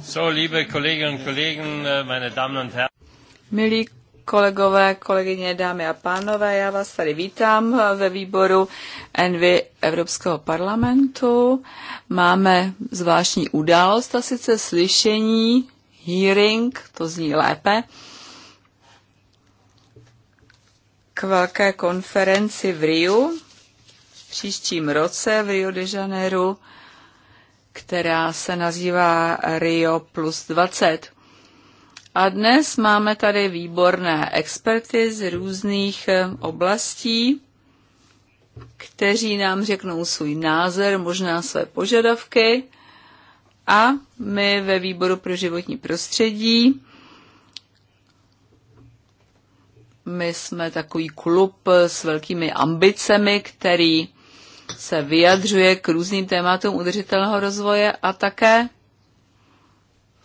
Äh, Milí kolegové, kolegyně, dámy a pánové, já vás tady vítám äh, ve výboru Envy Evropského parlamentu. Máme zvláštní událost, a sice slyšení, hearing, to zní lépe, k velké konferenci v Riu v příštím roce v Rio de Janeiro která se nazývá Rio plus 20. A dnes máme tady výborné experty z různých eh, oblastí, kteří nám řeknou svůj názor, možná své požadavky. A my ve výboru pro životní prostředí my jsme takový klub s velkými ambicemi, který se vyjadřuje k různým tématům udržitelného rozvoje a také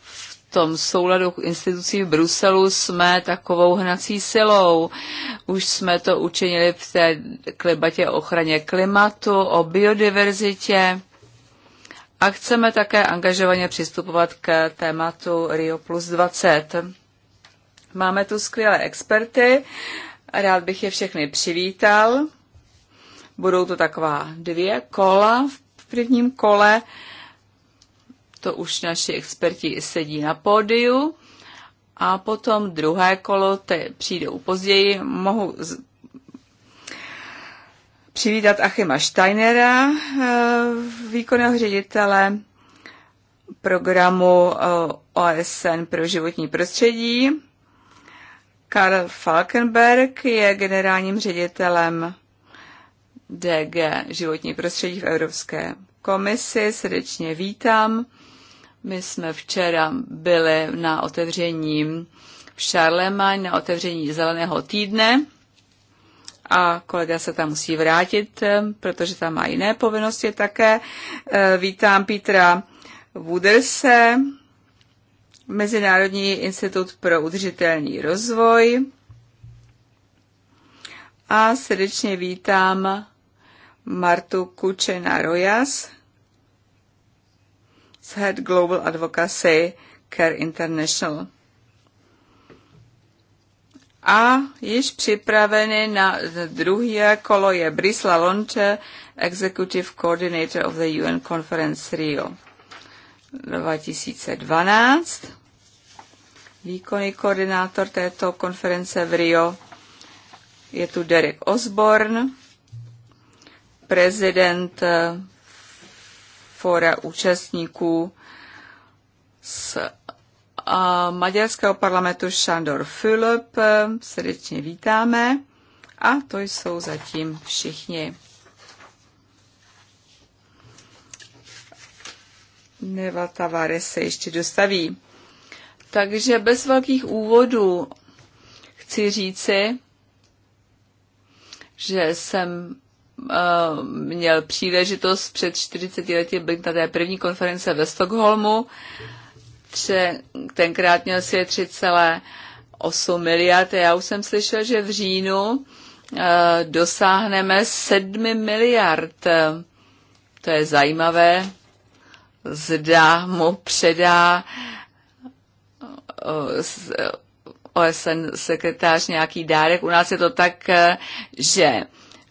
v tom souladu institucí v Bruselu jsme takovou hnací silou. Už jsme to učinili v té klibatě o ochraně klimatu, o biodiverzitě a chceme také angažovaně přistupovat k tématu Rio plus 20. Máme tu skvělé experty, rád bych je všechny přivítal. Budou to taková dvě kola v prvním kole. To už naši experti sedí na pódiu. A potom druhé kolo, te přijdou později, mohu z... přivítat Achima Steinera, eh, výkonného ředitele programu eh, OSN pro životní prostředí. Karl Falkenberg je generálním ředitelem DG životní prostředí v Evropské komisi. Srdečně vítám. My jsme včera byli na otevření v Charlemagne, na otevření zeleného týdne a kolega se tam musí vrátit, protože tam má jiné povinnosti také. E, vítám Petra Wooderse, Mezinárodní institut pro udržitelný rozvoj a srdečně vítám Martu Kučena Rojas z Head Global Advocacy Care International. A již připraveny na druhé kolo je Brisla Lonče, Executive Coordinator of the UN Conference Rio 2012. Výkonný koordinátor této konference v Rio je tu Derek Osborne prezident eh, fora účastníků z eh, maďarského parlamentu Šandor Fülöp. Eh, srdečně vítáme. A to jsou zatím všichni. Neva Tavares se ještě dostaví. Takže bez velkých úvodů chci říci, že jsem Eh, měl příležitost před 40 lety být na té první konference ve Stockholmu. Tře, tenkrát měl si 3,8 miliard já už jsem slyšel, že v říjnu eh, dosáhneme 7 miliard. To je zajímavé. Zda mu předá eh, OSN sekretář nějaký dárek. U nás je to tak, že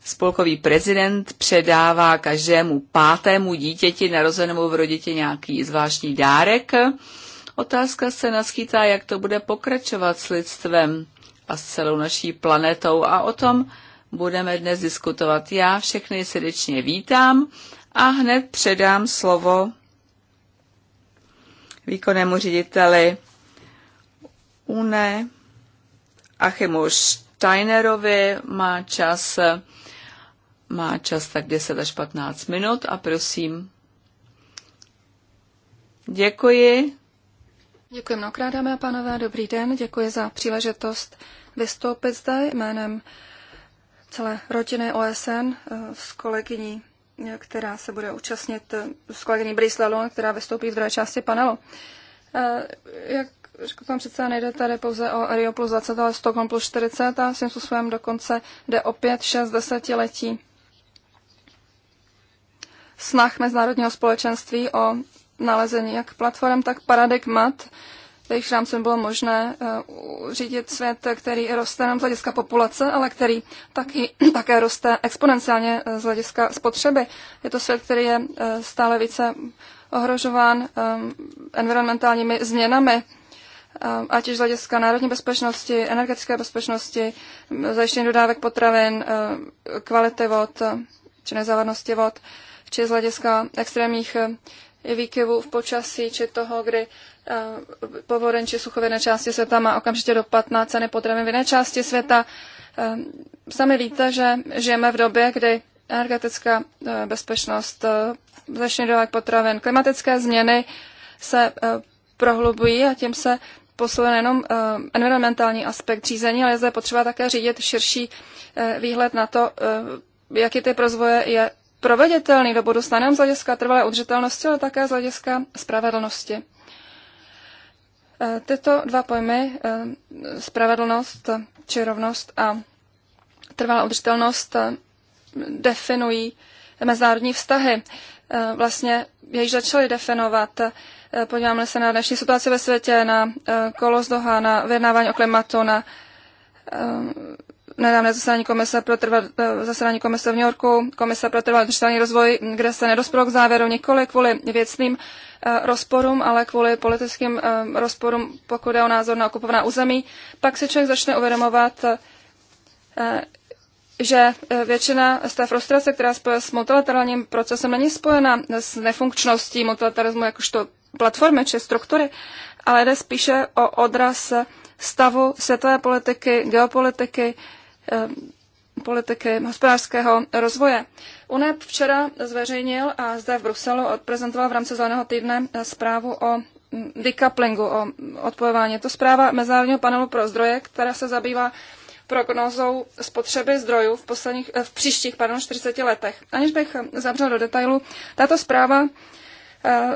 spolkový prezident předává každému pátému dítěti narozenému v roditě nějaký zvláštní dárek. Otázka se naskýtá, jak to bude pokračovat s lidstvem a s celou naší planetou a o tom budeme dnes diskutovat. Já všechny srdečně vítám a hned předám slovo výkonnému řediteli UNE Achimu Steinerovi. Má čas má čas tak 10 až 15 minut a prosím. Děkuji. Děkuji mnohokrát, dámy a pánové, dobrý den. Děkuji za příležitost vystoupit zde jménem celé rodiny OSN eh, s kolegyní, eh, která se bude účastnit, eh, s kolegyní Brice která vystoupí v druhé části panelu. Jak řekl tam přece nejde tady pouze o Rio plus 20, ale 100 plus 40 a tím způsobem dokonce jde opět 6 desetiletí snah mezinárodního společenství o nalezení jak platform, tak paradigmat, jejichž rámcem bylo možné eh, řídit svět, který roste nám z hlediska populace, ale který taky, také roste exponenciálně eh, z hlediska spotřeby. Je to svět, který je eh, stále více ohrožován environmentálními změnami, ať už z hlediska národní bezpečnosti, energetické bezpečnosti, zajištění dodávek potravin, kvality vod či nezávadnosti vod či z hlediska extrémních eh, výkyvů v počasí, či toho, kdy eh, povodeň či sucho v jedné části světa má okamžitě dopad na ceny potravin v jiné části světa. Eh, sami víte, že žijeme v době, kdy energetická bezpečnost, zašný dodávek potravin, klimatické změny se prohlubují a tím se posiluje nejenom environmentální aspekt řízení, ale je zde potřeba také řídit širší výhled na to, jaký ty prozvoje je proveditelný do budoucna nejen z hlediska trvalé udržitelnosti, ale také z hlediska spravedlnosti. E, tyto dva pojmy, e, spravedlnost či rovnost a trvalá udržitelnost, e, definují mezinárodní vztahy. Vlastně je již začaly definovat. Podíváme se na dnešní situaci ve světě, na kolos Doha, na vyjednávání o klimatu, na nedávné zasedání komise pro trvat, eh, zasedání komise v New Yorku, komise pro trvalý držitelný rozvoj, kde se nedospělo k závěru nikoli kvůli věcným eh, rozporům, ale kvůli politickým eh, rozporům, pokud je o názor na okupovaná území. Pak se člověk začne uvědomovat, že většina z té frustrace, která spojuje s multilaterálním procesem, není spojena s nefunkčností multilateralismu jakožto platformy či struktury, ale jde spíše o odraz stavu světové politiky, geopolitiky, Eh, politiky hospodářského rozvoje. UNEP včera zveřejnil a zde v Bruselu odprezentoval v rámci zeleného týdne eh, zprávu o mm, decouplingu, o odpojování. Je to zpráva Mezinárodního panelu pro zdroje, která se zabývá prognózou spotřeby zdrojů v, posledních, eh, v příštích pardon, 40 letech. Aniž bych zavřel do detailu, tato zpráva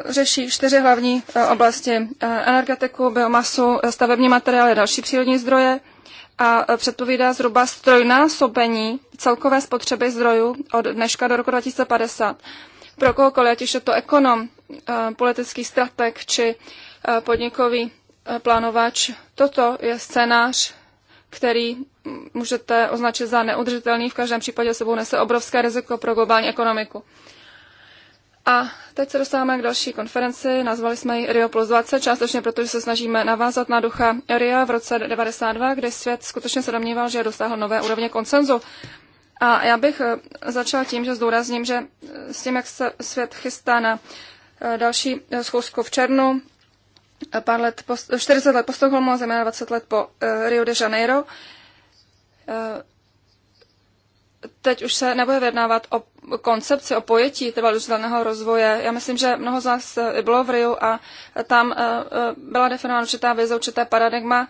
řeší čtyři hlavní oblasti energetiku, biomasu, stavební materiály další přírodní zdroje, a předpovídá zhruba strojnásobení celkové spotřeby zdrojů od dneška do roku 2050. Pro kohokoliv, ať je to ekonom, eh, politický strateg či eh, podnikový eh, plánovač, toto je scénář, který můžete označit za neudržitelný, v každém případě sebou nese obrovské riziko pro globální ekonomiku. A teď se dostáváme k další konferenci, nazvali jsme ji Rio plus 20, částečně protože se snažíme navázat na ducha Rio v roce 92, kdy svět skutečně se domníval, že dosáhl nové úrovně koncenzu. A já bych eh, začal tím, že zdůrazním, že eh, s tím, jak se svět chystá na eh, další schůzku v černu, pár let po, 40 let po Stockholmu a 20 let po Rio de Janeiro, teď už se nebude vyjednávat o koncepci, o pojetí trvalého rozvoje. Já myslím, že mnoho z nás eh, bylo v Riu a tam eh, eh, byla definována určitá vize, určité paradigma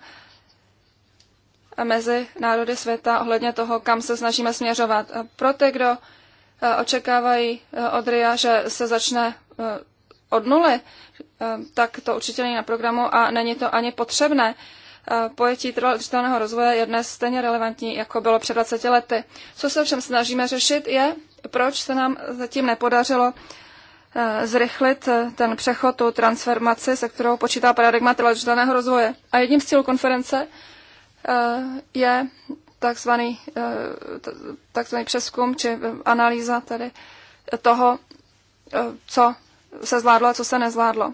mezi národy světa ohledně toho, kam se snažíme směřovat. Pro ty, kdo očekávají od RIA, že se začne od nuly, tak to určitě není na programu a není to ani potřebné pojetí trvalého rozvoje je dnes stejně relevantní, jako bylo před 20 lety. Co se všem snažíme řešit je, proč se nám zatím nepodařilo eh, zrychlit eh, ten přechod, tu transformaci, se kterou počítá paradigma trvalého rozvoje. A jedním z cílů konference eh, je takzvaný, takzvaný přeskum či analýza tedy toho, co se zvládlo a co se nezvládlo.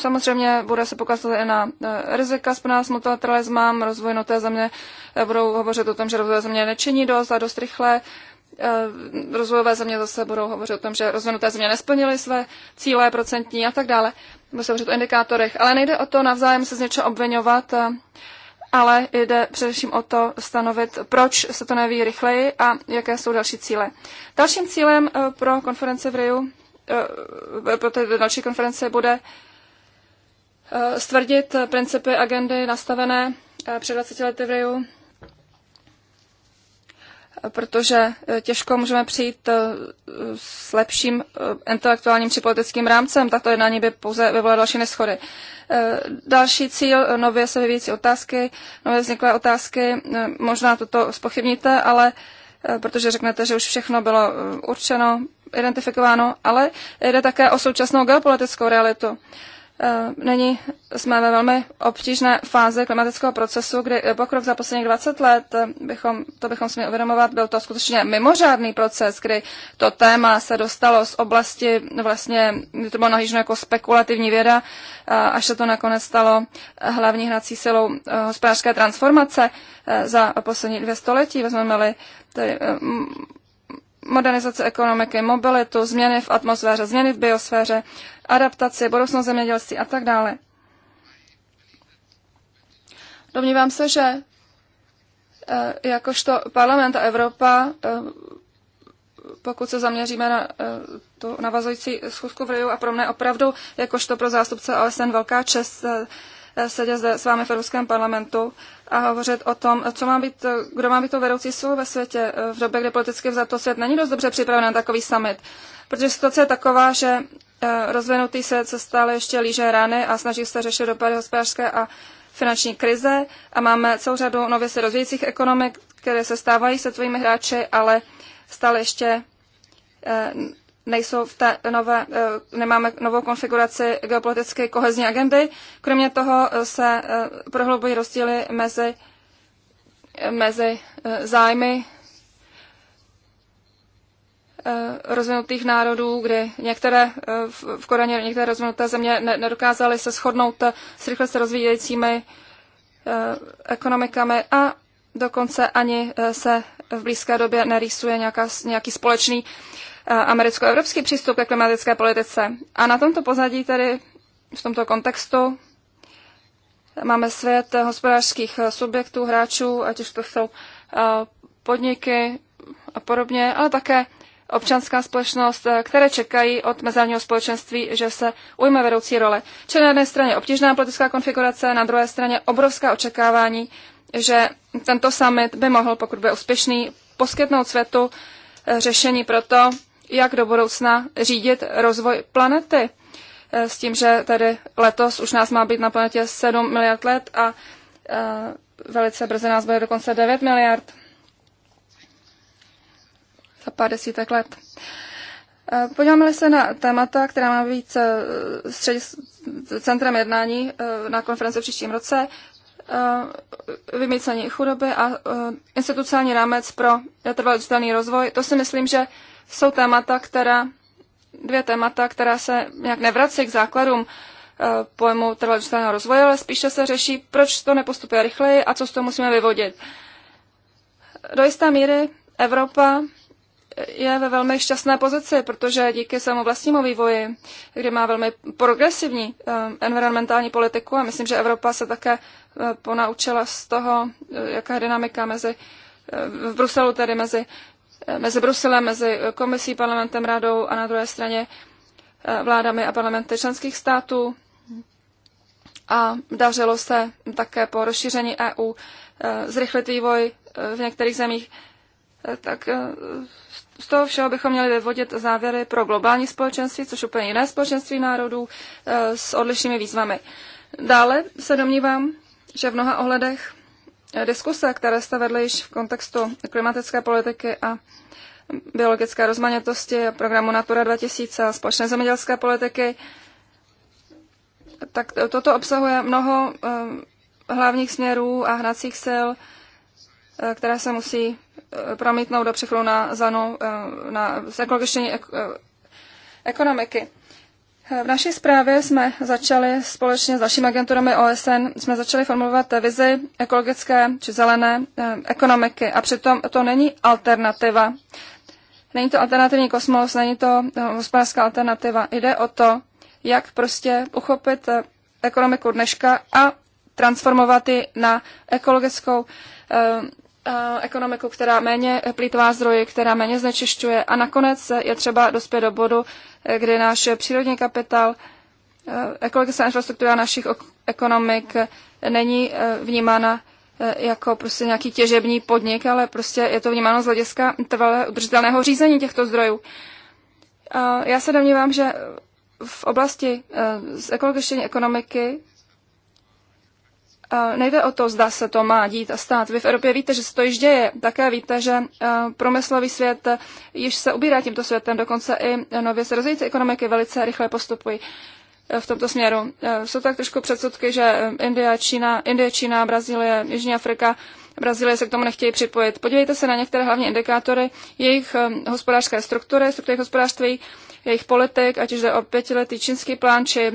Samozřejmě bude se pokazovat i na e, rizika spojená s multilateralismem, rozvoj noté země e, budou hovořit o tom, že rozvoj země nečiní dost a dost rychle. E, rozvojové země zase budou hovořit o tom, že rozvinuté země nesplnily své cíle procentní a tak dále. Bude se hovořit o indikátorech. Ale nejde o to navzájem se z něčeho obvinovat, ale jde především o to stanovit, proč se to neví rychleji a jaké jsou další cíle. Dalším cílem pro konference v Riu, pro té další konference bude Eh, stvrdit principy agendy nastavené eh, před 20 lety v Riu, protože eh, těžko můžeme přijít s lepším intelektuálním či politickým rámcem. to jednání by pouze vyvolalo další neschody. Další cíl, nově se vyvíjící otázky, nově vzniklé otázky, možná toto spochybníte, ale protože řeknete, že už všechno bylo určeno, identifikováno, ale jde také o současnou geopolitickou realitu. Eh, Nyní jsme ve velmi obtížné fázi klimatického procesu, kdy eh, pokrok za posledních 20 let, eh, bychom, to bychom si měli uvědomovat, byl to skutečně mimořádný proces, kdy to téma se dostalo z oblasti, vlastně to bylo nahlíženo jako spekulativní věda, až se to nakonec stalo hlavní hnací silou hospodářské transformace za poslední dvě století. Vezmeme-li modernizace ekonomiky, mobilitu, změny v atmosféře, změny v biosféře, adaptaci, budoucnost zemědělství a tak dále. Domnívám se, že eh, jakožto parlament a Evropa, eh, pokud se zaměříme na eh, tu navazující schůzku v Riu a pro mne opravdu, jakožto pro zástupce OSN velká čest sedět zde s vámi v Evropském parlamentu, a hovořit o tom, co má být, kdo má být to vedoucí silou ve světě eh, v době, kdy politicky vzato svět není dost dobře připraven na takový summit. Protože situace je taková, že eh, rozvinutý svět se stále ještě líže rány a snaží se řešit dopady hospodářské a finanční krize a máme celou řadu nově se rozvíjících ekonomik, které se stávají se tvými hráči, ale stále ještě eh, nejsou v té nové, eh, nemáme novou konfiguraci geopolitické kohezní agendy. Kromě toho eh, se eh, prohlubují rozdíly mezi, mezi zájmy rozvinutých národů, kdy některé v Koreně, některé rozvinuté země nedokázaly se shodnout s rychle se rozvíjejícími ekonomikami a dokonce ani se v blízké době nerýsuje nějaká, nějaký společný Eh, americko-evropský přístup ke klimatické politice. A na tomto pozadí tedy v tomto kontextu máme svět hospodářských eh, subjektů, hráčů, ať už to jsou eh, podniky a podobně, ale také občanská společnost, které čekají od mezinárodního společenství, že se ujme vedoucí role. Čili na jedné straně obtížná politická konfigurace, na druhé straně obrovská očekávání, že tento summit by mohl, pokud bude úspěšný, poskytnout světu řešení pro to, jak do budoucna řídit rozvoj planety. Eh, s tím, že tady letos už nás má být na planetě 7 miliard let a eh, velice brzy nás bude dokonce 9 miliard za pár desítek let. Eh, Podíváme se na témata, která má být centrem jednání na konferenci v příštím roce. Vymýcení chudoby a institucionální rámec pro trvalý rozvoj. To si myslím, že jsou témata, která, dvě témata, která se nějak nevrací k základům eh, pojmu trvalého rozvoje, ale spíše se řeší, proč to nepostupuje rychleji a co z toho musíme vyvodit. Do jisté míry Evropa je ve velmi šťastné pozici, protože díky svému vlastnímu vývoji, kdy má velmi progresivní eh, environmentální politiku a myslím, že Evropa se také eh, ponaučila z toho, jaká je dynamika mezi v Bruselu tedy mezi Eh, mezi Bruselem, mezi komisí, parlamentem, radou a na druhé straně eh, vládami a parlamenty členských států. A dařilo se také po rozšíření EU eh, zrychlit vývoj v některých zemích. Tak z toho všeho bychom měli vyvodit závěry pro globální společenství, což úplně jiné společenství národů s odlišnými výzvami. Dále se domnívám, že v mnoha ohledech diskuse, které jste vedli již v kontextu klimatické politiky a biologické rozmanitosti a programu Natura 2000 a společné zemědělské politiky, tak toto obsahuje mnoho eh, hlavních směrů a hnacích sil, eh, které se musí eh, promítnout do přechodu na, zanu, na zekologičtění ekonomiky. V naší zprávě jsme začali společně s dalšími agenturami OSN, jsme začali formulovat vizi ekologické či zelené eh, ekonomiky a přitom to není alternativa. Není to alternativní kosmos, není to eh, hospodářská alternativa. Jde o to, jak prostě uchopit eh, ekonomiku dneška a transformovat ji na ekologickou Eh, ekonomiku, která méně plítvá zdroje, která méně znečišťuje. A nakonec je třeba dospět do bodu, eh, kdy náš přírodní kapitál, eh, ekologická infrastruktura našich ekonomik není vnímána jako prostě nějaký těžební podnik, ale prostě je to vnímáno z hlediska trvalého udržitelného řízení těchto zdrojů. Já se domnívám, že v oblasti z ekologičtění ekonomiky Nejde o to, zda se to má dít a stát. Vy v Evropě víte, že se to již děje. Také víte, že e, průmyslový svět e, již se ubírá tímto světem. Dokonce i nově se rozvíjící ekonomiky velice rychle postupují e, v tomto směru. Jsou tak trošku předsudky, že Indie, Čína, Indie, Čína, Brazílie, Jižní Afrika, Brazílie se k tomu nechtějí připojit. Podívejte se na některé hlavní indikátory jejich hospodářské struktury, struktury hospodářství, jejich politik, ať už jde o pětiletý čínský plán či eh,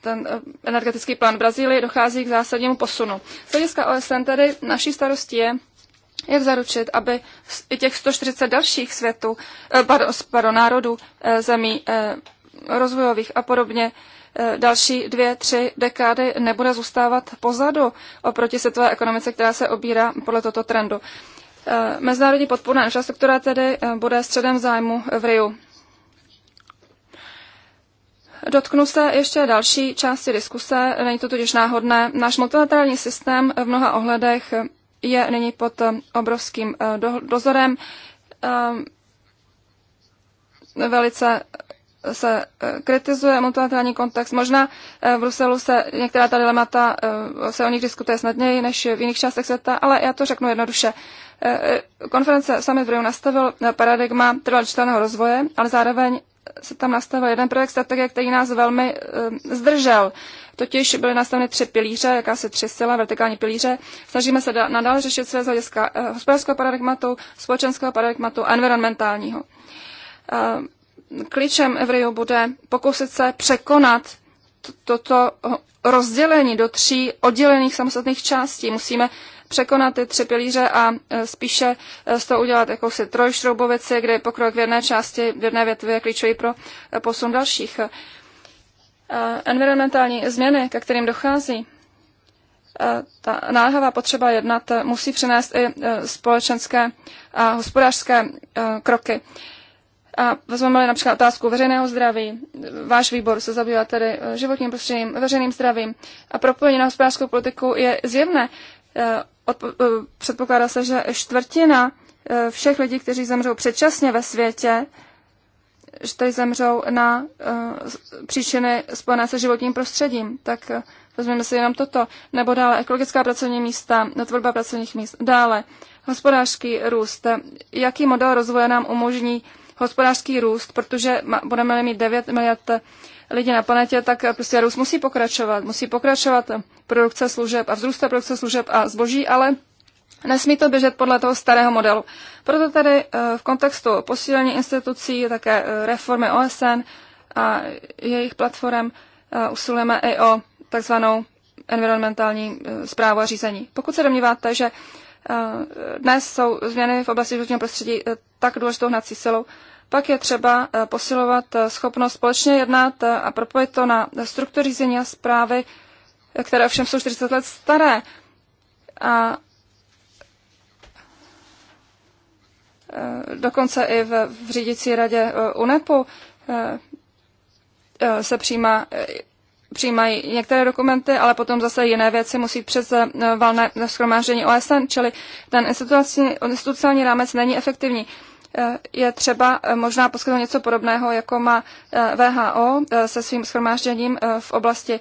ten eh, energetický plán Brazílie, dochází k zásadnímu posunu. Z hlediska OSN tedy naší starostí je, jak zaručit, aby i těch 140 dalších světů, eh, pardon, národů, zemí rozvojových a podobně, další dvě, tři dekády nebude zůstávat pozadu oproti světové ekonomice, která se obírá podle tohoto trendu. Mezinárodní podpůrná infrastruktura tedy bude středem zájmu v Riu. Dotknu se ještě další části diskuse, není to totiž náhodné. Náš multilaterální systém v mnoha ohledech je nyní pod eh, obrovským eh, dozorem. Ehm, velice se eh, kritizuje multilaterální kontext. Možná v Bruselu se některá ta dilemata, se o nich diskutuje snadněji než v jiných částech světa, ale já to řeknu jednoduše. Konference Summit v Rio nastavil paradigma trvalčitelného rozvoje, ale zároveň se tam nastavil jeden projekt strategie, který nás velmi e, zdržel. Totiž byly nastaveny tři pilíře, jaká se tři sila, vertikální pilíře. Snažíme se da, nadále řešit své z hlediska e, hospodářského paradigmatu, společenského paradigmatu a environmentálního. E, klíčem Evriu bude pokusit se překonat toto rozdělení do tří oddělených samostatných částí. Musíme překonat ty tři pilíře a e, spíše e, z toho udělat jakousi trojšroubovici, kde je pokrok v jedné části, v jedné větvě je klíčový pro e, posun dalších. Environmentální změny, ke kterým dochází, ta náhavá potřeba jednat musí přinést i společenské a hospodářské kroky. A vezmeme například otázku veřejného zdraví. Váš výbor se zabývá tedy životním prostředím, veřejným zdravím. A propojení na hospodářskou politiku je zjevné. Eh, eh, předpokládá se, že čtvrtina eh, všech lidí, kteří zemřou předčasně ve světě, že tady zemřou na příčiny spojené se životním prostředím. Tak vezmeme si jenom toto. Nebo dále ekologická pracovní místa, tvorba pracovních míst. Dále hospodářský růst. Jaký model rozvoje nám umožní hospodářský růst, protože budeme mít 9 miliard lidí na planetě, tak prostě růst musí pokračovat. Musí pokračovat produkce služeb a vzrůst produkce služeb a zboží, ale Nesmí to běžet podle toho starého modelu. Proto tady eh, v kontextu posílení institucí, také eh, reformy OSN a jejich platform eh, usilujeme i o takzvanou environmentální zprávu a řízení. Pokud se domníváte, že dnes jsou změny v oblasti životního prostředí tak důležitou hnací silou, pak je třeba eh, posilovat eh, schopnost společně jednat eh, a propojit to na struktury řízení a zprávy, které ovšem jsou 40 let staré. A dokonce i v, v řídící radě UNEPu se přijímá, přijímají některé dokumenty, ale potom zase jiné věci musí přes valné schromáždění OSN, čili ten institucionální, institucionální rámec není efektivní je třeba eh, možná poskytnout něco podobného, jako má eh, VHO eh, se svým schromážděním v oblasti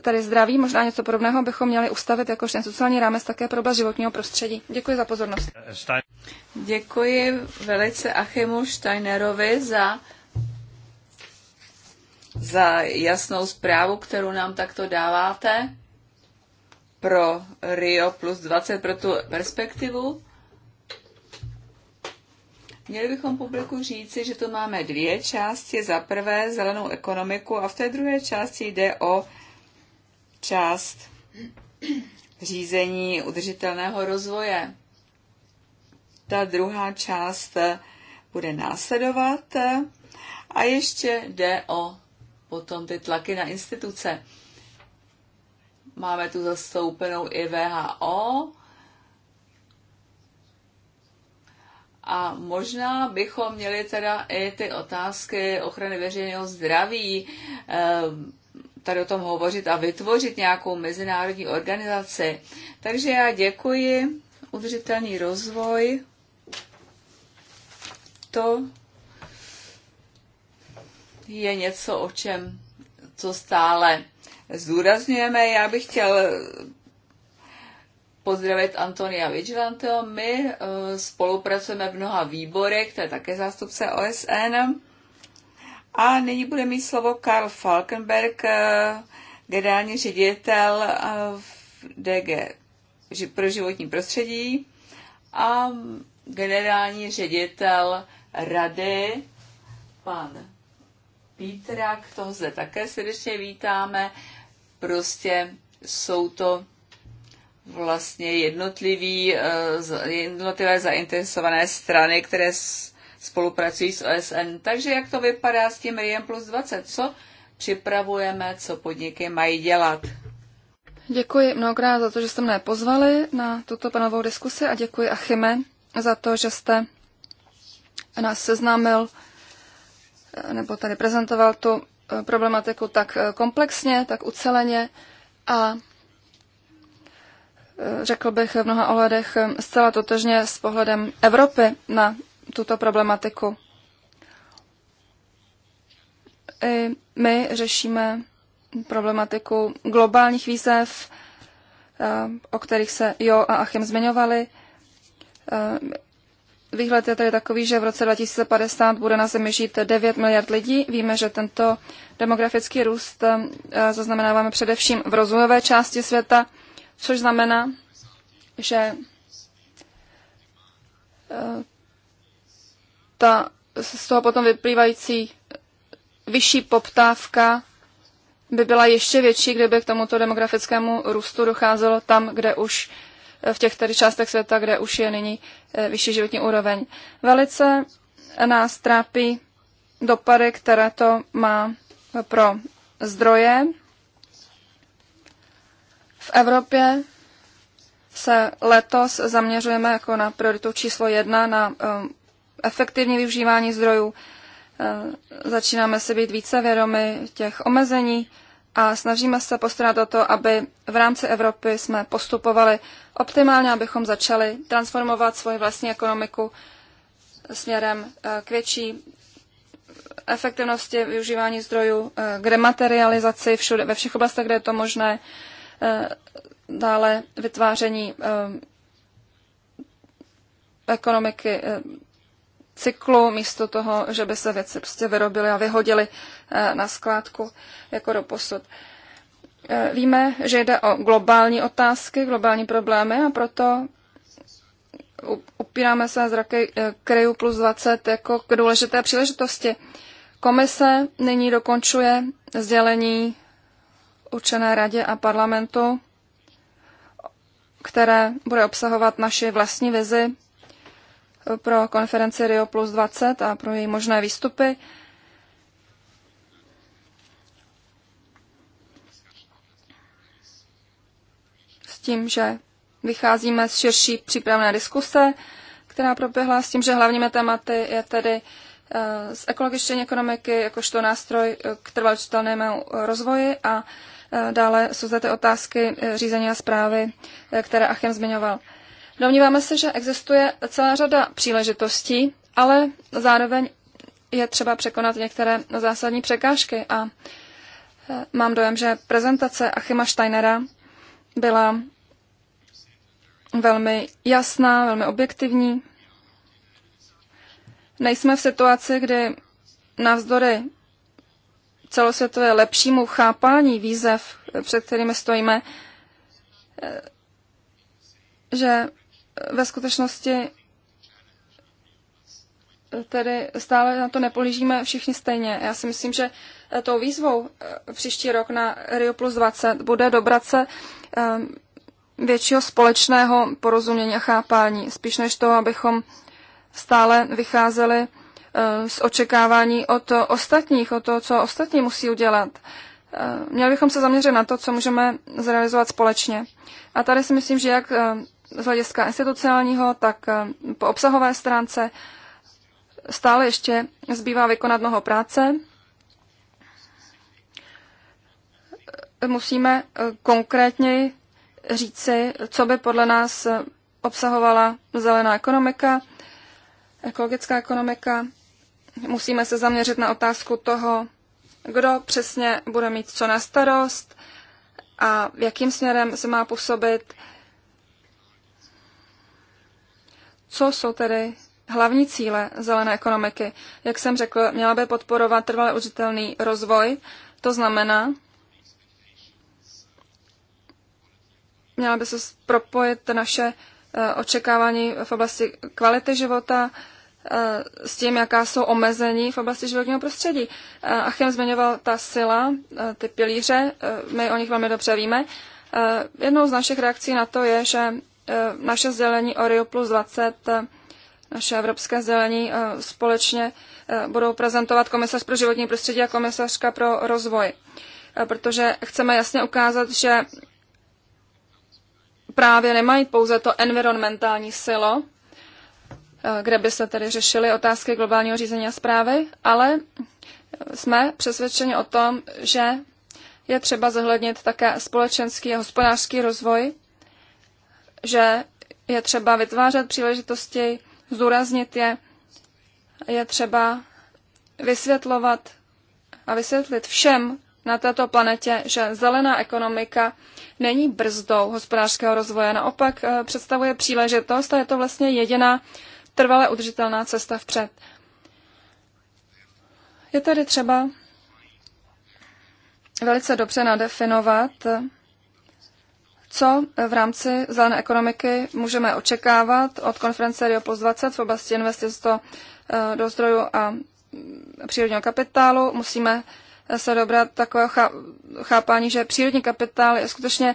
tady zdraví. Možná něco podobného bychom měli ustavit jako sociální rámec také pro oblast životního prostředí. Děkuji za pozornost. Děkuji velice Achimu Steinerovi za za jasnou zprávu, kterou nám takto dáváte pro Rio plus 20, pro tu perspektivu. Měli bychom publiku říci, že tu máme dvě části. Za prvé zelenou ekonomiku a v té druhé části jde o část řízení udržitelného rozvoje. Ta druhá část bude následovat a ještě jde o potom ty tlaky na instituce. Máme tu zastoupenou i VHO, A možná bychom měli teda i ty otázky ochrany veřejného zdraví ehm, tady o tom hovořit a vytvořit nějakou mezinárodní organizaci. Takže já děkuji. Udržitelný rozvoj. To je něco, o čem co stále zdůrazňujeme. Já bych chtěl pozdravit Antonia Vigilanteho. My eh, spolupracujeme v mnoha výborech, to je také zástupce OSN. A nyní bude mít slovo Karl Falkenberg, eh, generální ředitel eh, v DG pro životní prostředí a generální ředitel rady, pan Pítrak, toho zde také srdečně vítáme. Prostě jsou to vlastně jednotlivý, eh, jednotlivé zainteresované strany, které spolupracují s OSN. Takže jak to vypadá s tím RIEM plus 20? Co připravujeme, co podniky mají dělat? Děkuji mnohokrát za to, že jste mne pozvali na tuto panelovou diskusi a děkuji Achime za to, že jste nás seznámil eh, nebo tady prezentoval tu eh, problematiku tak komplexně, tak uceleně a řekl bych, v mnoha ohledech eh, zcela totožně s pohledem Evropy na tuto problematiku. I my řešíme problematiku globálních výzev, eh, o kterých se Jo a Achim zmiňovali. Eh, výhled je tedy takový, že v roce 2050 bude na Zemi žít 9 miliard lidí. Víme, že tento demografický růst zaznamenáváme především v rozvojové části světa což znamená, že eh, ta z toho potom vyplývající vyšší poptávka by byla ještě větší, kdyby k tomuto demografickému růstu docházelo tam, kde už eh, v těch tady částech světa, kde už je nyní eh, vyšší životní úroveň. Velice nás trápí dopady, které to má pro zdroje v Evropě se letos zaměřujeme jako na prioritu číslo jedna na eh, efektivní využívání zdrojů. Eh, začínáme si být více vědomi těch omezení a snažíme se postarat o to, aby v rámci Evropy jsme postupovali optimálně, abychom začali transformovat svoji vlastní ekonomiku směrem eh, k větší efektivnosti využívání zdrojů, k rematerializaci všude, ve všech oblastech, kde je to možné, Eh, dále vytváření eh, ekonomiky eh, cyklu, místo toho, že by se věci prostě vyrobily a vyhodily na skládku jako do posud. Víme, že jde o globální otázky, globální problémy a proto upíráme se zraky Kreju plus 20 jako k důležité příležitosti. Komise nyní dokončuje sdělení určené radě a parlamentu, které bude obsahovat naši vlastní vizi pro konferenci Rio plus 20 a pro její možné výstupy. S tím, že vycházíme z širší přípravné diskuse, která proběhla s tím, že hlavními tématy je tedy eh, z ekologičtění ekonomiky jakožto nástroj k trvalčitelnému rozvoji a Eh, dále jsou zde ty otázky eh, řízení a zprávy, eh, které Achim zmiňoval. Domníváme se, že existuje celá řada příležitostí, ale zároveň je třeba překonat některé zásadní překážky a mám dojem, že prezentace Achima Steinera byla velmi jasná, velmi objektivní. Nejsme v situaci, kdy navzdory celosvětově lepšímu chápání výzev, před kterými stojíme, eh, že ve skutečnosti tedy stále na to nepolížíme všichni stejně. Já si myslím, že eh, tou výzvou eh, příští rok na Rio Plus 20 bude dobrat se většího společného porozumění a chápání, spíš než toho, abychom stále vycházeli Eh, z očekávání od ostatních, od toho, co ostatní musí udělat. Eh, měli bychom se zaměřit na to, co můžeme zrealizovat společně. A tady si myslím, že jak eh, z hlediska institucionálního, tak po obsahové stránce stále ještě zbývá vykonat mnoho práce. Musíme konkrétně říci, co by podle nás obsahovala zelená ekonomika, ekologická ekonomika, musíme se zaměřit na otázku toho, kdo přesně bude mít co na starost a v jakým směrem se má působit, co jsou tedy hlavní cíle zelené ekonomiky. Jak jsem řekl, měla by podporovat trvale užitelný rozvoj, to znamená, měla by se propojit naše eh, očekávání v oblasti kvality života, Eh, s tím, jaká jsou omezení v oblasti životního prostředí. Eh, Achem zmiňoval ta sila, eh, ty pilíře, my o nich velmi dobře víme. Jednou z našich reakcí na to je, že naše sdělení o Rio plus 20, naše evropské sdělení společně budou prezentovat komisař pro životní prostředí a komisařka pro rozvoj. Protože chceme jasně ukázat, že právě nemají pouze to environmentální silo, kde by se tedy řešily otázky globálního řízení a zprávy, ale jsme přesvědčeni o tom, že je třeba zohlednit také společenský a hospodářský rozvoj, že je třeba vytvářet příležitosti, zdůraznit je, je třeba vysvětlovat a vysvětlit všem na této planetě, že zelená ekonomika není brzdou hospodářského rozvoje, naopak eh, představuje příležitost a je to vlastně jediná trvale udržitelná cesta vpřed. Je tedy třeba velice dobře nadefinovat, co v rámci zelené ekonomiky můžeme očekávat od konference Rio Plus 20 v oblasti investic do, eh, do zdrojů a mm, přírodního kapitálu. Musíme se dobrat takového chápání, že přírodní kapitál je skutečně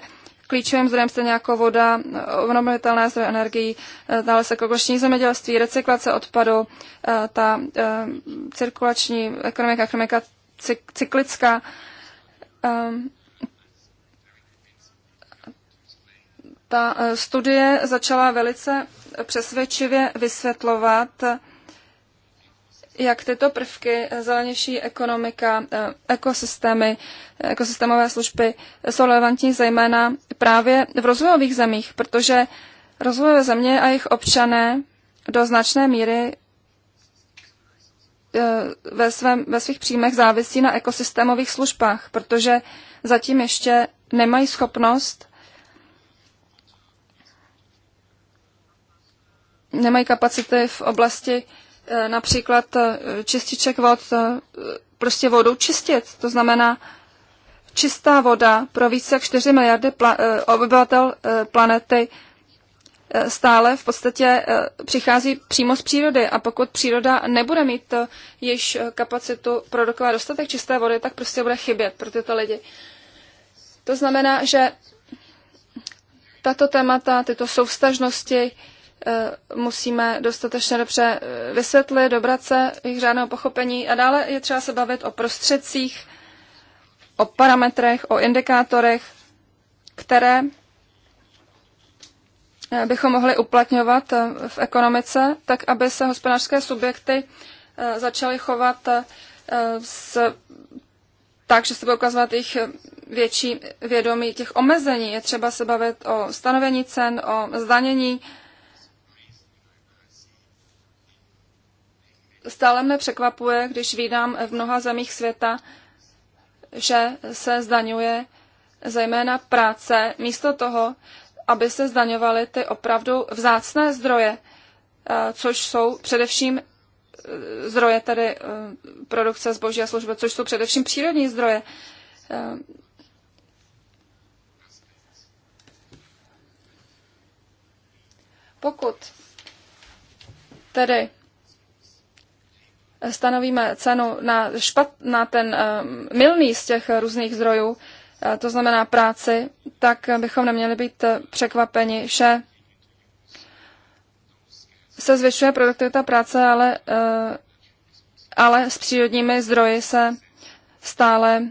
klíčovým zdrojem stejně jako voda, obnovitelné zdroje energií, eh, dále se kokoční zemědělství, recyklace odpadu, eh, ta eh, cirkulační ekonomika, ekonomika cyklická. Ta studie začala velice přesvědčivě vysvětlovat, jak tyto prvky, zelenější ekonomika, ekosystémy, ekosystémové služby jsou relevantní zejména právě v rozvojových zemích, protože rozvojové země a jejich občané do značné míry e, ve, svém, ve svých příjmech závisí na ekosystémových službách, protože zatím ještě nemají schopnost, nemají kapacity v oblasti e, například e, čističek vod, prostě vodou čistit. To znamená, čistá voda pro více jak 4 miliardy pla- eh, obyvatel eh, planety eh, stále v podstatě přichází přímo z přírody a pokud příroda nebude mít již kapacitu produkovat dostatek čisté vody, tak prostě bude chybět pro tyto lidi. To znamená, že tato témata, tyto soustažnosti musíme dostatečně dobře vysvětlit, dobrat se jejich řádného pochopení a dále je třeba se bavit o prostředcích, o parametrech, o indikátorech, které eh, bychom mohli uplatňovat eh, v ekonomice, tak aby se hospodářské subjekty eh, začaly chovat s, tak, že se bude ukazovat jejich větší vědomí těch omezení. Je třeba se bavit o stanovení cen, o zdanění. Stále mne překvapuje, když vídám v mnoha zemích světa, že se zdaňuje zejména práce, místo toho, aby se zdaňovaly ty opravdu vzácné zdroje, eh, což jsou především eh, zdroje tedy eh, produkce zboží a služby, což jsou především přírodní zdroje. Pokud tedy stanovíme cenu na, špat, na ten um, eh, milný z těch různých zdrojů, eh, to znamená práci, tak bychom neměli být eh, překvapeni, že se zvyšuje produktivita práce, ale, ale s přírodními zdroji se stále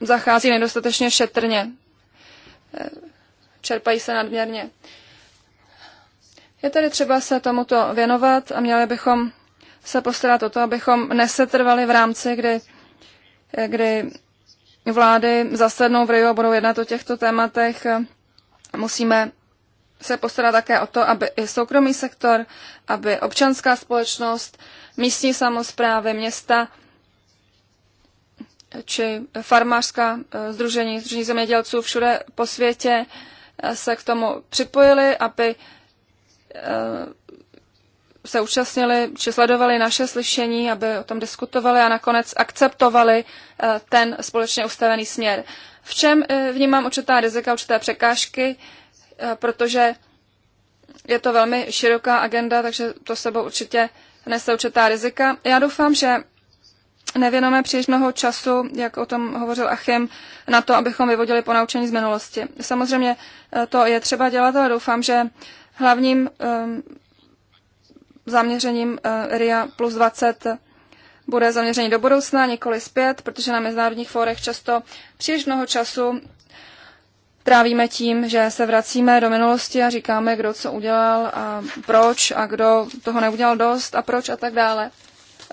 zachází nedostatečně šetrně. Čerpají se nadměrně. Je tedy třeba se tomuto věnovat a měli bychom se postarat o to, abychom nesetrvali v rámci, kdy, kdy vlády zasednou v Rio a budou jednat o těchto tématech. Musíme se postarat také o to, aby i soukromý sektor, aby občanská společnost, místní samozprávy, města či farmářská združení, eh, združení zemědělců všude po světě eh, se k tomu připojili, aby Eh, se účastnili či sledovali naše slyšení, aby o tom diskutovali a nakonec akceptovali eh, ten společně ustavený směr. V čem eh, vnímám určitá rizika, určité překážky, protože je to velmi široká agenda, takže to sebou určitě nese určitá rizika. Já doufám, že nevěnujeme příliš mnoho času, jak o tom hovořil Achim, na to, abychom vyvodili ponaučení z minulosti. Samozřejmě to je třeba dělat, ale doufám, že Hlavním ehm, zaměřením eh, RIA plus 20 bude zaměření do budoucna, nikoli zpět, protože na mezinárodních fórech často příliš mnoho času trávíme tím, že se vracíme do minulosti a říkáme, kdo co udělal a proč a kdo toho neudělal dost a proč a tak dále.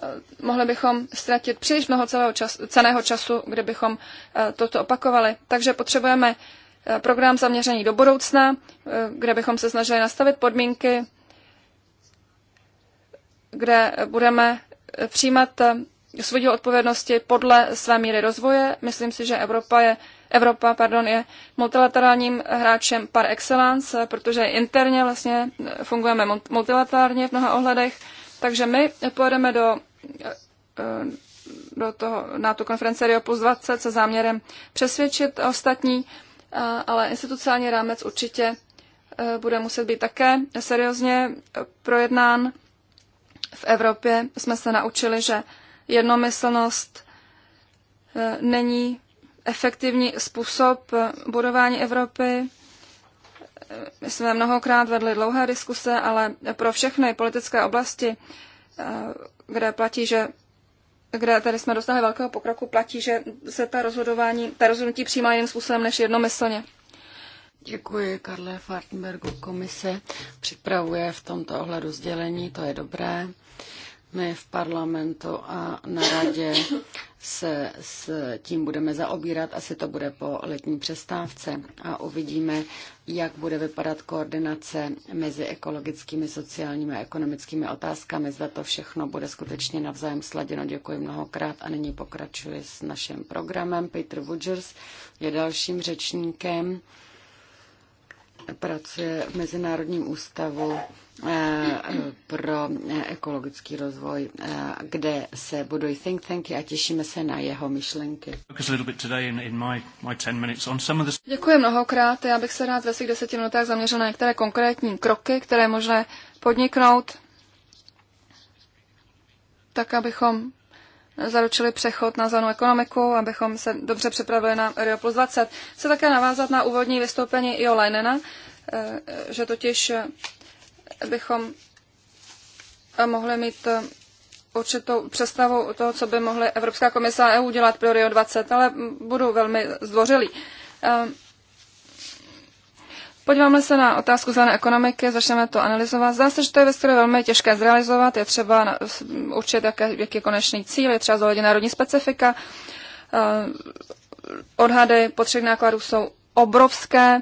Eh, mohli bychom ztratit příliš mnoho celého čas, ceného času, kdybychom eh, toto opakovali. Takže potřebujeme Eh, program zaměřený do budoucna, eh, kde bychom se snažili nastavit podmínky, kde budeme eh, přijímat díl odpovědnosti podle své míry rozvoje. Myslím si, že Evropa je, Evropa, pardon, je multilaterálním hráčem par excellence, protože interně vlastně fungujeme multilaterálně v mnoha ohledech, takže my pojedeme do, do toho, na tu konferenci Rio plus 20 se záměrem přesvědčit ostatní ale institucionální rámec určitě e, bude muset být také seriózně projednán. V Evropě jsme se naučili, že jednomyslnost e, není efektivní způsob budování Evropy. E, my jsme mnohokrát vedli dlouhé diskuse, ale pro všechny politické oblasti, kde platí, že kde tady jsme dostali velkého pokroku, platí, že se ta rozhodování, ta rozhodnutí přijímá jiným způsobem než jednomyslně. Děkuji, Karle Fartenbergu. Komise připravuje v tomto ohledu sdělení, to je dobré. My v parlamentu a na radě se s tím budeme zaobírat, asi to bude po letní přestávce a uvidíme, jak bude vypadat koordinace mezi ekologickými, sociálními a ekonomickými otázkami, zda to všechno bude skutečně navzájem sladěno. Děkuji mnohokrát a nyní pokračuji s naším programem. Peter Woodgers je dalším řečníkem, pracuje v Mezinárodním ústavu Eh, pro ekologický rozvoj, eh, kde se budují think tanky a těšíme se na jeho myšlenky. Děkuji mnohokrát. Já bych se rád ve svých deseti minutách zaměřil na některé konkrétní kroky, které možné podniknout, tak abychom zaručili přechod na zelenou ekonomiku, abychom se dobře připravili na Rio plus 20. Chci také navázat na úvodní vystoupení Jo Leinena, eh, že totiž abychom mohli mít určitou představu toho, co by mohly Evropská komise a EU dělat pro Rio 20, ale budu velmi zdvořilý. Ehm, podíváme se na otázku zelené ekonomiky, začneme to analyzovat. Zdá se, že to je věc, je velmi těžké zrealizovat. Je třeba určit, jaké, jaký je konečný cíl, je třeba zohlednit národní specifika. Ehm, odhady potřebných nákladů jsou obrovské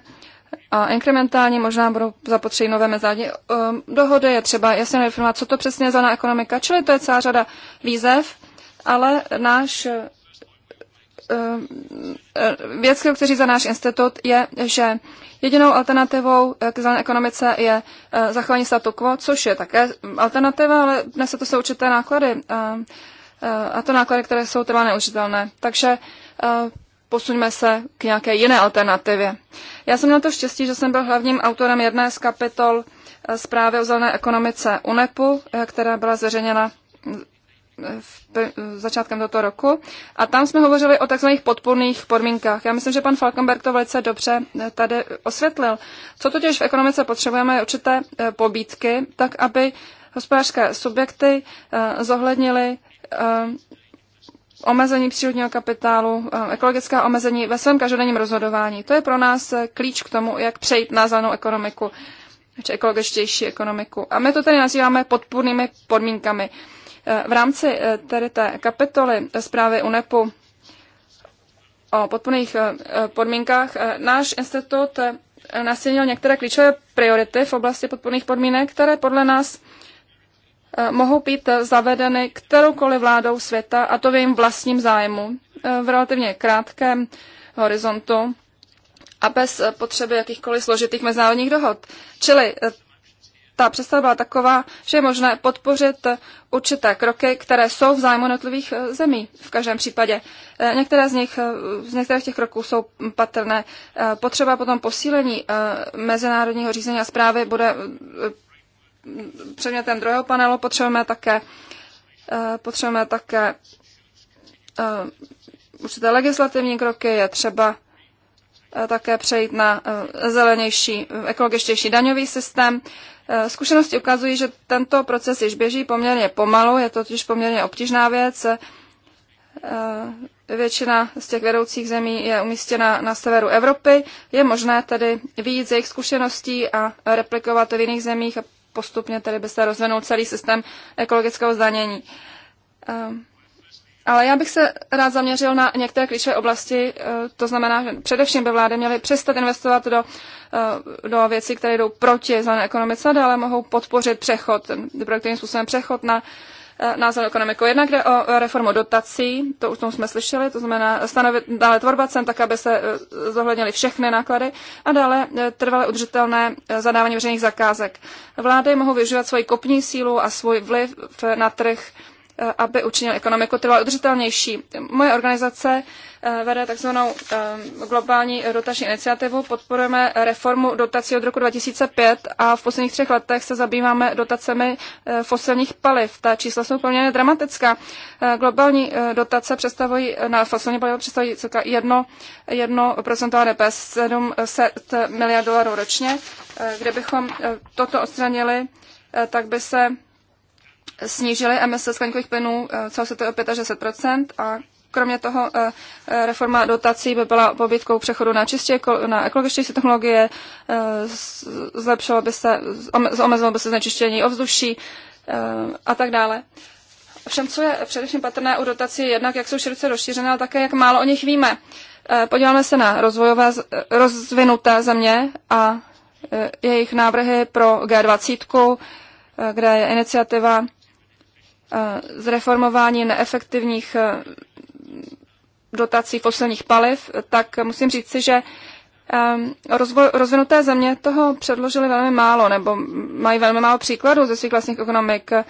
a inkrementálně možná budou zapotřebí nové mezinárodní um, dohody, je třeba jasně definovat, co to přesně je zelená ekonomika, čili to je celá řada výzev, ale náš ehm, ehm, vědci, kteří za náš institut, je, že jedinou alternativou eh, k zelené ekonomice je eh, zachování statu quo, což je také alternativa, ale nese to jsou určité náklady eh, a to náklady, které jsou trvalé neužitelné. Takže posuňme se k nějaké jiné alternativě. Já jsem měl to štěstí, že jsem byl hlavním autorem jedné z kapitol eh, zprávy o zelené ekonomice UNEPu, eh, která byla zveřejněna mm, eh, v začátkem tohoto roku. A tam jsme hovořili o takzvaných podpůrných podmínkách. Já myslím, že pan Falkenberg to velice dobře tady osvětlil. Co totiž v ekonomice potřebujeme, je určité pobídky, tak aby hospodářské subjekty zohlednily omezení přírodního kapitálu, eh, ekologická omezení ve svém každodenním rozhodování. To je pro nás eh, klíč k tomu, jak přejít na zelenou ekonomiku, či ekologičtější ekonomiku. A my to tedy nazýváme podpůrnými podmínkami. Eh, v rámci tedy té kapitoly zprávy UNEPu o podpůrných podmínkách náš institut nasilnil některé klíčové priority v oblasti podpůrných podmínek, které podle nás Eh, mohou být zavedeny kteroukoliv vládou světa a to v jejím vlastním zájmu eh, v relativně krátkém horizontu a bez eh, potřeby jakýchkoliv složitých mezinárodních dohod. Čili ta představa byla taková, že je možné podpořit určité kroky, které jsou v zájmu jednotlivých zemí v každém případě. Některé z nich, z některých těch kroků jsou patrné. Potřeba potom posílení mezinárodního řízení a zprávy bude předmětem druhého panelu potřebujeme také, eh, potřebujeme také eh, určité legislativní kroky, je třeba eh, také přejít na zelenější, ekologičtější daňový systém. Zkušenosti ukazují, že tento proces již běží poměrně pomalu, je to totiž poměrně obtížná věc. Většina z těch vedoucích zemí je umístěna na severu Evropy. Je možné tedy výjít z jejich zkušeností a replikovat to v jiných zemích a postupně tedy by se rozvinul celý systém ekologického zdanění. Ehm, ale já bych se rád zaměřil na některé klíčové oblasti, eh, to znamená, že především by vlády měly přestat investovat do, eh, do věcí, které jdou proti zelené ekonomice, ale mohou podpořit přechod, projektovým způsobem přechod na Eh, názoru ekonomiku. Jednak jde o eh, reformu dotací, to už tom jsme slyšeli, to znamená stanovit dále tvorba cen, tak aby se eh, zohlednily všechny náklady a dále trvale udržitelné zadávání veřejných zakázek. Vlády mohou využívat svoji kopní sílu a svůj vliv na trh Eh, aby učinil ekonomiku trvalo udržitelnější. Moje organizace eh, vede takzvanou eh, globální dotační iniciativu. Podporujeme reformu dotací od roku 2005 a v posledních třech letech se zabýváme dotacemi fosilních paliv. Ta čísla jsou poměrně dramatická. Globální dotace představují na fosilní paliva představují cirka 1, 1 HDP 700 miliard dolarů ročně. Kdybychom toto odstranili, tak by se snížily emise skleníkových plynů eh, celosvětově o 65 a kromě toho eh, eh, reforma dotací by byla pobytkou přechodu na čistě, na ekologičtější technologie, zlepšilo by se, omezilo by se znečištění ovzduší a tak dále. Všem, co je především patrné u dotací, jednak jak jsou široce rozšířené, ale také jak málo o nich víme. Podíváme se na rozvojové, rozvinuté země a jejich návrhy pro G20, kde je iniciativa Eh, zreformování neefektivních eh, dotací fosilních paliv, tak musím říci, že ehm, rozvinuté země toho předložily velmi málo, nebo mají velmi málo příkladů ze svých vlastních ekonomik. Eh,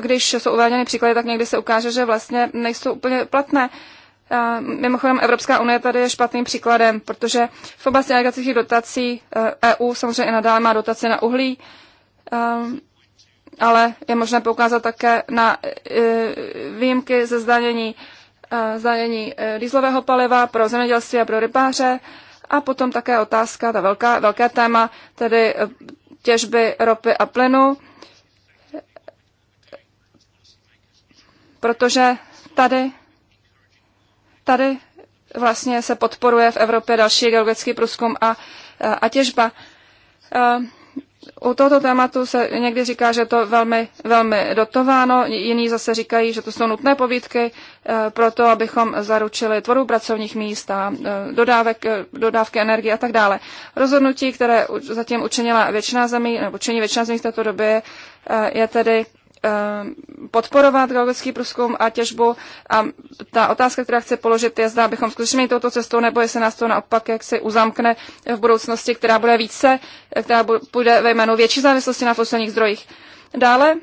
když jsou uváděny příklady, tak někdy se ukáže, že vlastně nejsou úplně platné. Mimochodem, Evropská unie tady je špatným příkladem, protože v oblasti energetických dotací EU e samozřejmě i nadále má dotace na uhlí. Ehm, ale je možné poukázat také na e, výjimky ze zdanění, e, zdanění e, dýzlového paliva pro zemědělství a pro rybáře. A potom také otázka, ta velká, velké téma, tedy těžby ropy a plynu, protože tady, tady vlastně se podporuje v Evropě další geologický průzkum a, a těžba u tohoto tématu se někdy říká, že je to velmi, velmi dotováno, jiní zase říkají, že to jsou nutné povídky eh, pro to, abychom zaručili tvorbu pracovních míst a eh, dodávek, eh, dodávky energie a tak dále. Rozhodnutí, které zatím učinila většina zemí, nebo činí většina zemí v této době, je tedy Eh, podporovat geologický průzkum a těžbu. A ta otázka, která chce položit, je, zda bychom skutečně měli touto cestou, nebo jestli nás to naopak jak se uzamkne v budoucnosti, která bude více, která bude ve jménu větší závislosti na fosilních zdrojích. Dále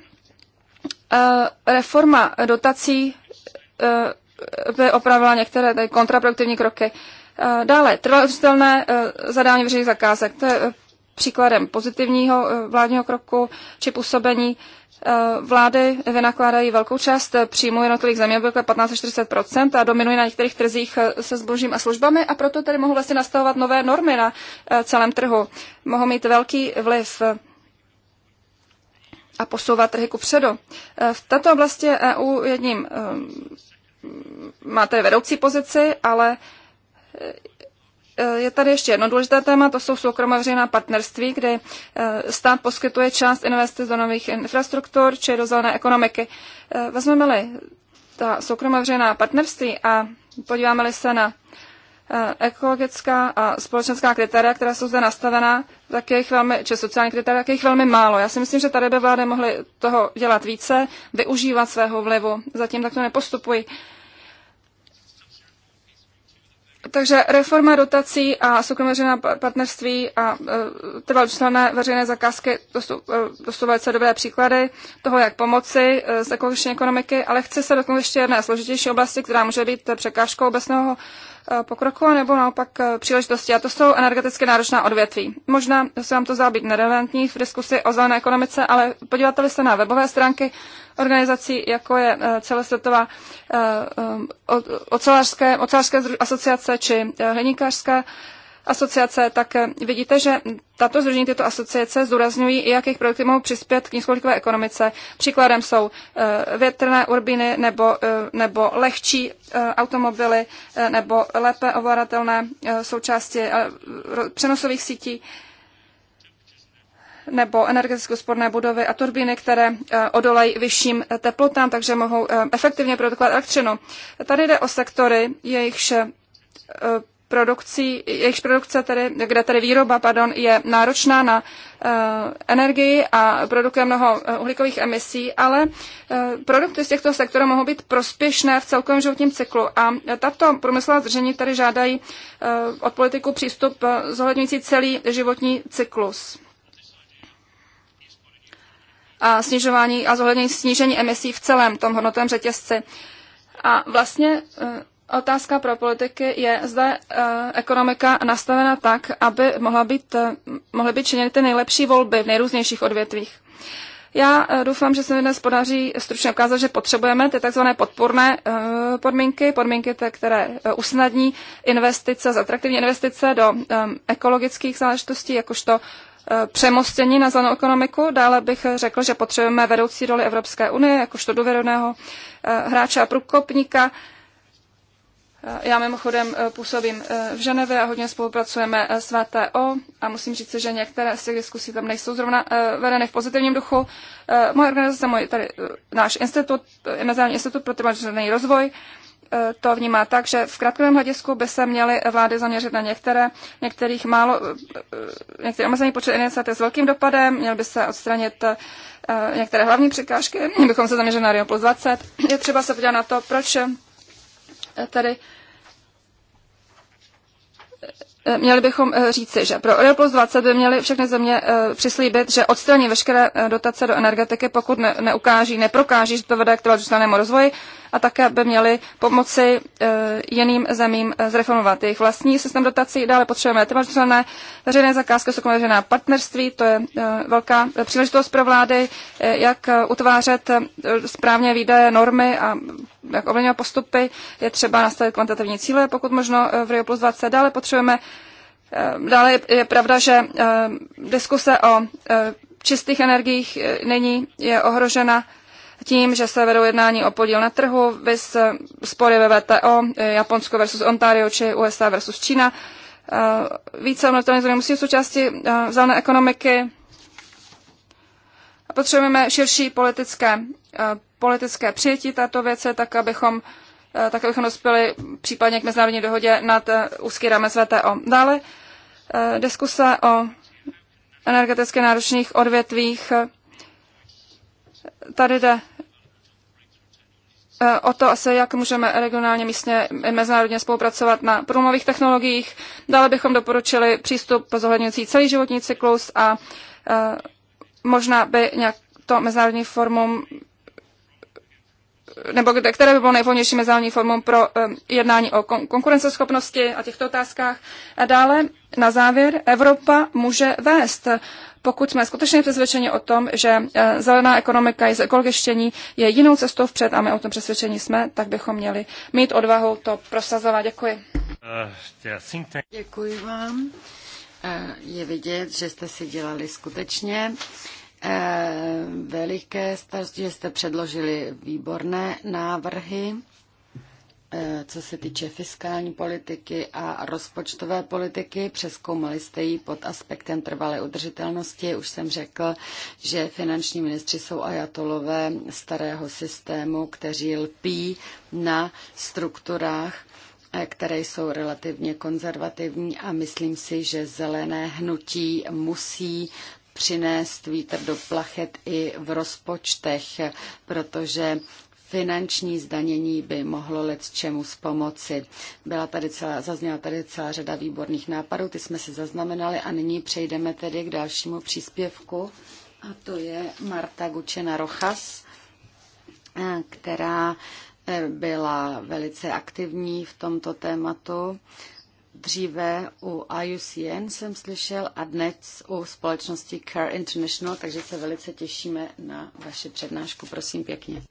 eh, reforma dotací by eh, opravila některé tady kontraproduktivní kroky. Dále, trvalé zadání veřejných zakázek. To je příkladem pozitivního vládního kroku či působení Eh, vlády vynakládají velkou část příjmu jednotlivých zemí, obvykle 15 40 a dominují na některých trzích eh, se zbožím a službami a proto tedy mohou vlastně nastavovat nové normy na eh, celém trhu. Mohou mít velký vliv a posouvat trhy předu. V této oblasti EU jedním má tedy vedoucí pozici, ale je tady ještě jedno důležité téma, to jsou soukromá veřejná partnerství, kde eh, stát poskytuje část investic do nových infrastruktur či do zelené ekonomiky. Eh, vezmeme-li ta soukromá veřejná partnerství a podíváme-li se na eh, ekologická a společenská kritéria, která jsou zde nastavená, tak je jich velmi, či sociální kritéria, tak je jich velmi málo. Já si myslím, že tady by vlády mohly toho dělat více, využívat svého vlivu. Zatím takto nepostupují. Takže reforma dotací a soukromořená partnerství a e, trvalé veřejné zakázky, to jsou, e, to jsou velice dobré příklady toho, jak pomoci e, z ekologiční ekonomiky, ale chce se dokonce ještě jedné složitější oblasti, která může být překážkou obecného Eh, pokroku, nebo naopak eh, příležitosti. A to jsou energeticky náročná odvětví. Možná se vám to zdá být nerelevantní v diskusi o zelené ekonomice, ale podíváte-li se na webové stránky organizací, jako je eh, celosvětová ocelářské, ocelářské asociace či hliníkářská asociace, tak eh, vidíte, že tato združení, tyto asociace zdůrazňují, jak jejich produkty mohou přispět k nízkouhlíkové ekonomice. Příkladem jsou eh, větrné urbíny nebo, eh, nebo lehčí automobily nebo lépe ovladatelné součásti přenosových sítí nebo energeticky sporné budovy a turbíny, které odolají vyšším teplotám, takže mohou efektivně produkovat elektřinu. Tady jde o sektory, jejichž produkcí, jejich produkce, tedy, kde tedy výroba pardon, je náročná na eh, energii a produkuje mnoho eh, uhlíkových emisí, ale eh, produkty z těchto sektorů mohou být prospěšné v celkovém životním cyklu. A tato průmyslová zdržení tady žádají od politiku přístup zohledňující celý životní cyklus a snižování a zohlednění snížení emisí v celém tom hodnotovém řetězci. A vlastně Otázka pro politiky je, zda eh, ekonomika nastavena tak, aby mohla být, eh, mohly být činěny ty nejlepší volby v nejrůznějších odvětvích. Já eh, doufám, že se mi dnes podaří stručně ukázat, že potřebujeme ty tzv. podporné podmínky, podmínky, te, které usnadní investice, zatraktivní investice do ekologických záležitostí, jakožto přemostění na zelenou ekonomiku. Dále bych řekl, že potřebujeme vedoucí roli Evropské unie, jakožto důvěrného hráče a průkopníka já mimochodem eh, působím eh, v Ženevě a hodně spolupracujeme eh, s VTO a musím říct, že některé z těch diskusí tam nejsou zrovna vedeny v pozitivním duchu. Moje organizace, můj, tady, náš institut, Mezinárodní institut pro tematický rozvoj, to vnímá tak, že v krátkém hledisku by se měly vlády zaměřit na některé, některých málo, některé omezený počet iniciativ s velkým dopadem, měl by se odstranit některé hlavní překážky, bychom se zaměřili na Rio plus 20. Je třeba se podívat na to, proč Tady eh, Měli bychom eh, říci, že pro Euro plus 20 by měly všechny země eh, přislíbit, že odstraní veškeré dotace do energetiky, pokud ne, neukáží, neprokáží, že to vede k trvalé rozvoji a také by měly pomoci eh, jiným zemím eh, zreformovat jejich vlastní systém dotací. Dále potřebujeme tematizované veřejné zakázky, soukromé veřejná partnerství, to je eh, velká příležitost pro vlády, jak utvářet správně výdaje, normy a jak ovlivňovat postupy. Je třeba nastavit kvantitativní cíle, pokud možno v Rio plus 20. Dále potřebujeme Dále je pravda, že diskuse o čistých energiích není je ohrožena tím, že se vedou jednání o podíl na trhu, vys spory ve VTO, Japonsko versus Ontario či USA versus Čína. Eh, více mluvitelných musí v součásti vzájemné eh, ekonomiky. Potřebujeme širší politické, eh, politické přijetí této věce, tak abychom tak abychom dospěli případně k mezinárodní dohodě nad úzký rámec VTO. Dále diskuse o energeticky náročných odvětvích tady jde eh, o to asi, jak můžeme regionálně, místně i mezinárodně spolupracovat na průmových technologiích. Dále bychom doporučili přístup zohledňující celý životní cyklus a eh, možná by nějak to mezinárodní formum nebo které by bylo nejvolnější mezinárodní formou pro eh, jednání o konkurenceschopnosti a těchto otázkách. A dále, na závěr, Evropa může vést pokud jsme skutečně přesvědčeni o tom, že eh, zelená ekonomika i zekologištění je jinou cestou vpřed a my o tom přesvědčení jsme, tak bychom měli mít odvahu to prosazovat. Děkuji. Děkuji vám. Eh, je vidět, že jste si dělali skutečně eh, veliké starosti, že jste předložili výborné návrhy. Eh, co se týče fiskální politiky a rozpočtové politiky. Přeskoumali jste ji pod aspektem trvalé udržitelnosti. Už jsem řekl, že finanční ministři jsou ajatolové starého systému, kteří lpí na strukturách eh, které jsou relativně konzervativní a myslím si, že zelené hnutí musí přinést vítr do plachet i v rozpočtech, protože finanční zdanění by mohlo let čemu z pomoci. Byla tady celá, zazněla tady celá řada výborných nápadů, ty jsme si zaznamenali a nyní přejdeme tedy k dalšímu příspěvku a to je Marta Gučena Rochas, eh, která eh, byla velice aktivní v tomto tématu. Dříve u IUCN jsem slyšel a dnes u společnosti Care International, takže se velice těšíme na vaši přednášku. Prosím pěkně.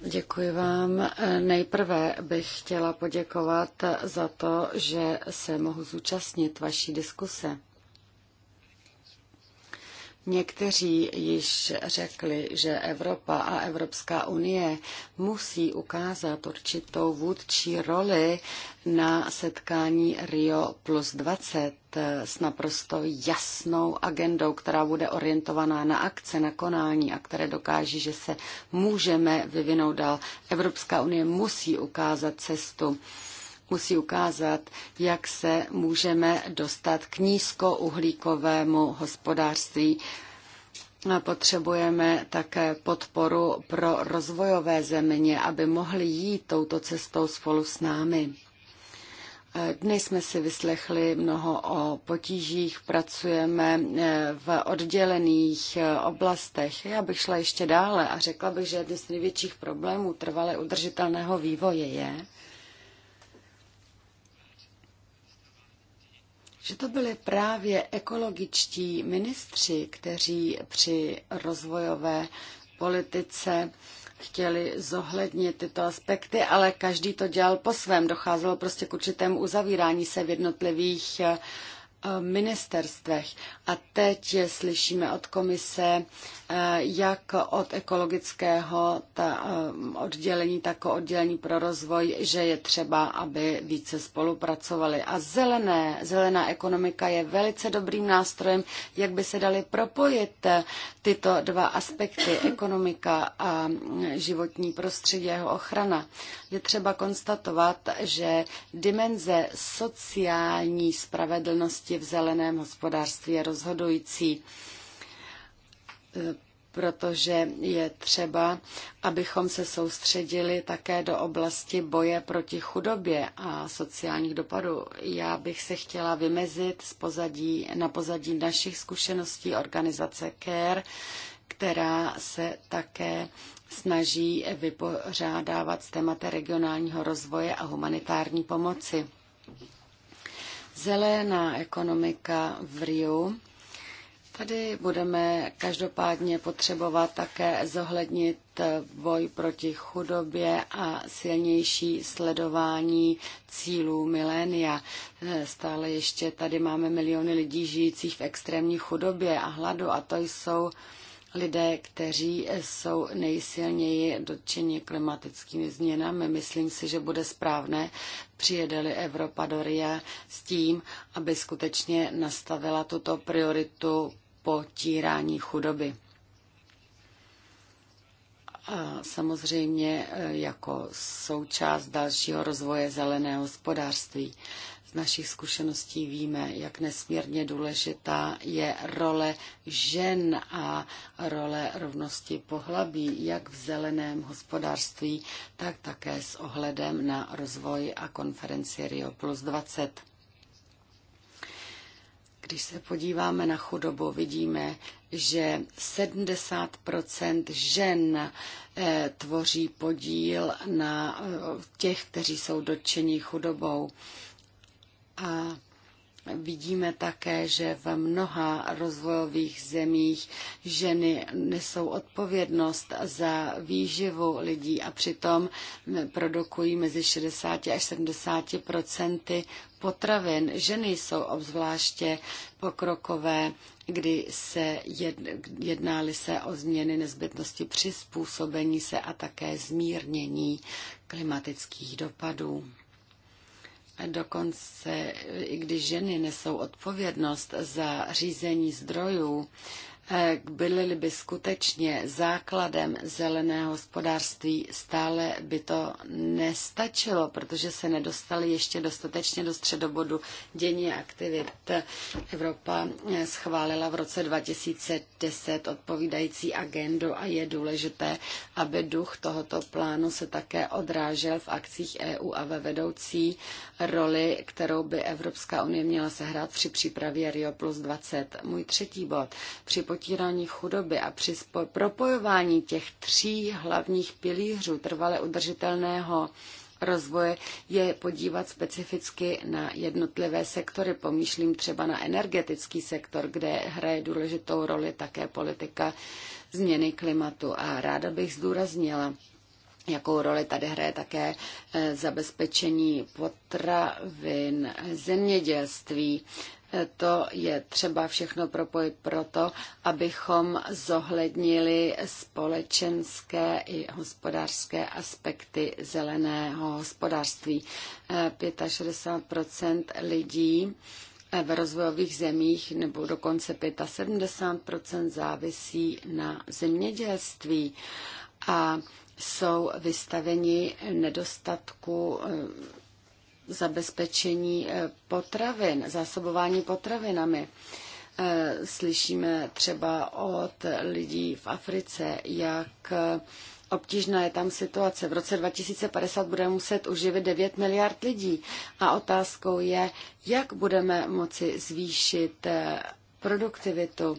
Děkuji vám. Nejprve bych chtěla poděkovat za to, že se mohu zúčastnit vaší diskuse. Někteří již řekli, že Evropa a Evropská unie musí ukázat určitou vůdčí roli na setkání Rio plus 20 s naprosto jasnou agendou, která bude orientovaná na akce, na konání a které dokáží, že se můžeme vyvinout dál. Evropská unie musí ukázat cestu musí ukázat, jak se můžeme dostat k nízkouhlíkovému hospodářství. Potřebujeme také podporu pro rozvojové země, aby mohly jít touto cestou spolu s námi. Dnes jsme si vyslechli mnoho o potížích, pracujeme eh, v oddělených eh, oblastech. Já bych šla ještě dále a řekla bych, že jeden z největších problémů trvale udržitelného vývoje je, že to byli právě ekologičtí ministři, kteří při rozvojové politice chtěli zohlednit tyto aspekty, ale každý to dělal po svém. Docházelo prostě k určitému uzavírání se v jednotlivých eh, ministerstvech. A teď slyšíme od komise jak od ekologického ta eh, oddělení, tak oddělení pro rozvoj, že je třeba, aby více spolupracovali. A zelené, zelená ekonomika je velice dobrým nástrojem, jak by se daly propojit eh, tyto dva aspekty, ekonomika a mm, životní prostředí a jeho ochrana. Je třeba konstatovat, že dimenze sociální spravedlnosti v zeleném hospodářství je rozhodující protože je třeba, abychom se soustředili také do oblasti boje proti chudobě a sociálních dopadů. Já bych se chtěla vymezit z pozadí, na pozadí našich zkušeností organizace CARE, která se také snaží vypořádávat s tématy regionálního rozvoje a humanitární pomoci. Zelená ekonomika v Riu Tady budeme každopádně potřebovat také zohlednit boj proti chudobě a silnější sledování cílů milénia. Stále ještě tady máme miliony lidí žijících v extrémní chudobě a hladu a to jsou lidé, kteří jsou nejsilněji dotčeni klimatickými změnami. Myslím si, že bude správné, přijedeli Evropa do RIA s tím, aby skutečně nastavila tuto prioritu potírání chudoby. A samozřejmě e, jako součást dalšího rozvoje zeleného hospodářství. Z našich zkušeností víme, jak nesmírně důležitá je role žen a role rovnosti pohlaví, jak v zeleném hospodářství, tak také s ohledem na rozvoj a konferenci Rio plus 20. Když se podíváme na chudobu, vidíme, že 70 žen eh, tvoří podíl na eh, těch, kteří jsou dotčeni chudobou. A Vidíme také, že v mnoha rozvojových zemích ženy nesou odpovědnost za výživu lidí a přitom produkují mezi 60 až 70 procenty potravin. Ženy jsou obzvláště pokrokové, kdy se jednáli se o změny nezbytnosti přizpůsobení se a také zmírnění klimatických dopadů. Dokonce, i když ženy nesou odpovědnost za řízení zdrojů, byly by skutečně základem zeleného hospodářství, stále by to nestačilo, protože se nedostali ještě dostatečně do středobodu dění aktivit. Evropa eh, schválila v roce 2010 odpovídající agendu a je důležité, aby duch tohoto plánu se také odrážel v akcích EU a ve vedoucí roli, kterou by Evropská unie měla sehrát při přípravě Rio plus 20. Můj třetí bod. při potírání chudoby a při propojování těch tří hlavních pilířů trvale udržitelného rozvoje je podívat specificky na jednotlivé sektory. Pomýšlím třeba na energetický sektor, kde hraje důležitou roli také politika změny klimatu. A ráda bych zdůraznila, jakou roli tady hraje také eh, zabezpečení potravin, zemědělství, to je třeba všechno propojit proto, abychom zohlednili společenské i hospodářské aspekty zeleného hospodářství. 65 eh, lidí eh, v rozvojových zemích nebo dokonce 75 závisí na zemědělství a jsou vystaveni nedostatku eh, zabezpečení eh, potravin, zásobování potravinami. Eh, slyšíme třeba od lidí v Africe, jak eh, obtížná je tam situace. V roce 2050 budeme muset uživit 9 miliard lidí a otázkou je, jak budeme moci zvýšit produktivitu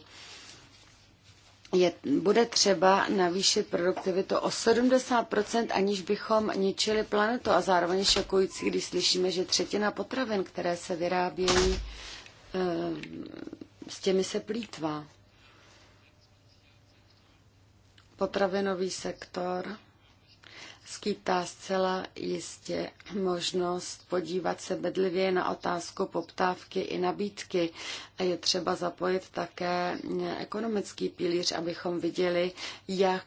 je, bude třeba navýšit produktivitu o 70%, aniž bychom ničili planetu. A zároveň šokující, když slyšíme, že třetina potravin, které se vyrábějí, eh, s těmi se plítvá. Potravinový sektor skýtá zcela jistě možnost podívat se bedlivě na otázku poptávky i nabídky. A je třeba zapojit také ekonomický pilíř, abychom viděli, jak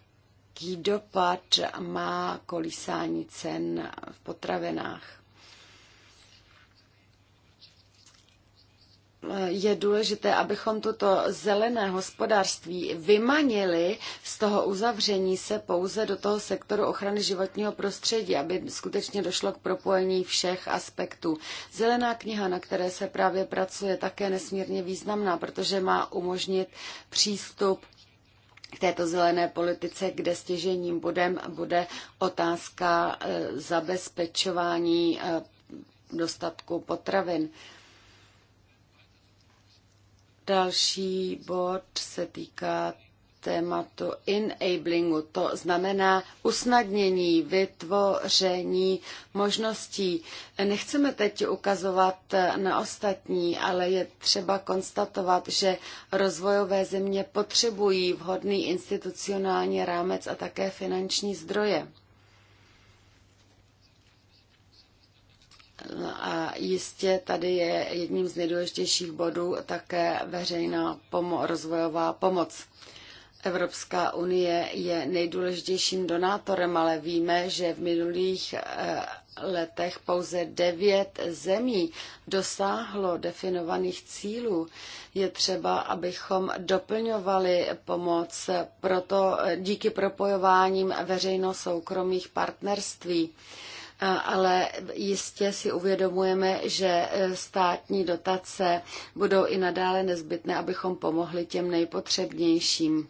jaký dopad má kolísání cen v potravinách. je důležité, abychom toto zelené hospodářství vymanili z toho uzavření se pouze do toho sektoru ochrany životního prostředí, aby skutečně došlo k propojení všech aspektů. Zelená kniha, na které se právě pracuje, je také nesmírně významná, protože má umožnit přístup k této zelené politice, kde stěžením bodem bude otázka e, zabezpečování e, dostatku potravin. Další bod se týká tématu enablingu, to znamená usnadnění, vytvoření možností. Nechceme teď ukazovat na ostatní, ale je třeba konstatovat, že rozvojové země potřebují vhodný institucionální rámec a také finanční zdroje. A jistě tady je jedním z nejdůležitějších bodů také veřejná pomo- rozvojová pomoc. Evropská unie je nejdůležitějším donátorem, ale víme, že v minulých eh, letech pouze devět zemí dosáhlo definovaných cílů. Je třeba, abychom doplňovali pomoc proto díky propojováním veřejno-soukromých partnerství ale jistě si uvědomujeme, že e, státní dotace budou i nadále nezbytné, abychom pomohli těm nejpotřebnějším.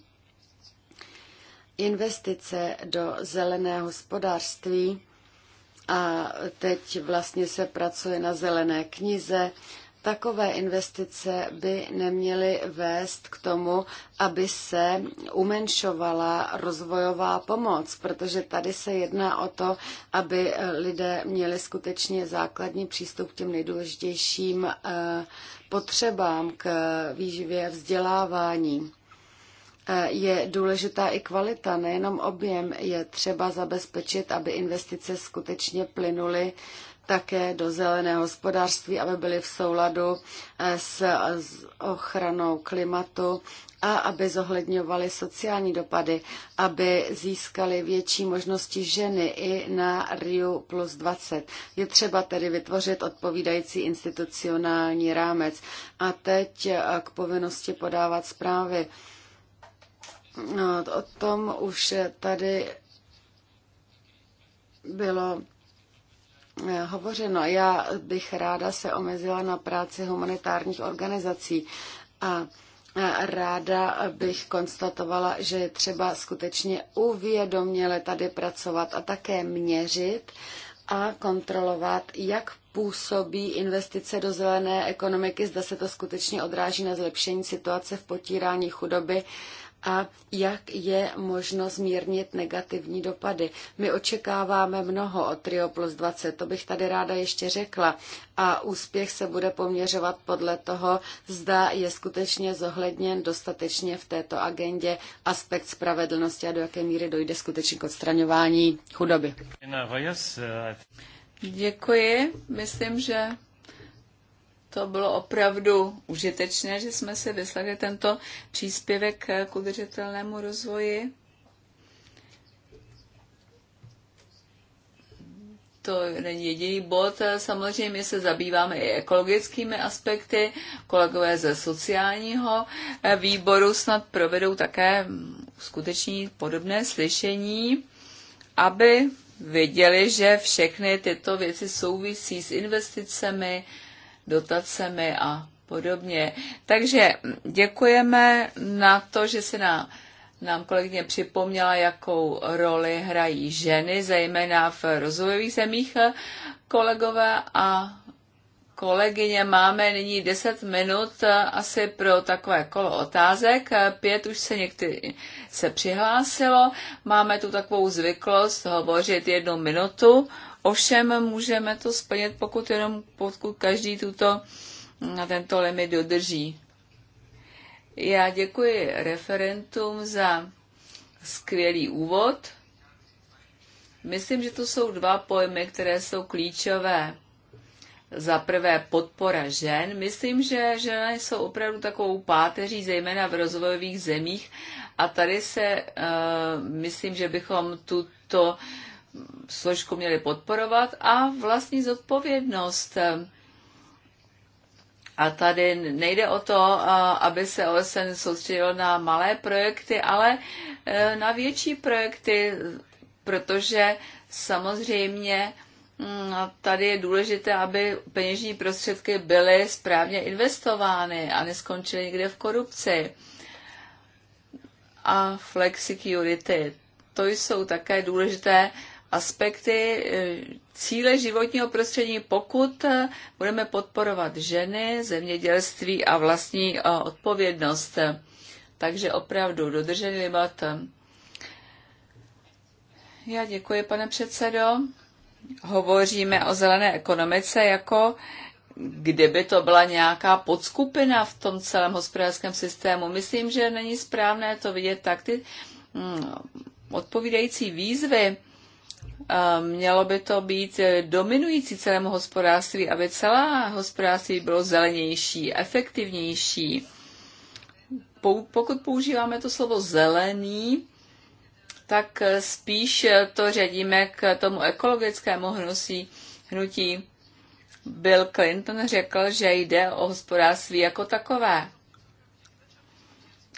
Investice do zeleného hospodářství a teď vlastně se pracuje na zelené knize Takové investice by neměly vést k tomu, aby se umenšovala rozvojová pomoc, protože tady se jedná o to, aby lidé měli skutečně základní přístup k těm nejdůležitějším eh, potřebám, k výživě vzdělávání eh, je důležitá i kvalita, nejenom objem. Je třeba zabezpečit, aby investice skutečně plynuly také do zeleného hospodářství, aby byly v souladu eh, s, ochranou klimatu a aby zohledňovali sociální dopady, aby získali větší možnosti ženy i na Rio plus 20. Je třeba tedy vytvořit odpovídající institucionální rámec. A teď eh, k povinnosti podávat zprávy. No, o tom už eh, tady bylo hovořeno. Já bych ráda se omezila na práci humanitárních organizací a Ráda bych konstatovala, že je třeba skutečně uvědoměle tady pracovat a také měřit a kontrolovat, jak působí investice do zelené ekonomiky, zda se to skutečně odráží na zlepšení situace v potírání chudoby a jak je možno zmírnit negativní dopady. My očekáváme mnoho od Trio plus 20, to bych tady ráda ještě řekla. A úspěch se bude poměřovat podle toho, zda je skutečně zohledněn dostatečně v této agendě aspekt spravedlnosti a do jaké míry dojde skutečně k odstraňování chudoby. Děkuji. Myslím, že to bylo opravdu užitečné, že jsme si vyslali tento příspěvek k udržitelnému rozvoji. to není jediný bod. Samozřejmě se zabýváme i ekologickými aspekty. Kolegové ze sociálního výboru snad provedou také skutečně podobné slyšení, aby viděli, že všechny tyto věci souvisí s investicemi, dotacemi a podobně. Takže děkujeme na to, že se nám nám kolegyně připomněla, jakou roli hrají ženy, zejména v rozvojových zemích, kolegové a kolegyně. Máme nyní 10 minut asi pro takové kolo otázek. Pět už se někdy se přihlásilo. Máme tu takovou zvyklost hovořit jednu minutu Ovšem můžeme to splnit, pokud jenom pokud každý tuto, na tento limit dodrží. Já děkuji referentům za skvělý úvod. Myslím, že to jsou dva pojmy, které jsou klíčové. Za prvé podpora žen. Myslím, že ženy jsou opravdu takovou páteří, zejména v rozvojových zemích. A tady se, uh, myslím, že bychom tuto uh, složku měli podporovat a vlastní zodpovědnost. A tady nejde o to, aby se OSN soustředil na malé projekty, ale e, na větší projekty, protože samozřejmě mm, tady je důležité, aby peněžní prostředky byly správně investovány a neskončily někde v korupci. A flexicurity, to jsou také důležité aspekty e, cíle životního prostředí, pokud e, budeme podporovat ženy, zemědělství a vlastní e, odpovědnost. Takže opravdu dodržený limit. Já děkuji, pane předsedo. Hovoříme o zelené ekonomice jako kdyby to byla nějaká podskupina v tom celém hospodářském systému. Myslím, že není správné to vidět tak. Ty mm, odpovídající výzvy Mělo by to být dominující celému hospodářství, aby celá hospodářství bylo zelenější, efektivnější. Pokud používáme to slovo zelený, tak spíš to řadíme k tomu ekologickému hnusí, hnutí. Bill Clinton řekl, že jde o hospodářství jako takové.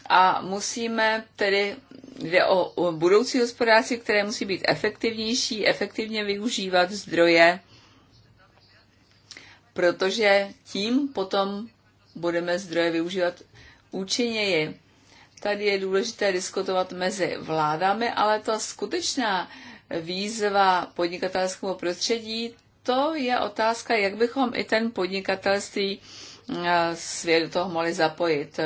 A musíme tedy Jde o budoucí hospodářství, které musí být efektivnější, efektivně využívat zdroje, protože tím potom budeme zdroje využívat účinněji. Tady je důležité diskutovat mezi vládami, ale ta skutečná výzva podnikatelskému prostředí, to je otázka, jak bychom i ten podnikatelství eh, svět do toho mohli zapojit.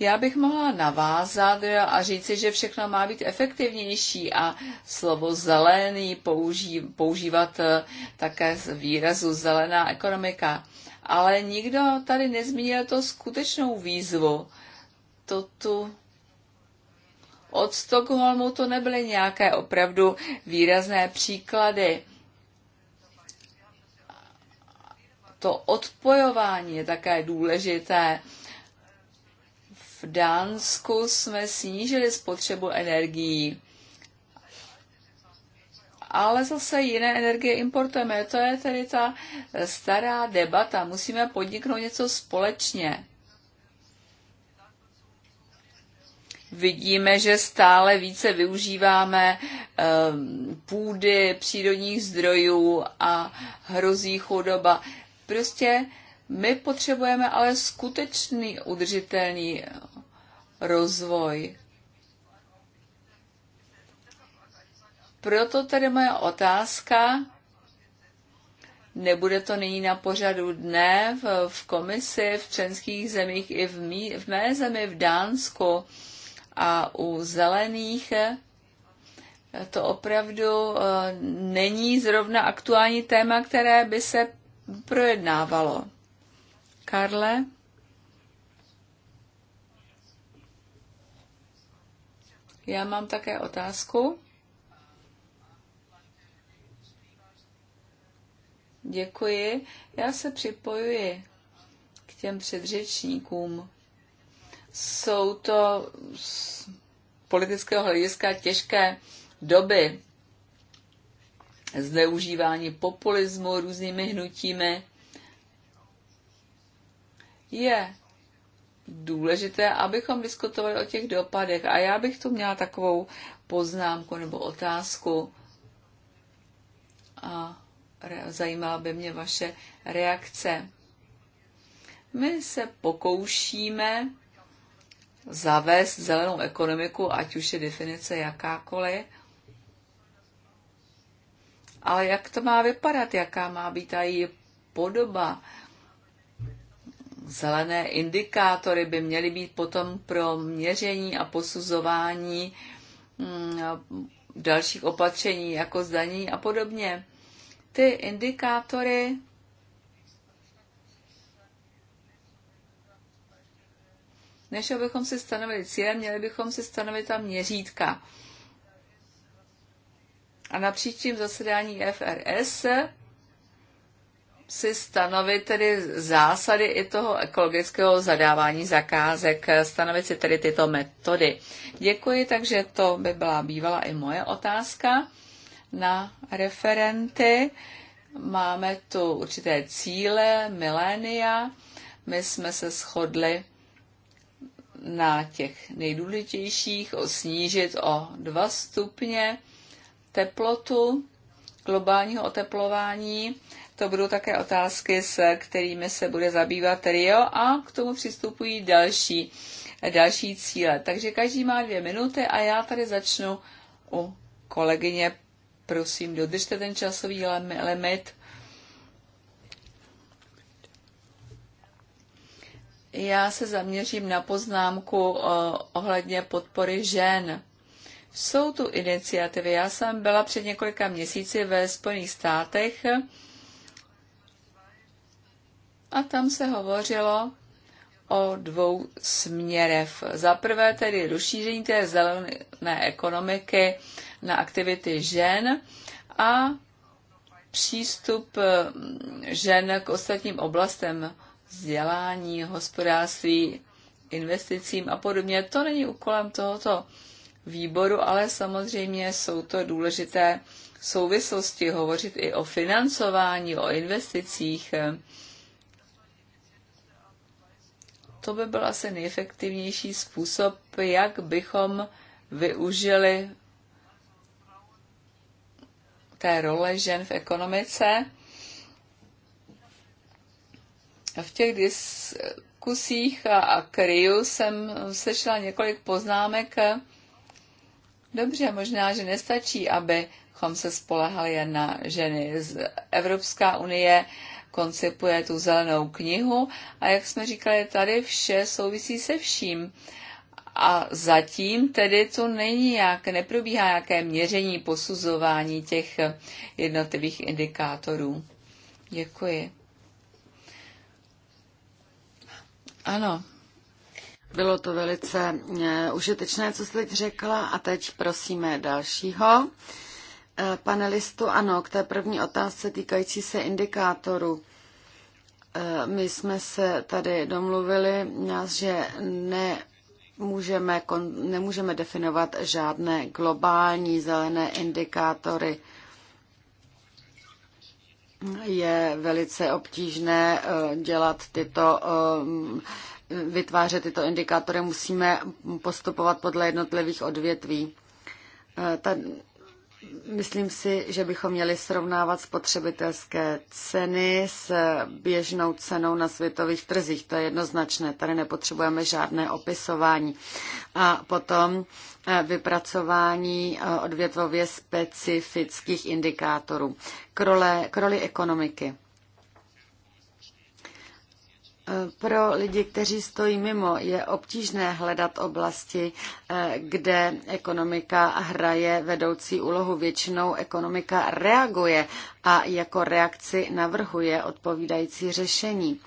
Já bych mohla navázat a říci, že všechno má být efektivnější a slovo zelený použí, používat eh, také z výrazu zelená ekonomika. Ale nikdo tady nezmínil to skutečnou výzvu. To tu od Stockholmu to nebyly nějaké opravdu výrazné příklady. To odpojování je také důležité v Dánsku jsme snížili spotřebu energií, ale zase jiné energie importujeme. To je tedy ta stará debata. Musíme podniknout něco společně. Vidíme, že stále více využíváme ehm, půdy, přírodních zdrojů a hrozí chudoba. Prostě my potřebujeme ale skutečný udržitelný rozvoj. Proto tedy moje otázka, nebude to nyní na pořadu dne v, v komisi, v členských zemích i v, mý, v mé zemi, v Dánsku a u zelených, to opravdu eh, není zrovna aktuální téma, které by se projednávalo. Karle. Já mám také otázku. Děkuji. Já se připojuji k těm předřečníkům. Jsou to z politického hlediska těžké doby zneužívání populismu různými hnutími je důležité, abychom diskutovali o těch dopadech. A já bych tu měla takovou poznámku nebo otázku. A zajímala by mě vaše reakce. My se pokoušíme zavést zelenou ekonomiku, ať už je definice jakákoliv. Ale jak to má vypadat, jaká má být ta její podoba? Zelené indikátory by měly být potom pro měření a posuzování mm, dalších opatření, jako zdaní a podobně. Ty indikátory než abychom si stanovili cíle, měli bychom si stanovit tam měřítka. A na příštím zasedání FRS si stanovit tedy zásady i toho ekologického zadávání zakázek, stanovit si tedy tyto metody. Děkuji, takže to by byla bývala i moje otázka na referenty. Máme tu určité cíle, milénia. My jsme se shodli na těch nejdůležitějších o snížit o 2 stupně teplotu globálního oteplování to budou také otázky, s kterými se bude zabývat Rio a k tomu přistupují další, další cíle. Takže každý má dvě minuty a já tady začnu u kolegyně. Prosím, dodržte ten časový limit. Já se zaměřím na poznámku eh, ohledně podpory žen. Jsou tu iniciativy. Já jsem byla před několika měsíci ve Spojených státech a tam se hovořilo o dvou směrech. Za prvé tedy rozšíření té zelené ekonomiky na aktivity žen a přístup eh, žen k ostatním oblastem vzdělání, hospodářství, investicím a podobně. To není úkolem tohoto výboru, ale samozřejmě jsou to důležité souvislosti, hovořit i o financování, o investicích, eh, To by byl asi nejefektivnější způsob, jak bychom využili té role žen v ekonomice. V těch diskusích a, a kryju jsem sešla několik poznámek. Dobře, možná, že nestačí, abychom se spolehali jen na ženy. Z Evropská unie koncipuje tu zelenou knihu a jak jsme říkali tady, vše souvisí se vším. A zatím tedy to není jak, neprobíhá nějaké měření, posuzování těch jednotlivých indikátorů. Děkuji. Ano. Bylo to velice eh, užitečné, co jste teď řekla. A teď prosíme dalšího Eh, panelistu, ano, k té první otázce týkající se indikátoru, eh, My jsme se tady domluvili, že ne můžeme, nemůžeme definovat žádné globální zelené indikátory. Je velice obtížné eh, dělat tyto vytvářet tyto indikátory, musíme postupovat podle jednotlivých odvětví. Myslím si, že bychom měli srovnávat spotřebitelské ceny s běžnou cenou na světových trzích. To je jednoznačné, tady nepotřebujeme žádné opisování. A potom eh, vypracování eh, odvětvově specifických indikátorů k, roli ekonomiky. Pro lidi, kteří stojí mimo, je obtížné hledat oblasti, eh, kde ekonomika hraje vedoucí úlohu. Většinou ekonomika reaguje a jako reakci navrhuje odpovídající řešení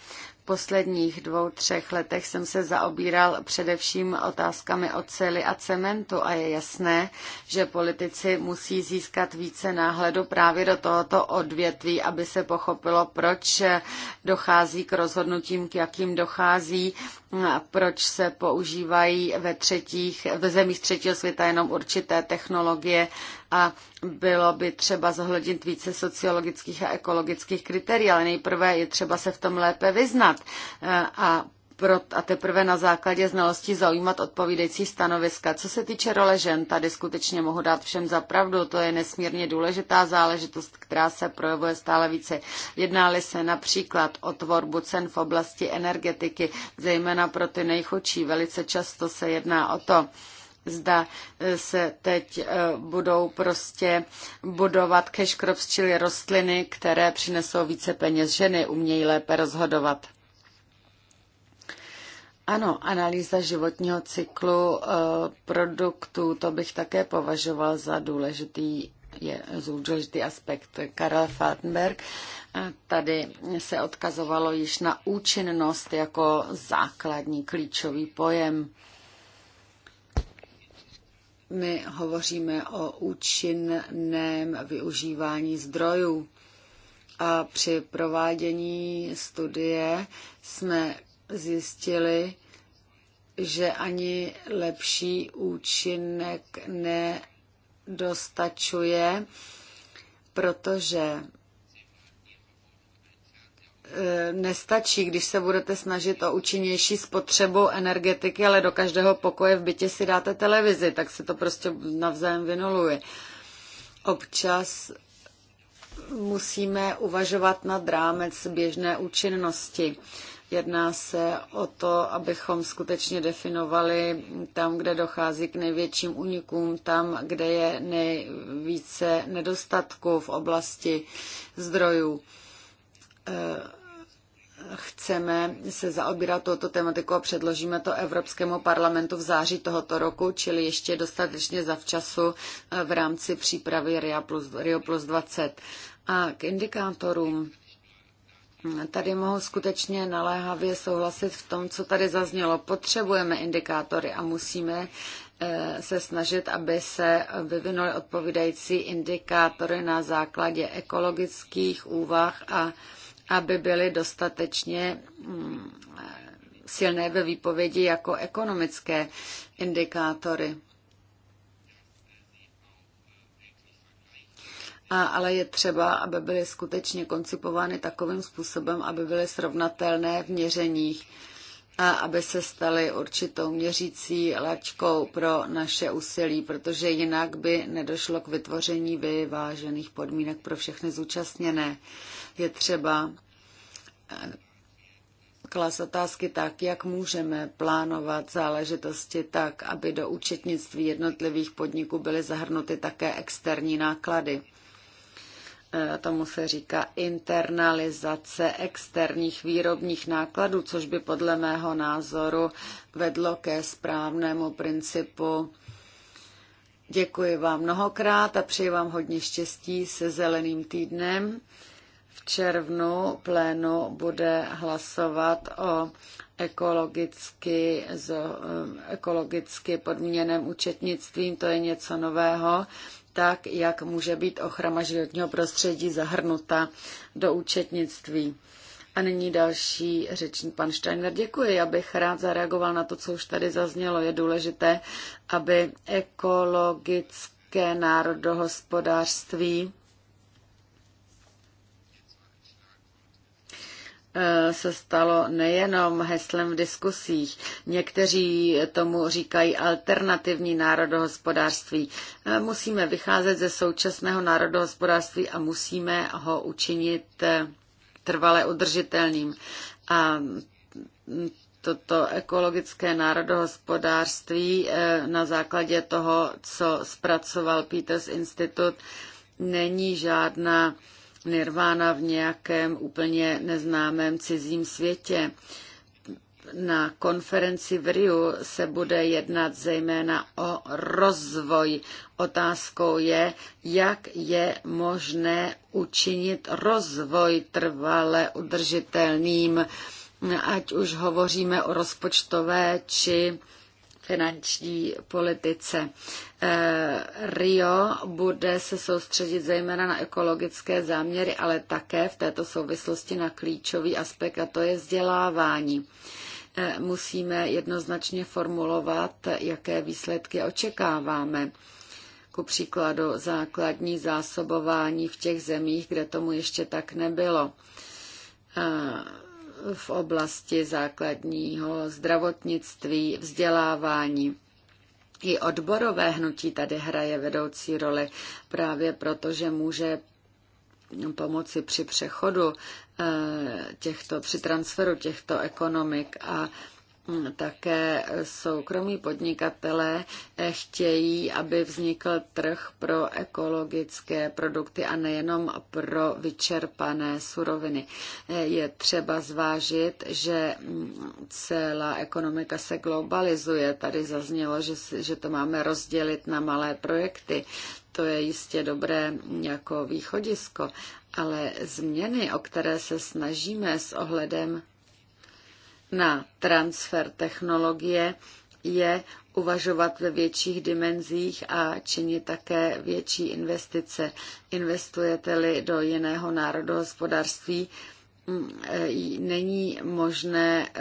posledních dvou, třech letech jsem se zaobíral především otázkami o cely a cementu a je jasné, že politici musí získat více náhledu právě do tohoto odvětví, aby se pochopilo, proč dochází k rozhodnutím, k jakým dochází proč se používají ve, třetích, ve zemích třetího světa jenom určité technologie a bylo by třeba zohlednit více sociologických a ekologických kritérií, ale nejprve je třeba se v tom lépe vyznat. E, a a teprve na základě znalostí zaujímat odpovídající stanoviska. Co se týče role žen, tady skutečně mohu dát všem za pravdu, to je nesmírně důležitá záležitost, která se projevuje stále více. Jednáli se například o tvorbu cen v oblasti energetiky, zejména pro ty nejchudší. Velice často se jedná o to, zda e, se teď e, budou prostě budovat cash crops, čili rostliny, které přinesou více peněz ženy, umějí lépe rozhodovat. Ano, analýza životního cyklu eh, produktů, to bych také považoval za důležitý je důležitý aspekt Karel Faltenberg. Eh, tady se odkazovalo již na účinnost jako základní klíčový pojem. My hovoříme o účinném využívání zdrojů. A při provádění studie jsme zjistili, že ani lepší účinek nedostačuje, protože eh, nestačí, když se budete snažit o účinnější spotřebu energetiky, ale do každého pokoje v bytě si dáte televizi, tak se to prostě navzájem vynuluje. Občas musíme uvažovat nad rámec běžné účinnosti. Jedná se o to, abychom skutečně definovali tam, kde dochází k největším únikům, tam, kde je nejvíce nedostatků v oblasti zdrojů eh, chceme se zaobírat touto tematikou a předložíme to Evropskému parlamentu v září tohoto roku, čili ještě dostatečně zavčasu eh, v rámci přípravy Rio plus, Rio plus 20. A k indikátorům Tady mohu skutečně naléhavě souhlasit v tom, co tady zaznělo. Potřebujeme indikátory a musíme eh, se snažit, aby se vyvinuly odpovídající indikátory na základě ekologických úvah a aby byly dostatečně mm, silné ve výpovědi jako ekonomické indikátory. a, ale je třeba, aby byly skutečně koncipovány takovým způsobem, aby byly srovnatelné v měřeních a aby se staly určitou měřící lačkou pro naše úsilí, protože jinak by nedošlo k vytvoření vyvážených podmínek pro všechny zúčastněné. Je třeba eh, klas otázky tak, jak můžeme plánovat záležitosti tak, aby do účetnictví jednotlivých podniků byly zahrnuty také externí náklady. Eh, tomu se říká internalizace externích výrobních nákladů, což by podle mého názoru vedlo ke správnému principu. Děkuji vám mnohokrát a přeji vám hodně štěstí se zeleným týdnem. V červnu plénu bude hlasovat o ekologicky, eh, ekologicky podmíněném účetnictvím. To je něco nového tak jak může být ochrana životního prostředí zahrnuta do účetnictví. A nyní další řečník, pan Steiner. Děkuji, já bych rád zareagoval na to, co už tady zaznělo. Je důležité, aby ekologické národohospodářství Eh, se stalo nejenom heslem v diskusích. Někteří tomu říkají alternativní národohospodářství. Eh, musíme vycházet ze současného národohospodářství a musíme ho učinit eh, trvale udržitelným. A mm, toto ekologické národohospodářství na základě toho, co zpracoval Peters Institut, není žádná nirvána v nějakém úplně neznámém cizím světě. Na konferenci v Riu se bude jednat zejména o rozvoj. Otázkou je, jak je možné učinit rozvoj trvale udržitelným, ať už hovoříme o rozpočtové či finanční politice. Eh, Rio bude se soustředit zejména na ekologické záměry, ale také v této souvislosti na klíčový aspekt, a to je vzdělávání. Eh, musíme jednoznačně formulovat, jaké výsledky očekáváme. Ku příkladu základní zásobování v těch zemích, kde tomu ještě tak nebylo eh, v oblasti základního zdravotnictví, vzdělávání. I odborové hnutí tady hraje vedoucí roli právě proto, že může pomoci při přechodu eh, těchto, při transferu těchto ekonomik a také soukromí podnikatelé eh, chtějí, aby vznikl trh pro ekologické produkty a nejenom pro vyčerpané suroviny. Eh, je třeba zvážit, že mm, celá ekonomika se globalizuje. Tady zaznělo, že, že to máme rozdělit na malé projekty. To je jistě dobré jako východisko, ale změny, o které se snažíme s ohledem na transfer technologie je uvažovat ve větších dimenzích a činit také větší investice. Investujete-li do jiného národohospodářství, mm, e, není možné e,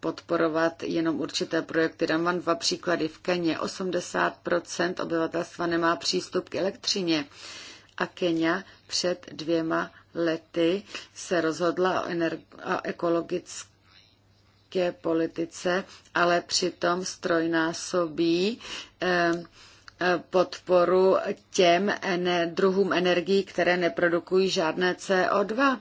podporovat jenom určité projekty. Dám vám dva příklady. V Keně 80% obyvatelstva nemá přístup k elektřině a Kenya před dvěma lety se rozhodla o, ekologické ke politice, ale přitom strojnásobí eh, eh, podporu těm druhům energií, které neprodukují žádné CO2.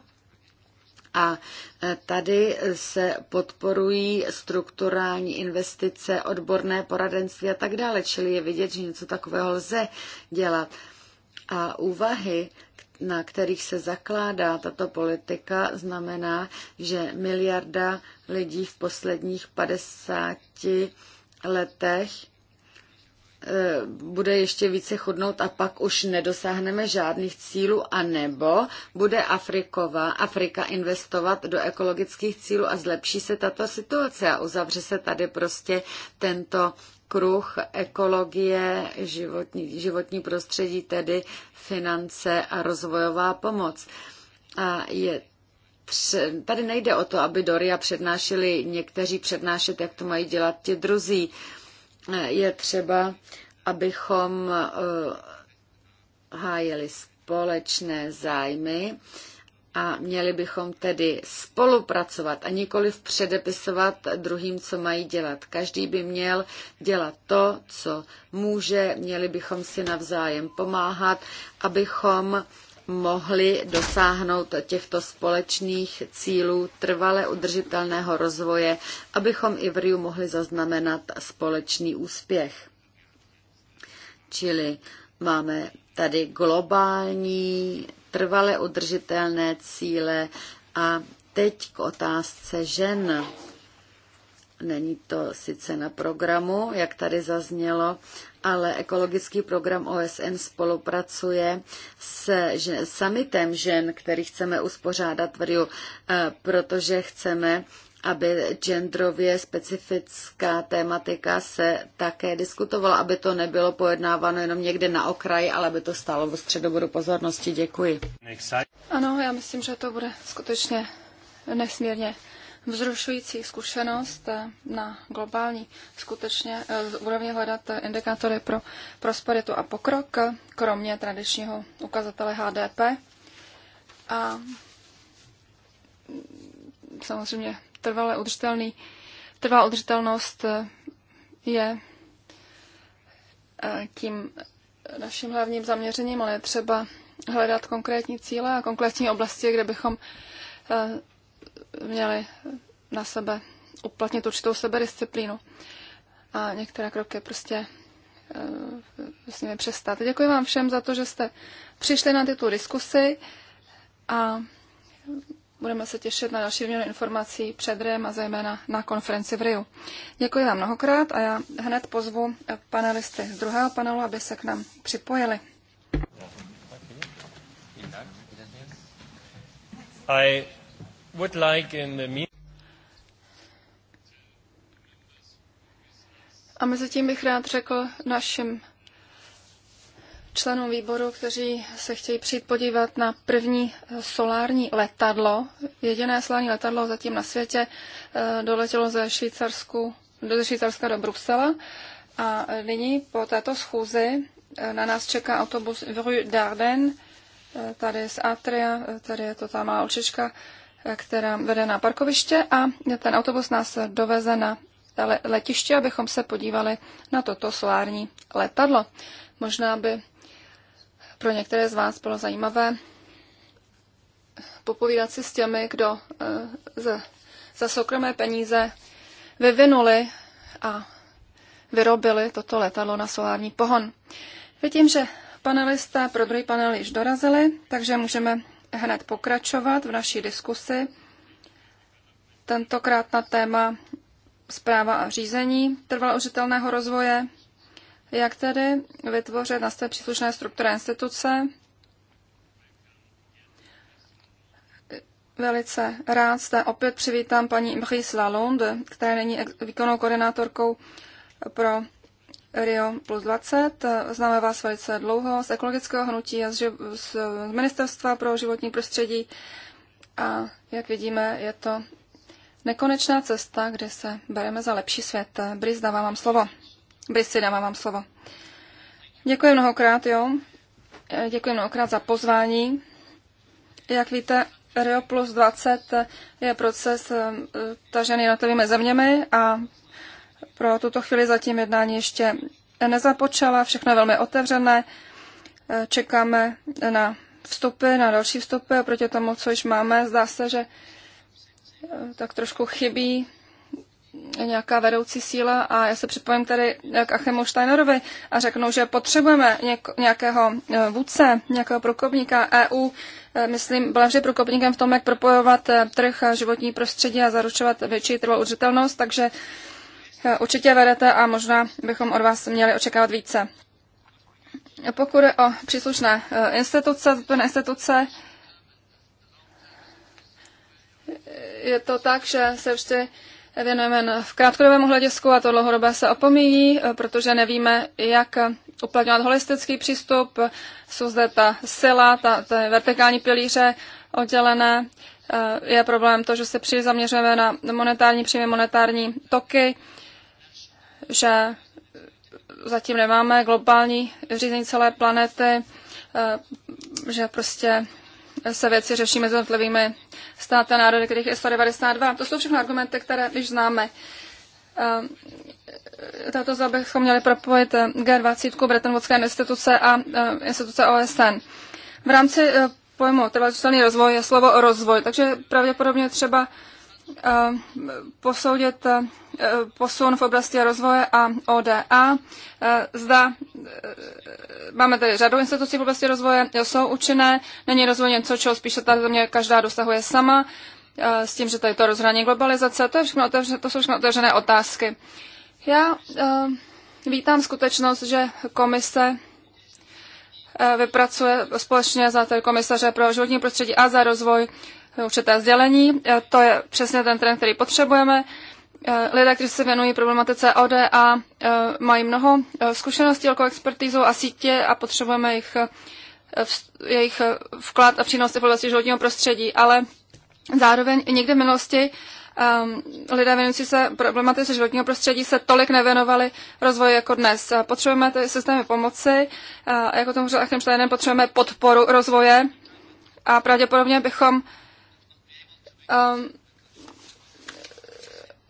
A eh, tady se podporují strukturální investice, odborné poradenství a tak dále. Čili je vidět, že něco takového lze dělat. A úvahy na kterých se zakládá tato politika, znamená, že miliarda lidí v posledních 50 letech e, bude ještě více chudnout a pak už nedosáhneme žádných cílů, a nebo bude Afrikova, Afrika investovat do ekologických cílů a zlepší se tato situace a uzavře se tady prostě tento kruh ekologie, životní, životní prostředí, tedy finance a rozvojová pomoc. A je Tady nejde o to, aby Doria přednášeli někteří přednášet, jak to mají dělat ti druzí. Je třeba, abychom eh, hájili společné zájmy a měli bychom tedy spolupracovat a nikoli předepisovat druhým, co mají dělat. Každý by měl dělat to, co může, měli bychom si navzájem pomáhat, abychom mohli dosáhnout těchto společných cílů trvale udržitelného rozvoje, abychom i v Riu mohli zaznamenat společný úspěch. Čili máme tady globální trvale udržitelné cíle. A teď k otázce žen. Není to sice na programu, jak tady zaznělo, ale ekologický program OSN spolupracuje s summitem žen, který chceme uspořádat v Riu, eh, protože chceme aby genderově specifická tématika se také diskutovala, aby to nebylo pojednáváno jenom někde na okraji, ale aby to stálo v středobodu pozornosti. Děkuji. Ano, já myslím, že to bude skutečně nesmírně vzrušující zkušenost na globální skutečně eh, úrovni hledat indikátory pro prosperitu a pokrok, kromě tradičního ukazatele HDP. A mm, samozřejmě trvalé udržitelný, trvalá udržitelnost eh, je eh, tím naším hlavním zaměřením, ale je třeba hledat konkrétní cíle a konkrétní oblasti, kde bychom eh, měli na sebe uplatnit určitou sebedisciplínu a některé kroky prostě s nimi přestat. Děkuji vám všem za to, že jste přišli na tyto diskusy a Budeme se těšit na další výměnu informací před REM a zejména na konferenci v Riu. Děkuji vám mnohokrát a já hned pozvu panelisty z druhého panelu, aby se k nám připojili. I would like in the a mezi tím bych rád řekl našim členům výboru, kteří se chtějí přijít podívat na první eh, solární letadlo. Jediné solární letadlo zatím na světě eh, doletělo ze, Švýcarsku, do Švýcarska do Brusela. A eh, nyní po této schůzi na nás čeká autobus Rue Darden, tady z Atria, tady je to ta malá očička, která vede na parkoviště a ten autobus nás doveze na letiště, abychom se podívali na toto solární letadlo. Možná by pro některé z vás bylo zajímavé popovídat si s těmi, kdo eh, za, za soukromé peníze vyvinuli a vyrobili toto letadlo na solární pohon. Vidím, že panelisté pro druhý panel již dorazili, takže můžeme hned pokračovat v naší diskusi. Tentokrát na téma zpráva a řízení trvalo užitelného rozvoje. Jak tedy vytvořit na té příslušné struktury instituce? Velice rád zde opět přivítám paní Imris Lalonde, která není výkonnou koordinátorkou pro Rio plus 20. Známe vás velice dlouho z ekologického hnutí a z, z Ministerstva pro životní prostředí. A jak vidíme, je to nekonečná cesta, kde se bereme za lepší svět. Brizda, vám slovo. Brisi, dávám vám slovo. Děkuji mnohokrát, jo. Eh, děkuji mnohokrát za pozvání. Jak víte, Rio plus 20 je proces eh, tažený jednotlivými zeměmi a pro tuto chvíli zatím jednání ještě nezapočala, všechno je velmi otevřené. Eh, čekáme na vstupy, na další vstupy, oproti tomu, co již máme, zdá se, že tak trošku chybí nějaká vedoucí síla a já se připojím tady k Achemu Steinerovi a řeknu, že potřebujeme něk- nějakého e, vůdce, nějakého průkopníka EU, e, myslím, byla vždy průkopníkem v tom, jak propojovat e, trh a životní prostředí a zaručovat větší trvalou udržitelnost, takže určitě vedete a možná bychom od vás měli očekávat více. Pokud je o příslušné instituce, instituce, je to tak, že se vždy věnujeme v krátkodobém hledisku a to dlouhodobé se opomíjí, eh, protože nevíme, jak uplatňovat holistický přístup. Jsou zde ta sila, ta, ta vertikální pilíře oddělené. Eh, je problém to, že se příliš zaměřujeme na monetární příjmy, monetární toky, že zatím nemáme globální řízení celé planety, eh, že prostě se věci řeší mezi jednotlivými státy a národy, kterých je 192. To jsou všechno argumenty, které již známe. Ehm, tato zda bychom měli propojit eh, G20, Brettonwoodské instituce a eh, instituce OSN. V rámci eh, pojmu trvalý rozvoj je slovo rozvoj, takže pravděpodobně třeba Eh, posoudit eh, posun v oblasti rozvoje a ODA. Eh, zda máme tady řadu institucí v oblasti rozvoje, jsou účinné, není rozvoj něco, čeho spíše ta země každá dosahuje sama, s tím, že tady to rozhraní globalizace, to, je všechno otevřené, to jsou všechno otevřené otázky. Já vítám skutečnost, že komise vypracuje společně za tedy komisaře pro životní prostředí a za rozvoj určité sdělení. E, to je přesně ten trend, který potřebujeme. E, lidé, kteří se věnují problematice ODA, e, mají mnoho zkušeností, velkou expertizu, a sítě a potřebujeme jejich, jejich vklad a přínos v oblasti životního prostředí, ale zároveň někde v minulosti um, lidé věnující se problematice životního prostředí se tolik nevěnovali rozvoji jako dnes. Potřebujeme ty systémy pomoci, a jako tomu řekl potřebujeme podporu rozvoje a pravděpodobně bychom um, ehm,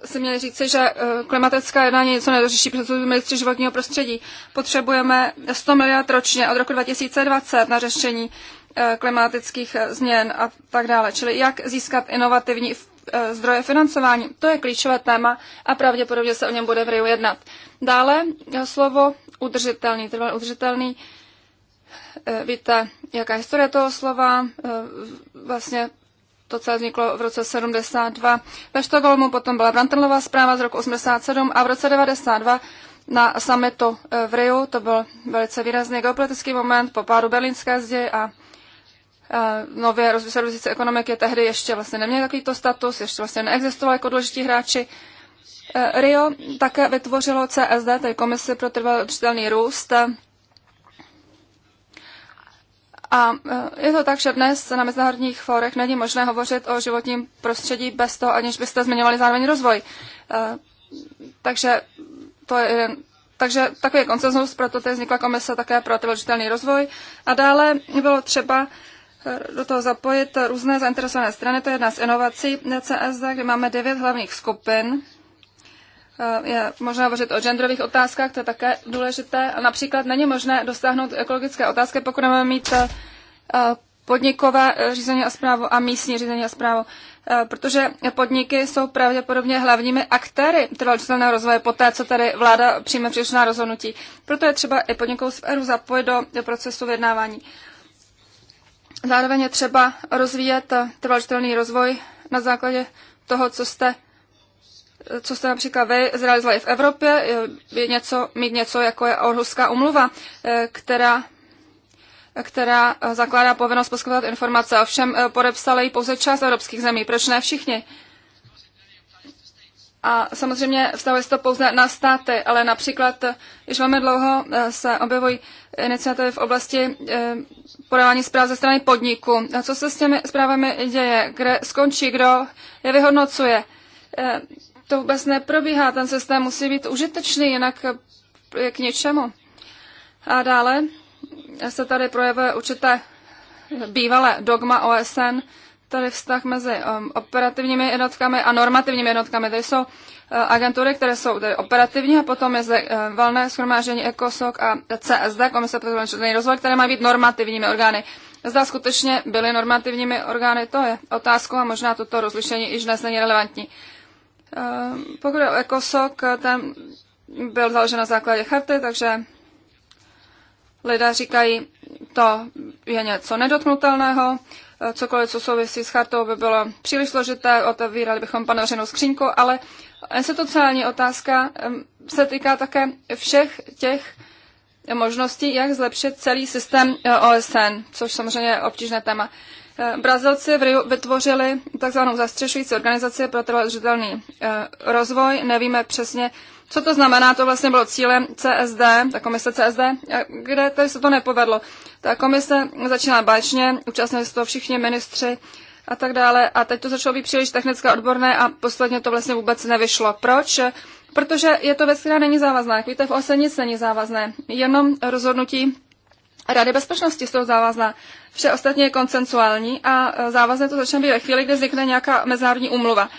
se měli říci, že eh, klimatická jednání něco nedořeší, protože jsme ministři životního prostředí. Potřebujeme 100 miliard ročně od roku 2020 na řešení eh, klimatických eh, změn a tak dále. Čili jak získat inovativní zdroje financování, to je klíčové téma a pravděpodobně se o něm bude v Riu jednat. Dále slovo udržitelný, trvalý udržitelný. Víte, jaká je historie toho slova, vlastně to celé vzniklo v roce 72. Ve Štokholmu potom byla Brantenlová zpráva z roku 87 a v roce 92 na sametu eh, v Riu, to byl velice výrazný geopolitický moment po pádu berlínské zdi a eh, nově rozvíjící ekonomiky tehdy ještě vlastně neměly takovýto status, ještě vlastně neexistovali jako důležití hráči. Eh, Rio také vytvořilo CSD, tedy Komise pro trvalý růst, a e, je to tak, že dnes na mezinárodních fórech není možné hovořit o životním prostředí bez toho, aniž byste zmiňovali zároveň rozvoj. E, takže to je jeden takže takový koncenzus, proto tady vznikla komise také pro trvalý rozvoj. A dále bylo třeba e, do toho zapojit různé zainteresované strany, to je jedna z inovací CSD, kde máme devět hlavních skupin, Eh, je možné hovořit o genderových otázkách, to je také důležité. Například není možné dosáhnout ekologické otázky, pokud nebudeme mít eh, podnikové eh, řízení a zprávu a místní řízení a zprávu, protože podniky jsou pravděpodobně hlavními aktéry trvalčitelného rozvoje poté, co tady vláda přijme příslušná rozhodnutí. Proto je třeba i podnikovou sféru zapojit do procesu vyjednávání. Zároveň je třeba rozvíjet trvalčitelný rozvoj na základě toho, co jste co jste například vy zrealizovali v Evropě, je něco, mít něco, jako je Orhuská umluva, eh, která která zakládá povinnost poskytovat informace. Ovšem eh, podepsali ji pouze část evropských zemí. Proč ne všichni? A samozřejmě vztahuje se to pouze na státy, ale například eh, již velmi dlouho se objevují iniciativy v oblasti podávání zpráv ze strany podniku. A co se s těmi zprávami děje? Kde skončí? Kdo je vyhodnocuje? to vůbec neprobíhá. Ten systém musí být užitečný, jinak eh, je k ničemu. A dále se tady projevuje určité bývalé dogma OSN, tady vztah mezi um, operativními jednotkami a normativními jednotkami. Tady jsou uh, agentury, které jsou tady operativní a potom je zde uh, valné schromáždění ECOSOC a CSD, Komise pro zvláštní rozvoj, které mají být normativními orgány. Zda skutečně byly normativními orgány, to je otázka. a možná toto rozlišení již dnes není relevantní. Eh, pokud je o ECOSOC, eh, ten byl založen na základě charty, takže lidé říkají, to je něco nedotknutelného, eh, cokoliv, co souvisí s chartou, by bylo příliš složité, otevírali bychom panořenou skřínku, ale institucionální otázka se týká také všech těch možností, jak zlepšit celý systém OSN, což samozřejmě je obtížné téma. Eh, Brazilci vytvořili takzvanou zastřešující organizaci pro trvalý eh, rozvoj. Nevíme přesně, co to znamená, to vlastně bylo cílem CSD, ta komise CSD, eh, kde tady se to nepovedlo. Ta komise začíná báčně, účastnili se toho všichni ministři a tak dále. A teď to začalo být příliš technické, odborné a posledně to vlastně vůbec nevyšlo. Proč? Protože je to věc, která není závazná. Jak víte, v OSE nic není závazné. Jenom rozhodnutí Rady bezpečnosti jsou závazná. Vše ostatně je koncensuální a e, závazné to začne být ve chvíli, kdy vznikne nějaká mezinárodní úmluva.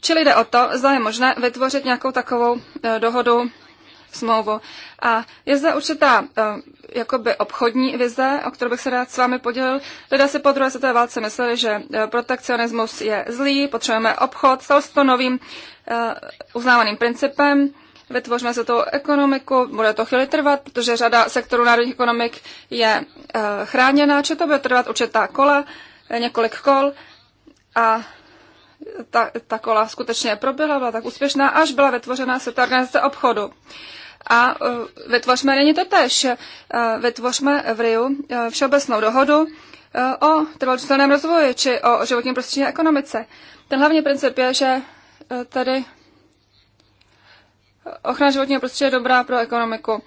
Čili jde o to, zda je možné vytvořit nějakou takovou e, dohodu, smlouvu. A je zde určitá e, jakoby obchodní vize, o kterou bych se rád s vámi podělil. Lidé si po druhé světové válce mysleli, že protekcionismus je zlý, potřebujeme obchod, stal se to novým uznávaným principem vytvořme se tou ekonomiku, bude to chvíli trvat, protože řada sektorů národních ekonomik je eh, chráněná, či to bude trvat určitá kola, eh, několik kol a ta, ta kola skutečně proběhla, byla tak úspěšná, až byla vytvořena Světová organizace obchodu. A eh, vytvořme, není to tež, vytvořme v Riu všeobecnou dohodu o trvalém rozvoji či o životním prostředí a ekonomice. Ten hlavní princip je, že tady ochrana životního prostředí je dobrá pro ekonomiku.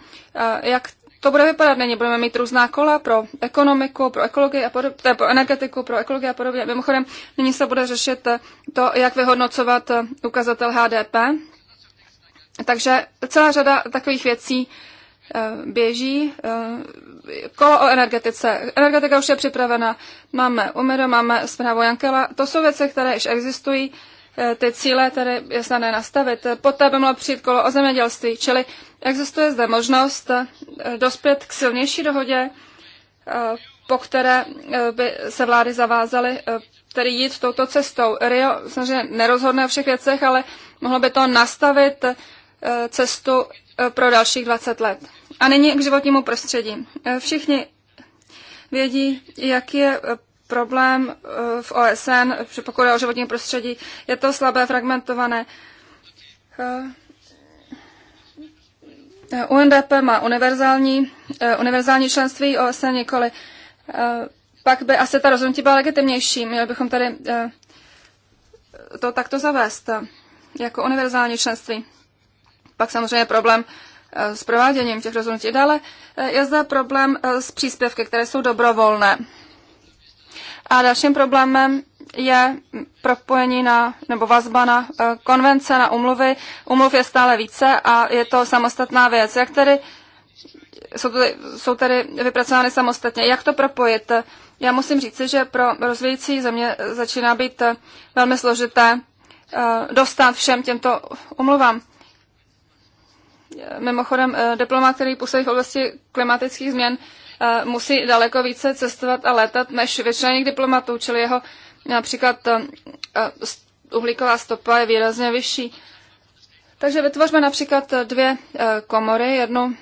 Jak to bude vypadat? Není, budeme mít různá kola pro ekonomiku, pro ekologii a podobně, eh, pro energetiku, pro ekologii a podobně. Mimochodem, nyní se bude řešit eh, to, jak vyhodnocovat eh, ukazatel HDP. Takže celá řada takových věcí běží. Kolo o energetice. Energetika už je připravena. Máme UMERO, máme zprávu Jankela. To jsou věci, které již existují Eh, ty cíle tedy je snadné nastavit. Poté by mělo přijít kolo o zemědělství, čili existuje zde možnost eh, dospět k silnější dohodě, eh, po které by se vlády zavázaly tedy jít touto cestou. Rio samozřejmě nerozhodne o všech věcech, ale mohlo by to nastavit cestu pro dalších 20 let. A nyní k životnímu prostředí. Všichni vědí, jaký je problém eh, v OSN, pokud je o životní prostředí, je to slabé, fragmentované. Eh, UNDP má univerzální, eh, univerzální členství, OSN nikoli. Pak by asi ta rozhodnutí byla legitimnější. Měli bychom tady to takto zavést jako univerzální členství. Pak samozřejmě problém s prováděním těch rozhodnutí. Dále je zde problém s příspěvky, které jsou dobrovolné. A dalším problémem je propojení na, nebo vazba na eh, konvence, na umluvy. Umluv je stále více a je to samostatná věc. Jak tedy jsou tady, jsou tady vypracovány samostatně. Jak to propojit? Já musím říci, že pro rozvíjící země začíná být eh, velmi složité eh, dostat všem těmto umluvám Mimochodem, diplomat, který působí v oblasti klimatických změn, musí daleko více cestovat a létat než většina jiných diplomatů, čili jeho například uhlíková stopa je výrazně vyšší. Takže vytvořme například dvě e, komory, jednu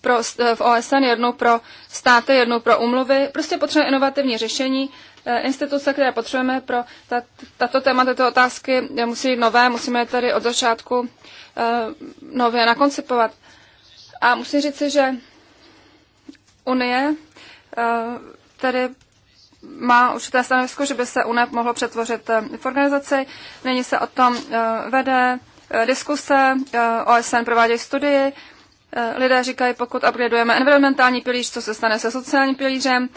pro, e, v OSN, jednu pro státy, jednu pro umluvy. Prostě potřebujeme inovativní řešení. E, instituce, které potřebujeme pro tato téma, tyto otázky, musí být nové, musíme je tady od začátku nově nakoncipovat. A musím říci, že Unie eh, tedy má určité stanovisko, že by se UNEP mohlo přetvořit eh, v organizaci. Nyní se o tom eh, vede diskuse, OSN provádějí studii, lidé říkají, pokud upgradujeme environmentální pilíř, co se stane se sociálním pilířem,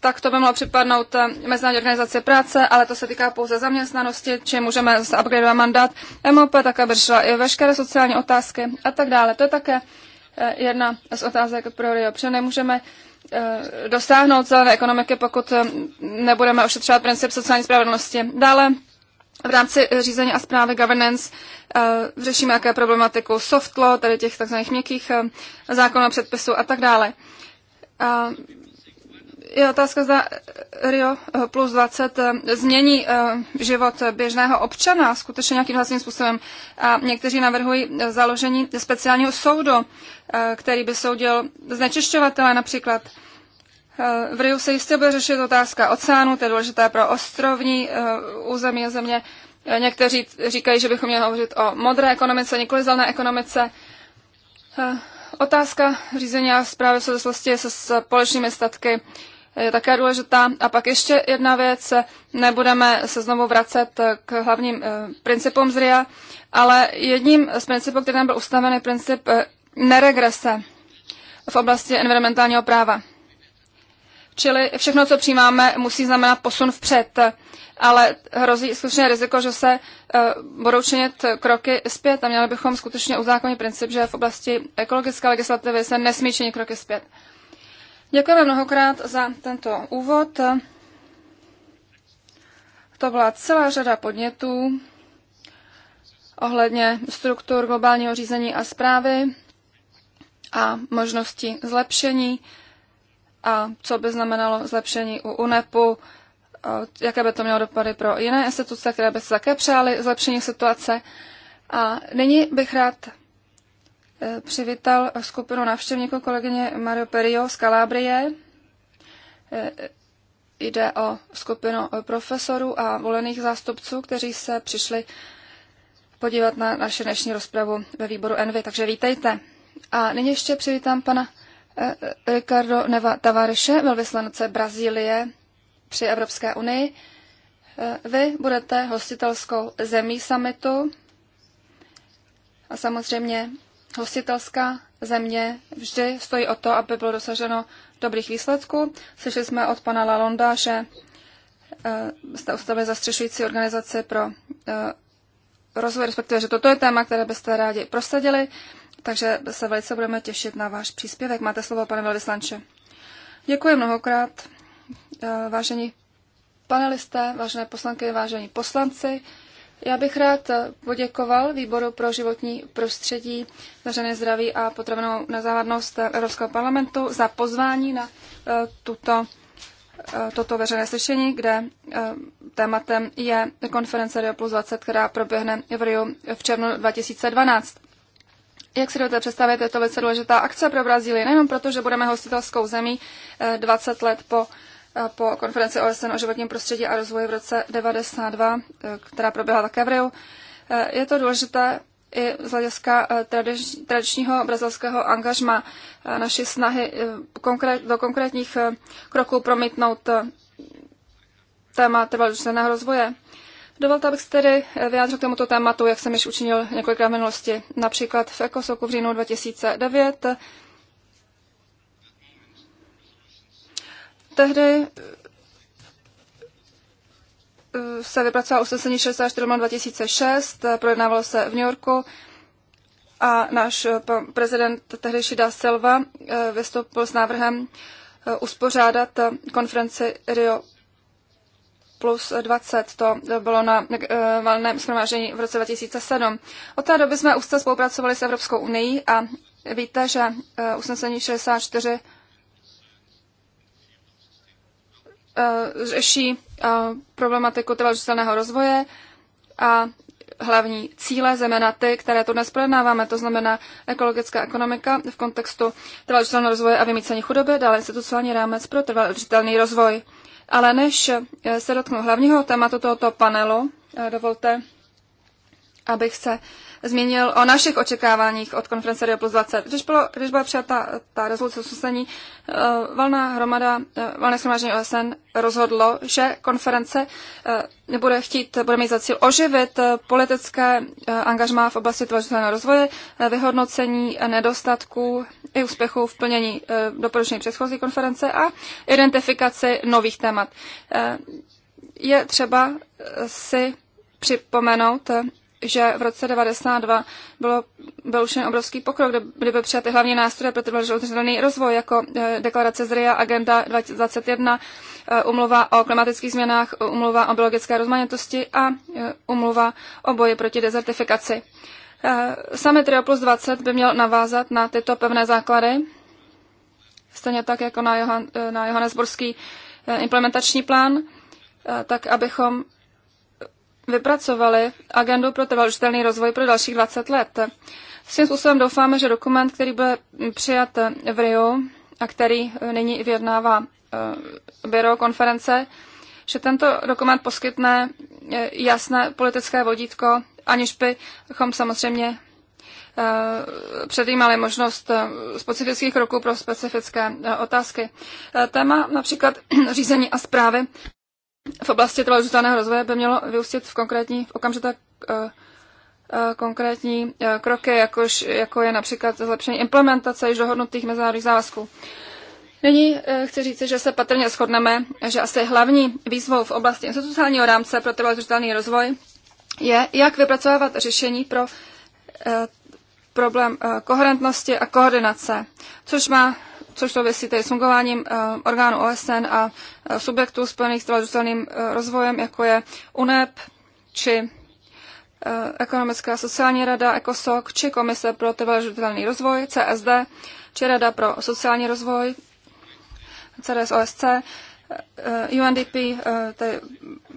tak to by mohlo připadnout Mezinárodní organizace práce, ale to se týká pouze zaměstnanosti, či můžeme zase upgradovat mandát MOP, tak aby řešila i veškeré sociální otázky a tak dále. To je také Eh, jedna z otázek pro Rio, protože nemůžeme eh, dosáhnout zelené ekonomiky, pokud eh, nebudeme ošetřovat princip sociální spravedlnosti. Dále v rámci řízení a zprávy governance řešíme jaké problematiku soft law, tedy těch tzv. měkkých zákonů, předpisů a tak dále. Je otázka, zda eh, Rio eh, plus 20 eh, změní život běžného občana skutečně nějakým vlastním způsobem. A někteří navrhují založení speciálního soudu, který by soudil znečišťovatele například. V Riu se jistě bude řešit otázka oceánu, to je důležité pro ostrovní území a země. Někteří říkají, že bychom měli hovořit o modré ekonomice, nikoli zelené ekonomice. Otázka řízení a zprávy v souvislosti se společnými statky je také důležitá. A pak ještě jedna věc, nebudeme se znovu vracet k hlavním eh, principům z RIA, ale jedním z principů, který nám byl ustaven, je princip eh, neregrese v oblasti environmentálního práva. Čili všechno, co přijímáme, musí znamenat posun vpřed, ale hrozí skutečně riziko, že se eh, budou činit kroky zpět a měli bychom skutečně uzákonit princip, že v oblasti ekologické legislativy se nesmí činit kroky zpět. Děkujeme mnohokrát za tento úvod. To byla celá řada podnětů ohledně struktur globálního řízení a zprávy a možnosti zlepšení a co by znamenalo zlepšení u UNEPu, jaké by to mělo dopady pro jiné instituce, které by se také přáli zlepšení situace. A nyní bych rád Eh, přivítal skupinu návštěvníků kolegyně Mario Perio z Kalábrie. Eh, jde o skupinu profesorů a volených zástupců, kteří se přišli podívat na naše dnešní rozpravu ve výboru Envy, takže vítejte. A nyní ještě přivítám pana eh, Ricardo Neva Tavareše, velvyslance Brazílie při Evropské unii. Vy budete hostitelskou zemí summitu a samozřejmě hostitelská země vždy stojí o to, aby bylo dosaženo dobrých výsledků. Slyšeli jsme od pana Lalonda, že eh, jste ustavili zastřešující organizaci pro eh, rozvoj, respektive, že toto je téma, které byste rádi prosadili, takže se velice budeme těšit na váš příspěvek. Máte slovo, pane velvyslanče. Děkuji mnohokrát, eh, vážení panelisté, vážené poslanky, vážení poslanci. Já bych rád poděkoval Výboru pro životní prostředí, veřejné zdraví a potravinovou nezávadnost Evropského parlamentu za pozvání na eh, tuto, eh, toto veřejné slyšení, kde eh, tématem je konference Rio Plus 20, která proběhne v Rio v červnu 2012. Jak si dovedete představit, je to velice důležitá akce pro Brazílii, nejenom proto, že budeme hostitelskou zemí 20 let po po konferenci OSN o životním prostředí a rozvoji v roce 92, eh, která proběhla také v Riu. Eh, je to důležité i z hlediska eh, tradičního brazilského angažma naší snahy do konkrétních kroků promítnout téma trvalého rozvoje. Dovolte, abych se tedy vyjádřil k tomuto tématu, jak jsem již učinil několikrát v minulosti. Například v Ekosoku v říjnu 2009 Tehdy eh, se vypracovalo usnesení 64 2006, eh, projednávalo se v New Yorku a náš eh, prezident tehdy Šida Silva vystoupil s návrhem uspořádat konferenci Rio plus 20, to bylo na valném shromáždění v roce 2007. Od té doby jsme úzce spolupracovali s Evropskou unii a víte, že usnesení 64 Eh, řeší eh, problematiku trvalého rozvoje a hlavní cíle, zejména ty, které tu dnes projednáváme, to znamená ekologická ekonomika v kontextu trvalého rozvoje a vymícení chudoby, dále institucionální rámec pro trvalý rozvoj. Ale než eh, se dotknu hlavního tématu tohoto panelu, dovolte, abych se zmínil o našich očekáváních od konference Rio plus 20. Když, bylo, když byla přijata ta rezoluce usnesení, eh, valná hromada, eh, valné shromáždění OSN rozhodlo, že konference eh, nebude chtít, bude mít za cíl oživit politické angažmá v oblasti tvořitelného rozvoje, vyhodnocení nedostatků i úspěchů v plnění doporučení předchozí konference a identifikaci nových témat. Je třeba si připomenout, že v roce 92 bylo, byl už obrovský pokrok, kdy, kdy byl přijaty hlavní nástroje pro trvalý rozvoj, jako e, deklarace z RIA, agenda 2021, e, umluva o klimatických změnách, e, umluva o biologické rozmanitosti a umluva o boji proti dezertifikaci. Summit Rio plus 20 by měl navázat na tyto pevné základy, stejně tak jako na, Johan, na Johannesburský implementační plán, tak abychom vypracovali agendu pro trvalý rozvoj pro dalších 20 let. S tím způsobem doufáme, že dokument, který bude přijat v Rio a který nyní vyjednává eh, Biro konference, že tento dokument poskytne eh, jasné politické vodítko, aniž bychom samozřejmě eh, předjímali možnost specifických kroků pro specifické otázky. Téma například řízení a zprávy v oblasti trvalého zůstaného rozvoje by mělo vyústit v konkrétní, v uh, konkrétní eh, kroky, jakož, jako je například zlepšení implementace již dohodnutých mezinárodních závazků. Nyní chci říct, že se patrně shodneme, že asi hlavní výzvou v oblasti institucionálního rámce pro trvalý rozvoj je, jak vypracovávat řešení pro problém koherentnosti a koordinace, což má což souvisí tedy s fungováním eh, orgánu OSN a eh, subjektů spojených s udržitelným eh, rozvojem, jako je UNEP či Ekonomická a sociální rada ECOSOC či Komise pro trvalý rozvoj CSD či Rada pro sociální rozvoj CDS OSC, UNDP, tedy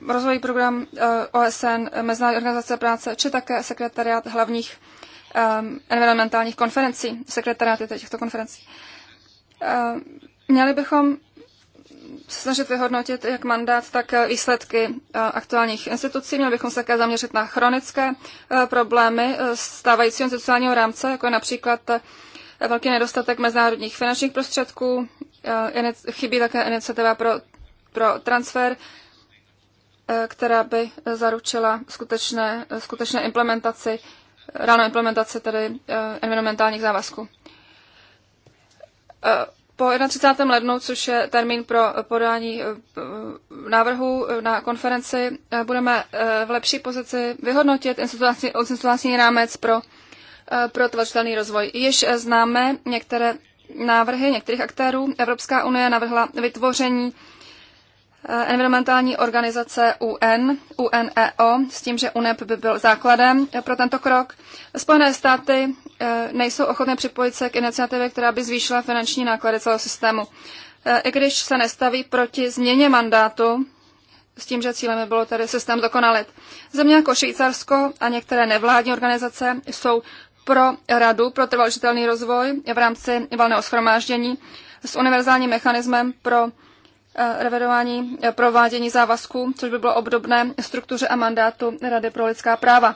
rozvojový program OSN, Mezinárodní organizace práce, či také sekretariát hlavních environmentálních konferencí, sekretariáty těchto konferencí. Eh, měli bychom snažit vyhodnotit jak mandát, tak eh, výsledky eh, aktuálních institucí. Měli bychom se také zaměřit na chronické problémy stávajícího institucionálního rámce, jako je například velký nedostatek mezinárodních finančních prostředků, chybí také iniciativa pro, pro transfer, která by zaručila skutečné, skutečné implementaci, ráno implementaci tedy environmentálních závazků po 31. lednu, což je termín pro podání eh, návrhu eh, na konferenci, eh, budeme v lepší pozici vyhodnotit institucionální rámec pro, pro tvořitelný rozvoj. Již známe některé návrhy některých aktérů. Evropská unie navrhla vytvoření environmentální organizace UN, UNEO, s tím, že UNEP by byl základem pro tento krok. Spojené státy Eh, nejsou ochotné připojit se k iniciativě, která by zvýšila finanční náklady celého systému. Eh, I když se nestaví proti změně mandátu, s tím, že cílem by bylo tedy systém dokonalit. Země jako Švýcarsko a některé nevládní organizace jsou pro Radu pro trvalžitelný rozvoj v rámci valného schromáždění s univerzálním mechanismem pro eh, revidování provádění závazků, což by bylo obdobné struktuře a mandátu Rady pro lidská práva.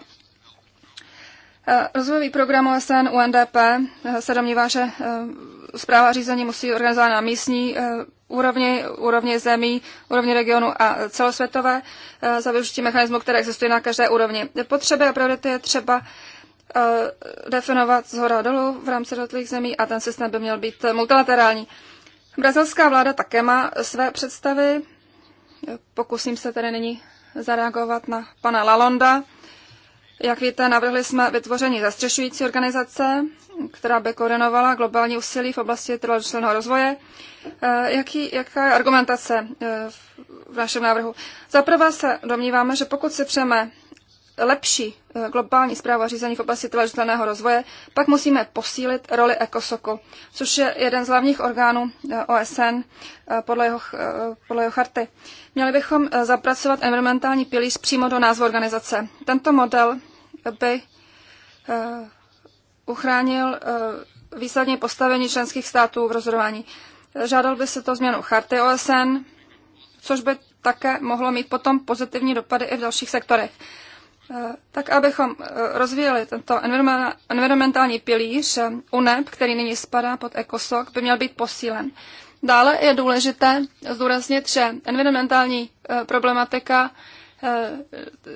Eh, rozvojový program OSN UNDP eh, se domnívá, že eh, zpráva řízení musí organizovat na místní úrovni, úrovni zemí, úrovni regionu a celosvětové za využití mechanismů, které existují na každé úrovni. Potřeby a priority je třeba definovat z hora dolů v rámci jednotlivých zemí a ten systém by měl být multilaterální. Brazilská vláda také má své představy. Pokusím se tedy nyní zareagovat na pana Lalonda jak víte, navrhli jsme vytvoření zastřešující organizace, která by koordinovala globální úsilí v oblasti trojčlenného rozvoje. E, jaký, jaká je argumentace e, v našem návrhu? Zaprvé se domníváme, že pokud si přejeme lepší e, globální zpráva řízení v oblasti trvalého rozvoje, pak musíme posílit roli ECOSOCO, což je jeden z hlavních orgánů OSN podle jeho, podle jeho charty. Měli bychom zapracovat environmentální pilíř přímo do názvu organizace. Tento model aby eh, uchránil eh, výsledně postavení členských států v rozhodování. Žádal by se to změnu charty OSN, což by také mohlo mít potom pozitivní dopady i v dalších sektorech. Eh, tak, abychom rozvíjeli tento environmentální pilíř UNEP, který nyní spadá pod ECOSOC, by měl být posílen. Dále je důležité zdůraznit, že environmentální problematika Eh,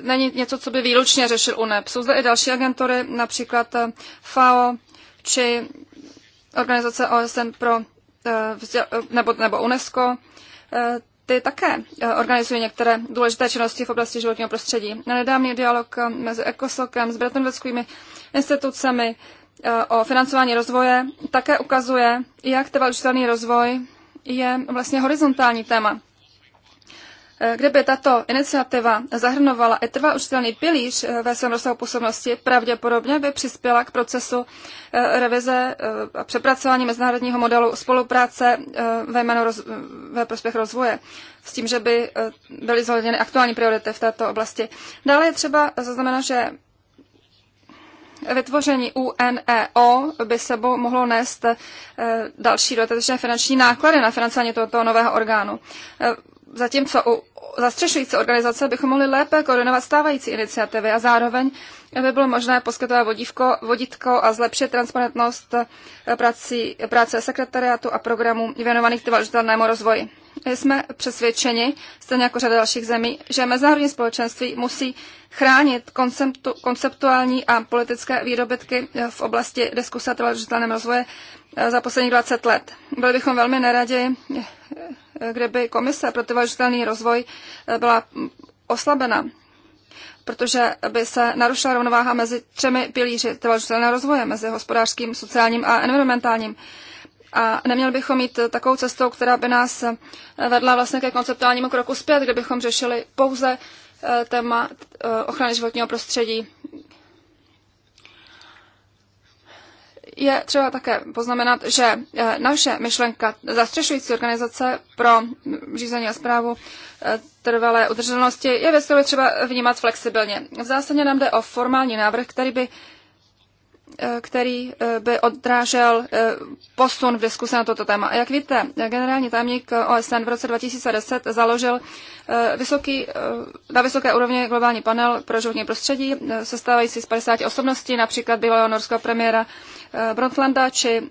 není něco, co by výlučně řešil UNEP. Jsou zde i další agentury, například eh, FAO či organizace OSN pro eh, nebo, nebo UNESCO, ty také organizují některé důležité činnosti v oblasti životního prostředí. Nedávný dialog mezi Ekosokem s bretonveckými institucemi o financování rozvoje také ukazuje, jak trvalý rozvoj je vlastně horizontální téma. Eh, kdyby tato iniciativa zahrnovala i trvá učitelný pilíř eh, ve svém rozsahu působnosti, pravděpodobně by přispěla k procesu eh, revize a přepracování mezinárodního modelu spolupráce ve, jménu roz, ve prospěch rozvoje, s tím, že by byly zohledněny aktuální priority v této oblasti. Dále je třeba zaznamenat, že vytvoření UNEO by sebou mohlo nést další dodatečné finanční náklady na financování tohoto nového orgánu zatímco u zastřešující organizace bychom mohli lépe koordinovat stávající iniciativy a zároveň by bylo možné poskytovat vodívko, vodítko a zlepšit transparentnost eh, prací, práce sekretariátu a programů věnovaných trvalitelnému rozvoji. Jsme přesvědčeni, stejně jako řada dalších zemí, že mezinárodní společenství musí chránit konceptu, konceptuální a politické výrobitky eh, v oblasti diskuse o rozvoje eh, za posledních 20 let. Byli bychom velmi neradi kde by komise pro trvalý rozvoj eh, byla oslabena, protože by se narušila rovnováha mezi třemi pilíři trvalého rozvoje, mezi hospodářským, sociálním a environmentálním. A neměli bychom mít takovou cestou, která by nás eh, vedla vlastně ke konceptuálnímu kroku zpět, kde bychom řešili pouze eh, téma ochrany životního prostředí je třeba také poznamenat, že eh, naše myšlenka zastřešující organizace pro řízení a zprávu eh, trvalé udržitelnosti je ve třeba vnímat flexibilně. V zásadě nám jde o formální návrh, který by Eh, který eh, by odrážel eh, posun v diskuse na toto téma. jak víte, generální tajemník OSN v roce 2010 založil vysoký, na vysoké úrovni globální panel pro životní prostředí, sestávající z 50 osobností, například bývalého norského premiéra Brontlanda či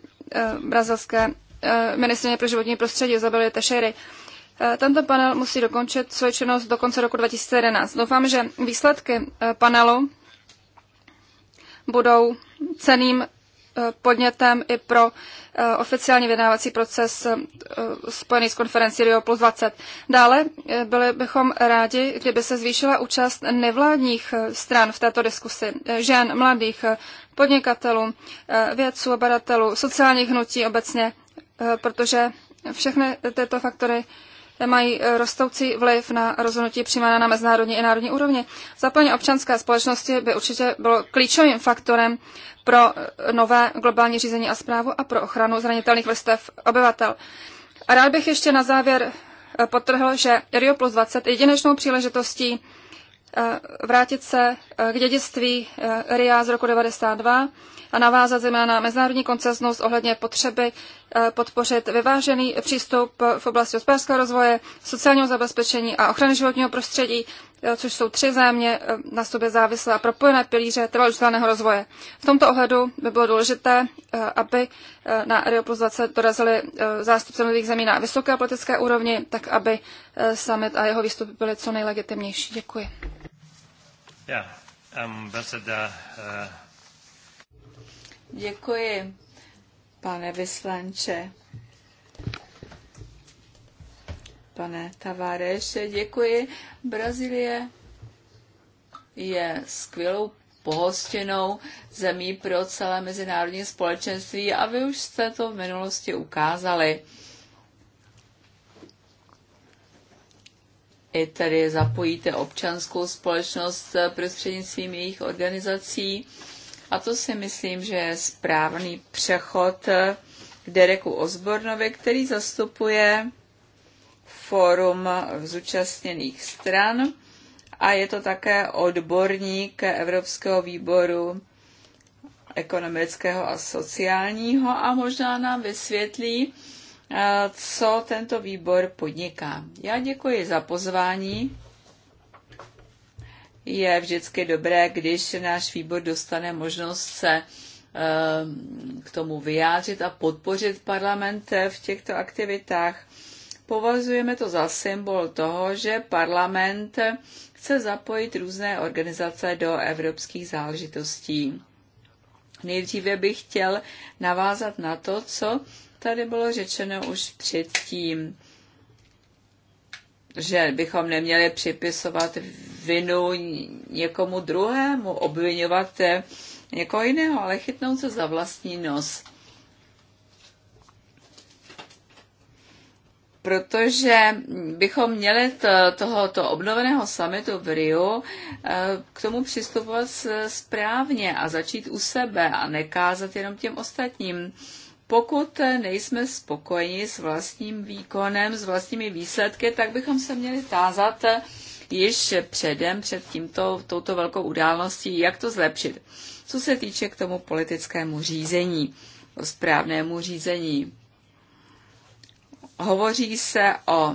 brazilské ministrině pro životní prostředí Izabely Tešery. Tento panel musí dokončit svoji činnost do konce roku 2011. Doufám, že výsledky panelu budou ceným eh, podnětem i pro eh, oficiální vyjednávací proces eh, spojený s konferencí Rio plus 20. Dále byli bychom rádi, kdyby se zvýšila účast nevládních stran v této diskusi, žen, mladých, podnikatelů, vědců, obadatelů, sociálních hnutí obecně, protože všechny tyto faktory mají e, rostoucí vliv na rozhodnutí přijímané na mezinárodní i národní úrovni. Zapojení občanské společnosti by určitě bylo klíčovým faktorem pro e, nové globální řízení a zprávu a pro ochranu zranitelných vrstev obyvatel. A rád bych ještě na závěr e, potrhl, že Rio plus 20 jedinečnou příležitostí Eh, vrátit se eh, k dědictví eh, RIA z roku 1992 a navázat zejména na mezinárodní koncesnost ohledně potřeby podpořit vyvážený přístup v oblasti hospodářského rozvoje, sociálního zabezpečení a ochrany životního prostředí, což jsou tři země na sobě závislé a propojené pilíře trvalého rozvoje. V tomto ohledu by bylo důležité, aby na Rio Plus 20 dorazili zástupce nových zemí na vysoké politické úrovni, tak aby summit a jeho výstupy byly co nejlegitimnější. Děkuji. Um, uh, děkuji, pane vyslanče. Pane Tavareše, děkuji. Brazílie je skvělou pohostěnou zemí pro celé mezinárodní společenství a vy už jste to v minulosti ukázali. i tady zapojíte občanskou společnost prostřednictvím jejich organizací. A to si myslím, že je správný přechod k Dereku Osbornovi, který zastupuje fórum zúčastněných stran a je to také odborník Evropského výboru ekonomického a sociálního a možná nám vysvětlí, co tento výbor podniká. Já děkuji za pozvání. Je vždycky dobré, když náš výbor dostane možnost se ehm, k tomu vyjádřit a podpořit parlament v těchto aktivitách. Považujeme to za symbol toho, že parlament chce zapojit různé organizace do evropských záležitostí. Nejdříve bych chtěl navázat na to, co tady bylo řečeno už předtím, že bychom neměli připisovat vinu někomu druhému, obvinovat někoho jiného, ale chytnout se za vlastní nos. protože bychom měli to, tohoto obnoveného samitu v Riu eh, k tomu přistupovat správně a začít u sebe a nekázat jenom těm ostatním. Pokud nejsme spokojeni s vlastním výkonem, s vlastními výsledky, tak bychom se měli tázat již předem, před tímto, touto velkou událostí, jak to zlepšit. Co se týče k tomu politickému řízení, o správnému řízení. Hovoří se o,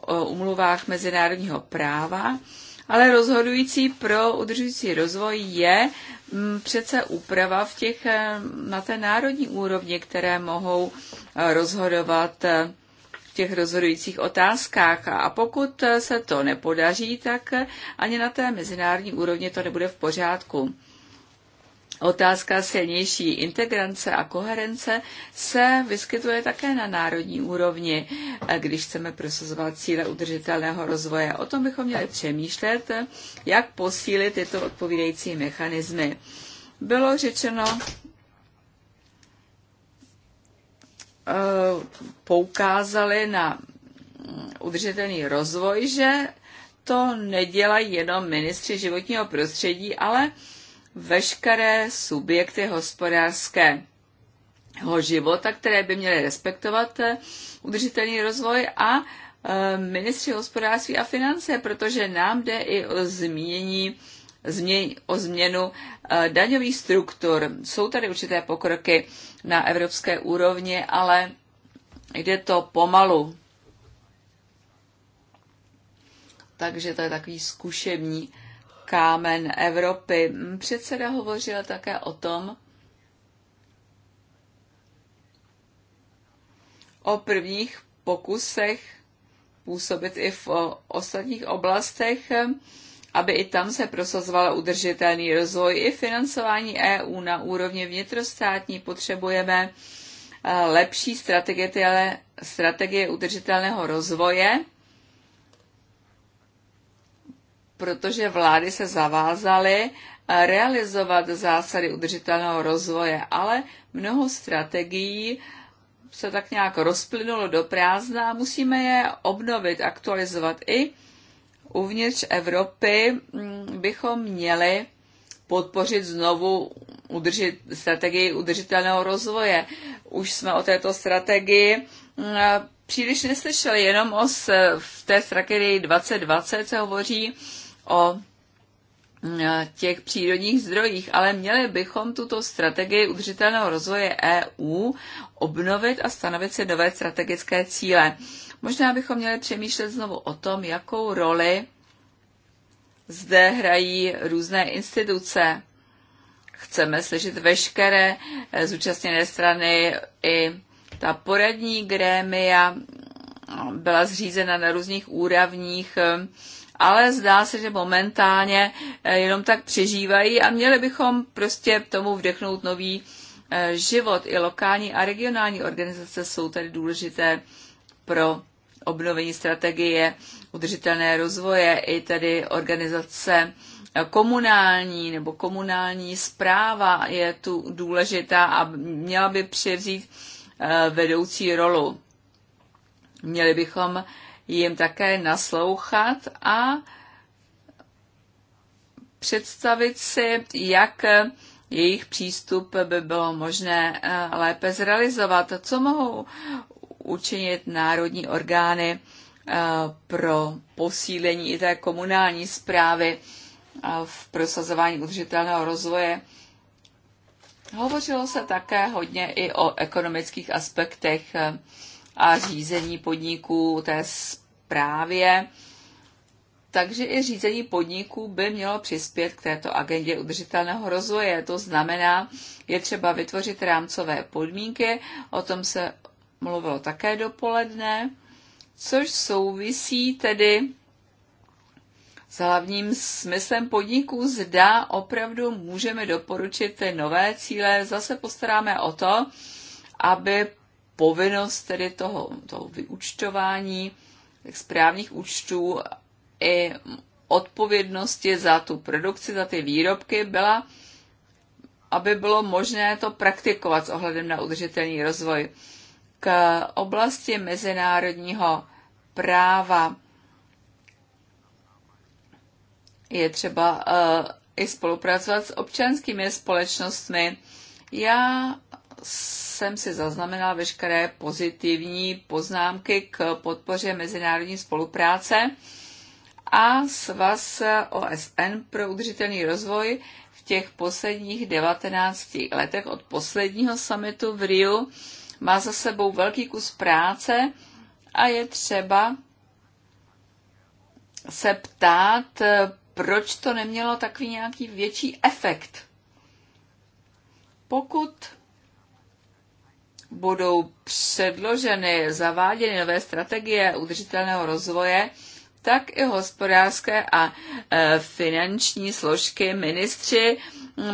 o umluvách mezinárodního práva, ale rozhodující pro udržující rozvoj je Mm, přece úprava v těch, eh, na té národní úrovni, které mohou eh, rozhodovat eh, v těch rozhodujících otázkách. A pokud se to nepodaří, tak ani na té mezinárodní úrovni to nebude v pořádku. Otázka silnější integrace a koherence se vyskytuje také na národní úrovni, eh, když chceme prosazovat cíle udržitelného rozvoje. O tom bychom měli přemýšlet, jak posílit tyto odpovídající mechanismy. Bylo řečeno, eh, poukázali na mm, udržitelný rozvoj, že to nedělají jenom ministři životního prostředí, ale veškeré subjekty hospodářského života, které by měly respektovat eh, udržitelný rozvoj a eh, ministři hospodářství a finance, protože nám jde i o změní o změnu eh, daňových struktur. Jsou tady určité pokroky na evropské úrovni, ale jde to pomalu. Takže to je takový zkušební kámen Evropy. Předseda hovořil také o tom, o prvních pokusech působit i v ostatních oblastech, aby i tam se prosazoval udržitelný rozvoj. I financování EU na úrovni vnitrostátní potřebujeme eh, lepší strategie, strategie udržitelného rozvoje protože vlády se zavázaly eh, realizovat zásady udržitelného rozvoje, ale mnoho strategií se tak nějak rozplynulo do prázdna a musíme je obnovit, aktualizovat. I uvnitř Evropy mm, bychom měli podpořit znovu udržit, strategii udržitelného rozvoje. Už jsme o této strategii mm, příliš neslyšeli, jenom o v té strategii 2020 se hovoří o e, těch přírodních zdrojích, ale měli bychom tuto strategii udržitelného rozvoje EU obnovit a stanovit si nové strategické cíle. Možná bychom měli přemýšlet znovu o tom, jakou roli zde hrají různé instituce. Chceme slyšet veškeré e, zúčastněné strany i ta poradní grémia e, byla zřízena na různých úrovních ale zdá se, že momentálně eh, jenom tak přežívají a měli bychom prostě tomu vdechnout nový eh, život. I lokální a regionální organizace jsou tady důležité pro obnovení strategie udržitelné rozvoje, i tedy organizace eh, komunální nebo komunální zpráva je tu důležitá a měla by převzít vedoucí rolu. Měli bychom jim také naslouchat a představit si, jak jejich přístup by bylo možné eh, lépe zrealizovat. Co mohou učinit národní orgány eh, pro posílení i té komunální zprávy eh, v prosazování udržitelného rozvoje? Hovořilo se také hodně i o ekonomických aspektech a řízení podniků, té zprávě. Takže i řízení podniků by mělo přispět k této agendě udržitelného rozvoje. To znamená, je třeba vytvořit rámcové podmínky, o tom se mluvilo také dopoledne, což souvisí tedy s hlavním smyslem podniků zda opravdu můžeme doporučit ty nové cíle. Zase postaráme o to, aby povinnost tedy toho, toho vyúčtování správných účtů i odpovědnosti za tu produkci, za ty výrobky byla, aby bylo možné to praktikovat s ohledem na udržitelný rozvoj. K oblasti mezinárodního práva je třeba uh, i spolupracovat s občanskými společnostmi. Já jsem si zaznamenala veškeré pozitivní poznámky k podpoře mezinárodní spolupráce a Svaz OSN pro udržitelný rozvoj v těch posledních 19 letech od posledního summitu v Riu má za sebou velký kus práce a je třeba se ptát, proč to nemělo takový nějaký větší efekt. Pokud budou předloženy, zaváděny nové strategie udržitelného rozvoje, tak i hospodářské a e, finanční složky ministři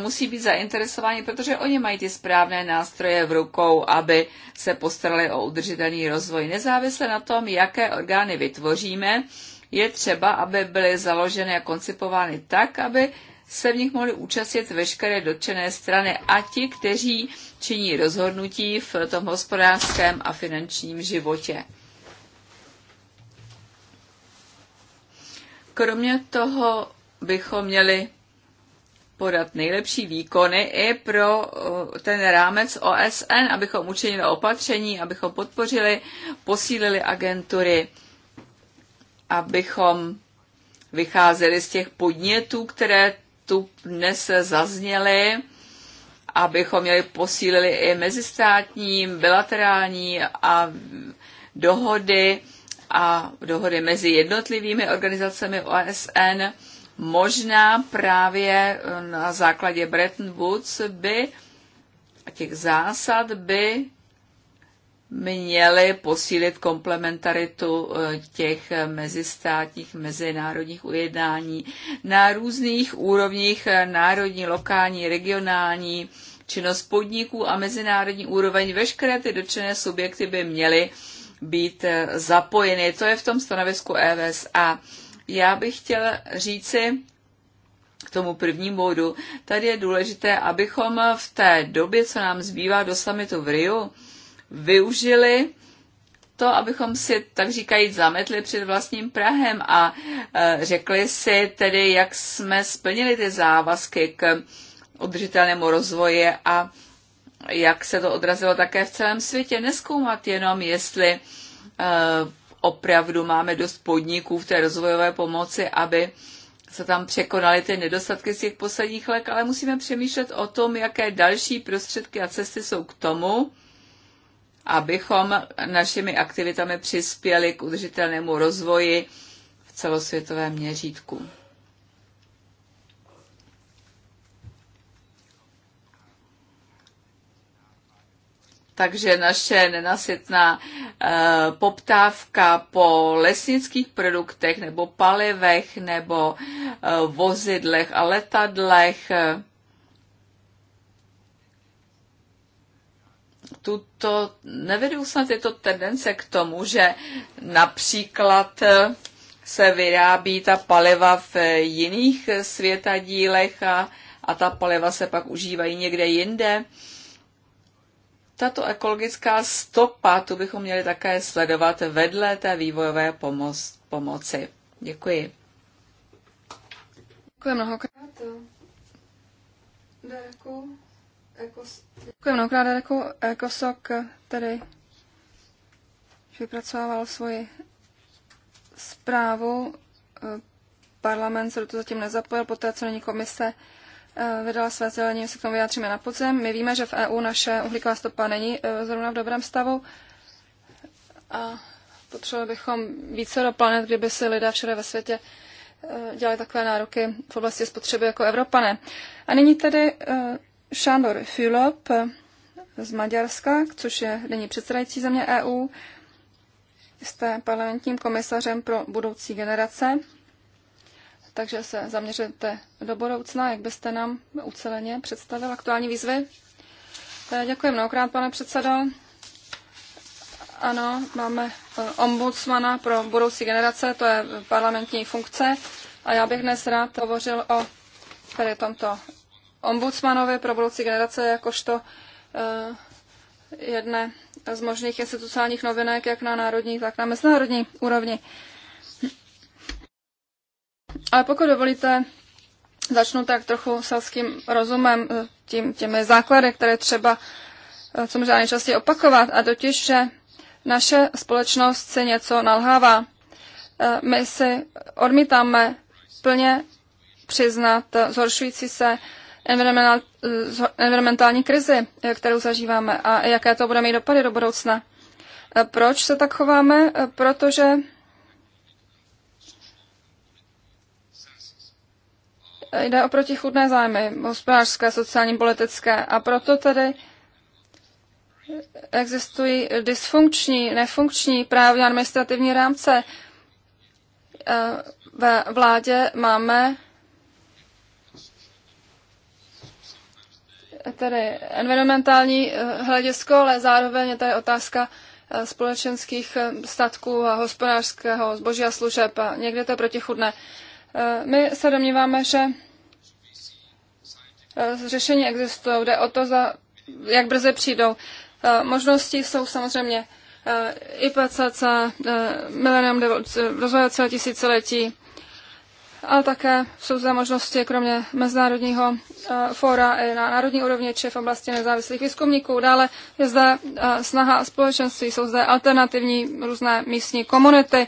musí být zainteresováni, protože oni mají ty správné nástroje v rukou, aby se postarali o udržitelný rozvoj. Nezávisle na tom, jaké orgány vytvoříme, je třeba, aby byly založeny a koncipovány tak, aby se v nich mohly účastnit veškeré dotčené strany a ti, kteří činí rozhodnutí v tom hospodářském a finančním životě. Kromě toho bychom měli podat nejlepší výkony i pro eh, ten rámec OSN, abychom učinili opatření, abychom podpořili, posílili agentury, abychom vycházeli z těch podnětů, které stupně se zazněly, abychom měli posílili i mezistátní, bilaterální a dohody a dohody mezi jednotlivými organizacemi OSN. Možná právě eh, na základě Bretton Woods by a těch zásad by měli posílit komplementaritu eh, těch mezistátních, mezinárodních ujednání na různých úrovních, eh, národní, lokální, regionální, činnost podniků a mezinárodní úroveň. Veškeré ty dotčené subjekty by měly být eh, zapojeny. To je v tom stanovisku e a Já bych chtěl říci, k tomu prvnímu bodu. Tady je důležité, abychom v té době, co nám zbývá do samitu v Riu, využili to, abychom si, tak říkajíc, zametli před vlastním Prahem a e, řekli si tedy, jak jsme splnili ty závazky k udržitelnému rozvoji a jak se to odrazilo také v celém světě. Neskoumat jenom, jestli e, opravdu máme dost podniků v té rozvojové pomoci, aby se tam překonaly ty nedostatky z těch posledních let, ale musíme přemýšlet o tom, jaké další prostředky a cesty jsou k tomu, abychom našimi aktivitami přispěli k udržitelnému rozvoji v celosvětovém měřítku. Takže naše nenasytná eh, poptávka po lesnických produktech nebo palivech nebo eh, vozidlech a letadlech eh, tuto, nevedou snad tyto tendence k tomu, že například eh, se vyrábí ta paliva v eh, jiných eh, světadílech a, a ta paliva se pak užívají někde jinde. Tato ekologická stopa, tu bychom měli také sledovat vedle té vývojové pomoc, pomoci. Děkuji. Děkuji mnohokrát. Děkuji. Děkuji mnohokrát, jako Kosok který vypracovával svoji zprávu. Parlament se do toho zatím nezapojil, poté co není komise eh, vydala své zelení, se k tomu vyjádříme na podzem. My víme, že v EU naše uhlíková stopa není eh, zrovna v dobrém stavu a potřebovali bychom více do planet, kdyby si lidé všude ve světě eh, dělali takové nároky v oblasti spotřeby jako Evropané. A nyní tedy Šandor Filop eh, z Maďarska, což je denní předsedající země EU, jste parlamentním komisařem pro budoucí generace, takže se zaměřete do budoucna, jak byste nám uceleně představil aktuální výzvy. Eh, děkuji mnohokrát, pane předsedo. Ano, máme eh, ombudsmana pro budoucí generace, to je parlamentní funkce. A já bych dnes rád hovořil o tady tomto ombudsmanovi pro budoucí generace jakožto eh, jedné z možných institucionálních novinek, jak na národní, tak na mezinárodní úrovni. Ale pokud dovolíte, začnu tak trochu selským rozumem, eh, tím, těmi základy, které třeba eh, co možná nejčastěji opakovat, a totiž, že naše společnost se něco nalhává. My si odmítáme plně přiznat zhoršující se environmentální krizi, eh, kterou zažíváme a jaké to bude mít dopady do budoucna. Eh, proč se tak chováme? Eh, protože jde o protichudné zájmy, hospodářské, sociální, politické. A proto tedy existují dysfunkční, nefunkční právně administrativní rámce. Ve vládě máme tedy environmentální eh, hledisko, ale zároveň je tady otázka eh, společenských eh, statků a hospodářského zboží a služeb. A někde to je protichudné. My se domníváme, že řešení existují. Jde o to, za, jak brzy přijdou. Možnosti jsou samozřejmě IPCC, Millennium rozvoje celé tisíciletí, ale také jsou zde možnosti, kromě mezinárodního eh, fóra i na národní úrovni, či v oblasti nezávislých výzkumníků. Dále je zde eh, snaha společenství, jsou zde alternativní různé místní komunity,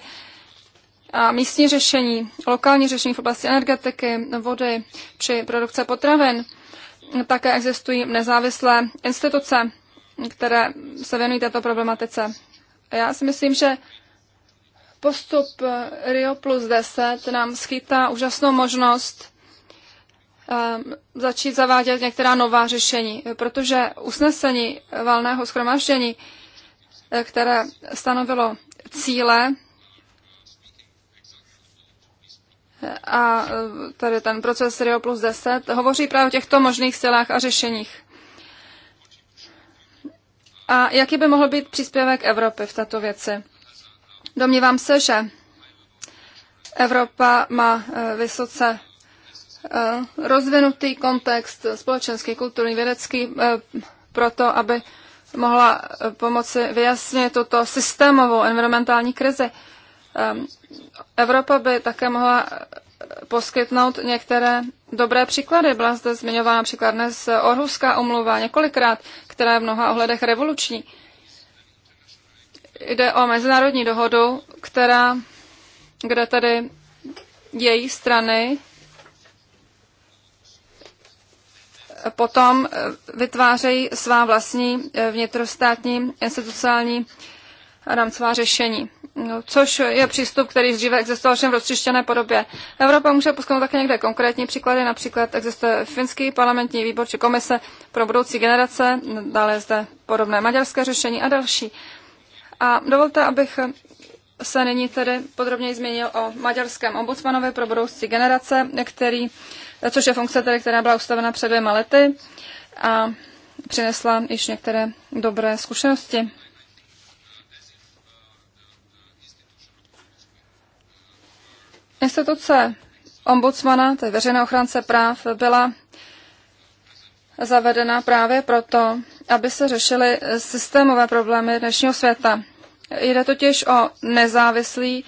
a místní řešení, lokální řešení v oblasti energetiky, vody či produkce potravin. Také existují nezávislé instituce, které se věnují této problematice. Já si myslím, že Postup eh, Rio plus 10 nám schytá úžasnou možnost ehm, začít zavádět některá nová řešení, protože usnesení valného schromáždění, eh, které stanovilo cíle eh, a tady ten proces Rio plus 10 hovoří právě o těchto možných silách a řešeních. A jaký by mohl být příspěvek Evropy v této věci? Domnívám se, že Evropa má eh, vysoce eh, rozvinutý kontext společenský, kulturní, vědecký, eh, proto aby mohla pomoci vyjasnit tuto systémovou environmentální krizi. Evropa by také mohla poskytnout některé dobré příklady. Byla zde zmiňována příklad dnes Orhuská umluva několikrát, která je v mnoha ohledech revoluční. Jde o mezinárodní dohodu, která, kde tedy její strany potom vytvářejí svá vlastní vnitrostátní institucionální rámcová řešení. No, což je přístup, který dříve existoval všem v roztřištěné podobě. Evropa může poskytnout také někde konkrétní příklady, například existuje finský parlamentní výbor či komise pro budoucí generace, dále je zde podobné maďarské řešení a další. A dovolte, abych se nyní tedy podrobněji změnil o maďarském ombudsmanovi pro budoucí generace, který, což je funkce, tedy, která byla ustavena před dvěma lety a přinesla již některé dobré zkušenosti. Instituce ombudsmana, tedy veřejné ochránce práv, byla zavedena právě proto, aby se řešily systémové problémy dnešního světa. Jde totiž o nezávislý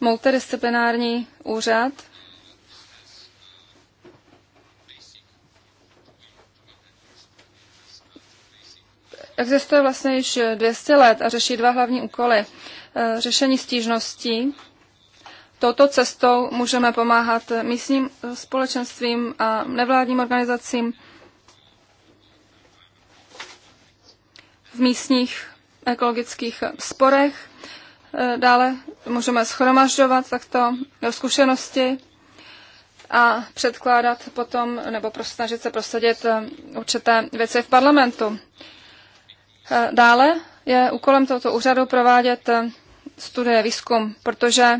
multidisciplinární úřad, Existuje vlastně již 200 let a řeší dva hlavní úkoly. Eh, řešení stížností. Touto cestou můžeme pomáhat místním společenstvím a nevládním organizacím v místních ekologických sporech. E, dále můžeme schromažďovat takto zkušenosti a předkládat potom, nebo snažit se prosadit e, určité věci v parlamentu. E, dále je úkolem tohoto úřadu provádět studie výzkum, protože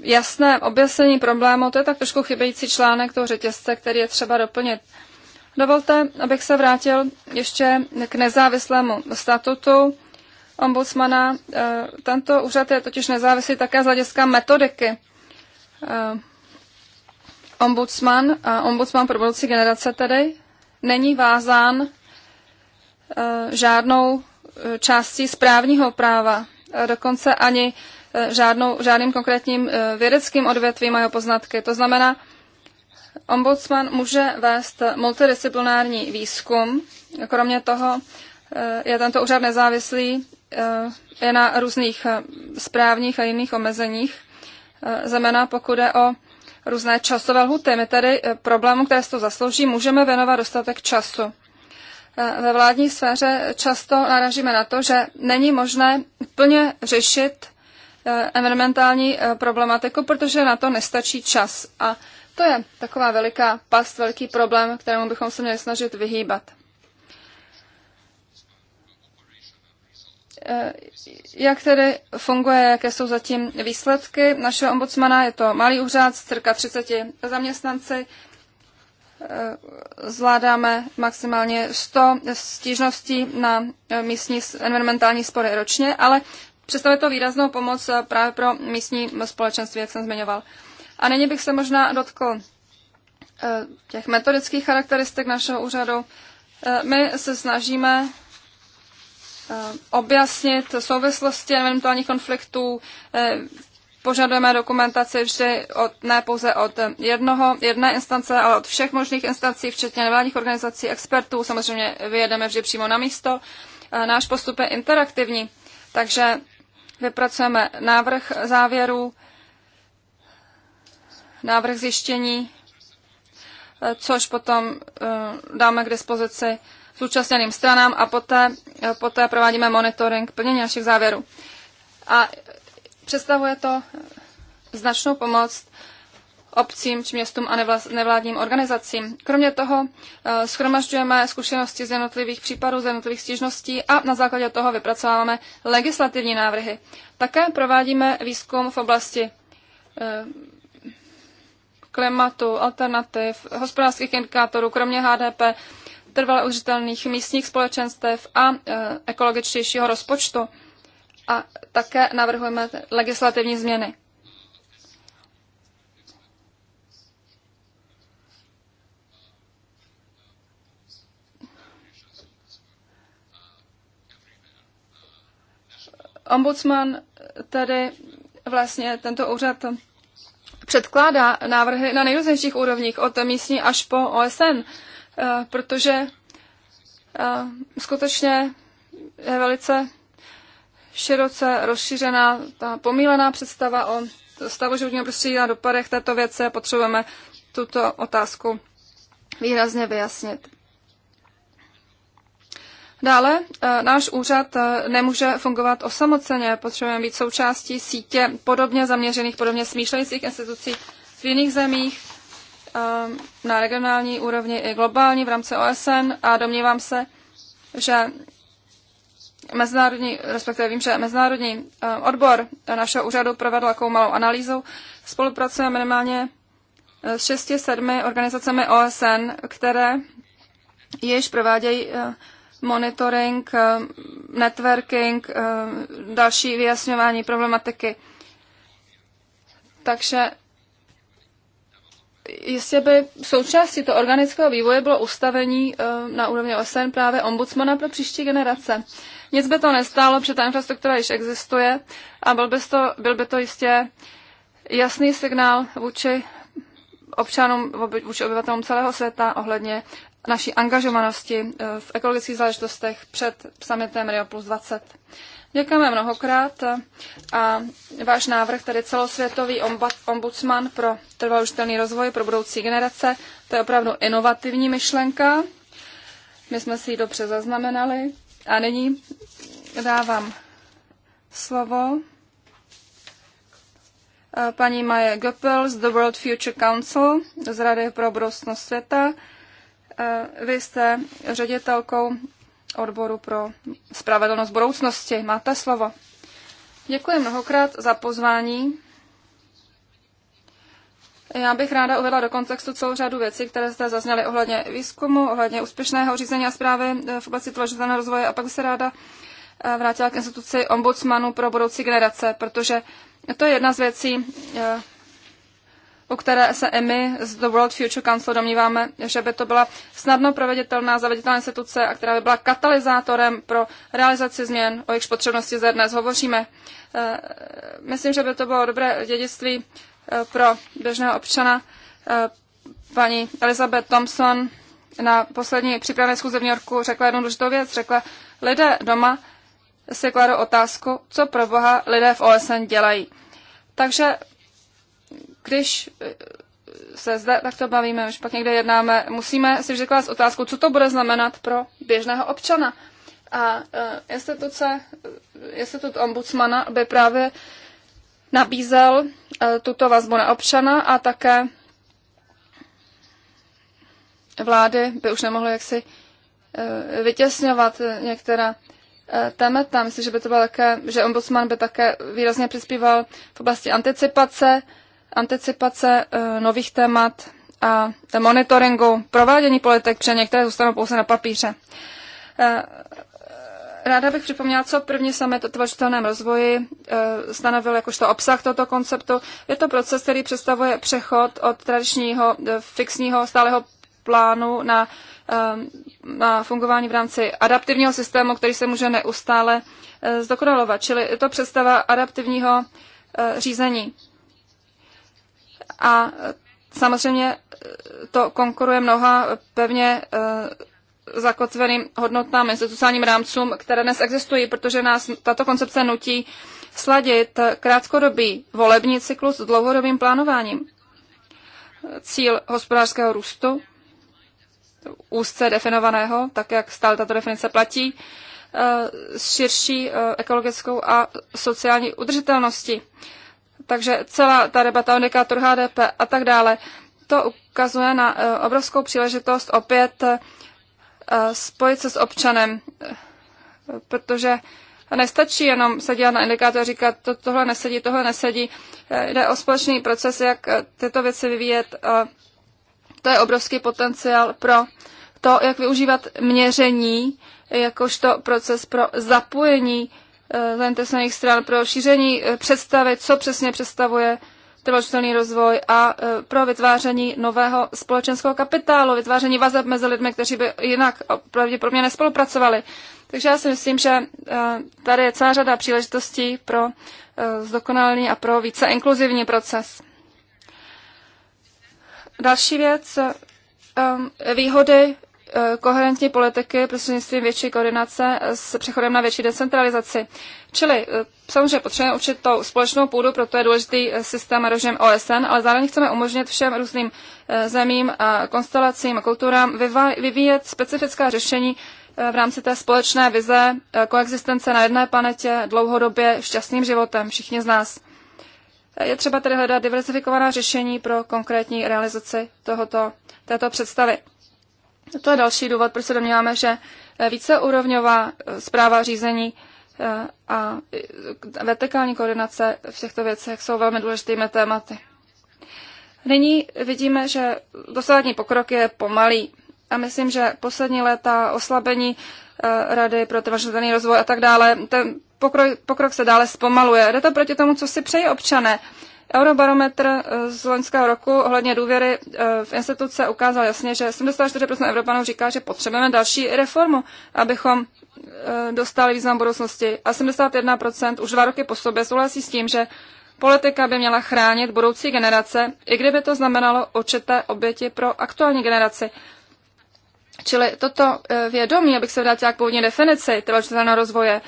jasné objasnění problému, to je tak trošku chybějící článek toho řetězce, který je třeba doplnit. Dovolte, abych se vrátil ještě k nezávislému statutu ombudsmana. Eh, tento úřad je totiž nezávislý také z hlediska metodiky. Eh, ombudsman, a ombudsman pro budoucí generace tedy, není vázán eh, žádnou částí správního práva, dokonce ani žádnou, žádným konkrétním vědeckým odvětvím a jeho poznatky. To znamená, Ombudsman může vést multidisciplinární výzkum. Kromě toho eh, je tento úřad nezávislý eh, je na různých eh, správních a jiných omezeních, zejména pokud je o různé časové lhuty. My tedy problému, které se to zaslouží, můžeme věnovat dostatek času. Ve vládní sféře často narážíme na to, že není možné plně řešit environmentální problematiku, protože na to nestačí čas. A to je taková veliká past, velký problém, kterému bychom se měli snažit vyhýbat. Eh, jak tedy funguje, jaké jsou zatím výsledky našeho ombudsmana? Je to malý úřad cirka 30 zaměstnanci. Eh, zvládáme maximálně 100 stížností na eh, místní environmentální spory ročně, ale představuje to výraznou pomoc právě pro místní společenství, jak jsem zmiňoval. A nyní bych se možná dotkl eh, těch metodických charakteristik našeho úřadu. Eh, my se snažíme eh, objasnit souvislosti eventuálních konfliktů. Požadujeme dokumentaci vždy od, ne pouze od jednoho, jedné instance, ale od všech možných instancí, včetně nevládních organizací, expertů. Samozřejmě vyjedeme vždy přímo na místo. Náš postup je interaktivní, takže vypracujeme návrh závěrů, návrh zjištění, eh, což potom eh, dáme k dispozici zúčastněným stranám a poté, eh, poté provádíme monitoring plnění našich závěrů. A představuje to značnou pomoc obcím či městům a nevládním organizacím. Kromě toho schromažďujeme zkušenosti z jednotlivých případů, z jednotlivých stížností a na základě toho vypracováváme legislativní návrhy. Také provádíme výzkum v oblasti klimatu, alternativ, hospodářských indikátorů, kromě HDP, trvale udržitelných místních společenstev a e, ekologičtějšího rozpočtu. A také navrhujeme legislativní změny. Ombudsman tedy vlastně tento úřad předkládá návrhy na nejrůznějších úrovních, od místní až po OSN, eh, protože eh, skutečně je velice široce rozšířená ta pomílená představa o stavu životního prostředí a dopadech této věce. Potřebujeme tuto otázku výrazně vyjasnit. Dále eh, náš úřad eh, nemůže fungovat osamoceně, potřebujeme být součástí sítě podobně zaměřených, podobně smýšlejících institucí v jiných zemích eh, na regionální úrovni i globální v rámci OSN a domnívám se, že mezinárodní, respektive vím, že mezinárodní odbor našeho úřadu provedl takovou malou analýzu. Spolupracuje minimálně s šesti, sedmi organizacemi OSN, které již provádějí monitoring, eh, networking, eh, další vyjasňování problematiky. Takže jistě by součástí toho organického vývoje bylo ustavení eh, na úrovni OSN právě ombudsmana pro příští generace. Nic by to nestálo, protože ta infrastruktura již existuje a byl by to, byl by to jistě jasný signál vůči občanům, vůči obyvatelům celého světa ohledně naší angažovanosti eh, v ekologických záležitostech před summitem Rio plus 20. Děkujeme mnohokrát eh, a váš návrh, tedy celosvětový ombudsman pro trvalý rozvoj pro budoucí generace, to je opravdu inovativní myšlenka. My jsme si ji dobře zaznamenali a nyní dávám slovo eh, paní Maje Goeppel z The World Future Council z Rady pro budoucnost světa Eh, vy jste ředitelkou odboru pro spravedlnost budoucnosti. Máte slovo. Děkuji mnohokrát za pozvání. Já bych ráda uvedla do kontextu celou řadu věcí, které jste zazněly ohledně výzkumu, ohledně úspěšného řízení a zprávy eh, v oblasti tvořitelného rozvoje a pak se ráda eh, vrátila k instituci ombudsmanu pro budoucí generace, protože to je jedna z věcí, u které se my z The World Future Council domníváme, že by to byla snadno proveditelná zaveditelná instituce a která by byla katalyzátorem pro realizaci změn, o jejichž potřebnosti zde dnes hovoříme. Eh, myslím, že by to bylo dobré dědictví eh, pro běžného občana. Eh, paní Elizabeth Thompson na poslední přípravě schůze v New Yorku řekla jednu důležitou věc. Řekla, lidé doma si kladou otázku, co pro boha lidé v OSN dělají. Takže když eh, se zde takto bavíme, už pak někde jednáme, musíme si vždy klást otázku, co to bude znamenat pro běžného občana. A uh, instituce, eh, institut ombudsmana by právě nabízel uh, tuto vazbu na občana a také vlády by už nemohly jaksi uh, vytěsňovat některá témata. Myslím, že by to bylo také, že ombudsman by také výrazně přispíval v oblasti anticipace anticipace eh, nových témat a monitoringu provádění politik, protože některé zůstanou pouze na papíře. Eh, ráda bych připomněla, co první summit o tvořitelném rozvoji eh, stanovil jakožto obsah tohoto konceptu. Je to proces, který představuje přechod od tradičního fixního stáleho plánu na, na fungování v rámci adaptivního systému, který se může neustále zdokonalovat. Čili je to představa adaptivního řízení. A samozřejmě to konkuruje mnoha pevně eh, zakotveným hodnotám, institucionálním rámcům, které dnes existují, protože nás tato koncepce nutí sladit krátkodobý volební cyklus s dlouhodobým plánováním. Cíl hospodářského růstu, úzce definovaného, tak jak stále tato definice platí, eh, s širší eh, ekologickou a sociální udržitelností. Takže celá ta debata o indikátoru HDP a tak dále, to ukazuje na eh, obrovskou příležitost opět eh, spojit se s občanem, eh, protože nestačí jenom se dělat na indikátor a říkat, to, tohle nesedí, tohle nesedí. Jde o společný proces, jak tyto věci vyvíjet. To je obrovský potenciál pro to, jak využívat měření jakožto proces pro zapojení zainteresovaných stran pro šíření eh, představy, co přesně představuje trvalý rozvoj a eh, pro vytváření nového společenského kapitálu, vytváření vazeb mezi lidmi, kteří by jinak pravděpodobně nespolupracovali. Takže já si myslím, že eh, tady je celá řada příležitostí pro zdokonalný a pro více inkluzivní proces. Další věc, výhody Eh, koherentní politiky prostřednictvím větší koordinace s přechodem na větší decentralizaci. Čili eh, samozřejmě potřebujeme určitou společnou půdu, proto je důležitý eh, systém a režim OSN, ale zároveň chceme umožnit všem různým zemím a konstelacím a kulturám vyvíjet specifická řešení v rámci té společné vize koexistence na jedné planetě dlouhodobě šťastným životem všichni z nás. Je třeba tedy hledat diversifikovaná řešení pro konkrétní realizaci tohoto, této představy. To je další důvod, proč se domníváme, že eh, víceúrovňová zpráva eh, řízení eh, a vertikální koordinace v těchto věcech jsou velmi důležitými tématy. Nyní vidíme, že dosávadní pokrok je pomalý a myslím, že poslední léta oslabení Rady pro trvažitelný rozvoj a tak dále, ten pokrok, pokrok se dále zpomaluje. Jde to proti tomu, co si přeji občané. Eurobarometr eh, z loňského roku ohledně důvěry eh, v instituce ukázal jasně, že 74% Evropanů říká, že potřebujeme další reformu, abychom eh, dostali význam budoucnosti. A 71% už dva roky po sobě souhlasí s tím, že politika by měla chránit budoucí generace, i kdyby to znamenalo určité oběti pro aktuální generaci. Čili toto vědomí, abych se vrátila k původní definici trvalého rozvoje,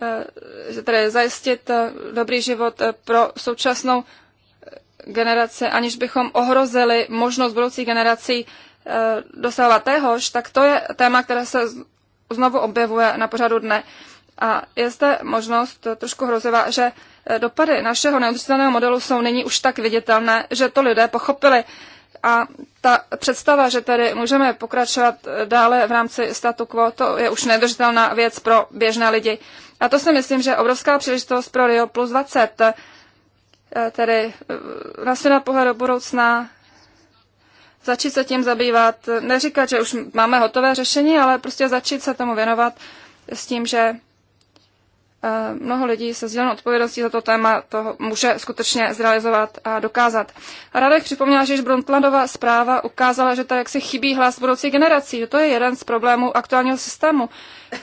Eh, tedy zajistit eh, dobrý život eh, pro současnou generaci, aniž bychom ohrozili možnost budoucí generací dosahovat téhož, tak to je téma, které se znovu objevuje na pořadu dne. A je zde možnost trošku hrozivá, že dopady našeho neudržitelného modelu jsou nyní už tak viditelné, že to lidé pochopili. A ta představa, že tady můžeme pokračovat dále v rámci statu quo, to je už nedržitelná věc pro běžné lidi. A to si myslím, že je obrovská příležitost pro Rio plus 20, eh, tedy eh, na pohled do budoucna, začít se tím zabývat, neříkat, že už máme hotové řešení, ale prostě začít se tomu věnovat s tím, že Eh, mnoho lidí se sdílenou odpovědností za to téma to může skutečně zrealizovat a dokázat. A ráda bych připomněla, že již Brundtlandova zpráva ukázala, že jak jaksi chybí hlas budoucí generací, že to je jeden z problémů aktuálního systému. Eh,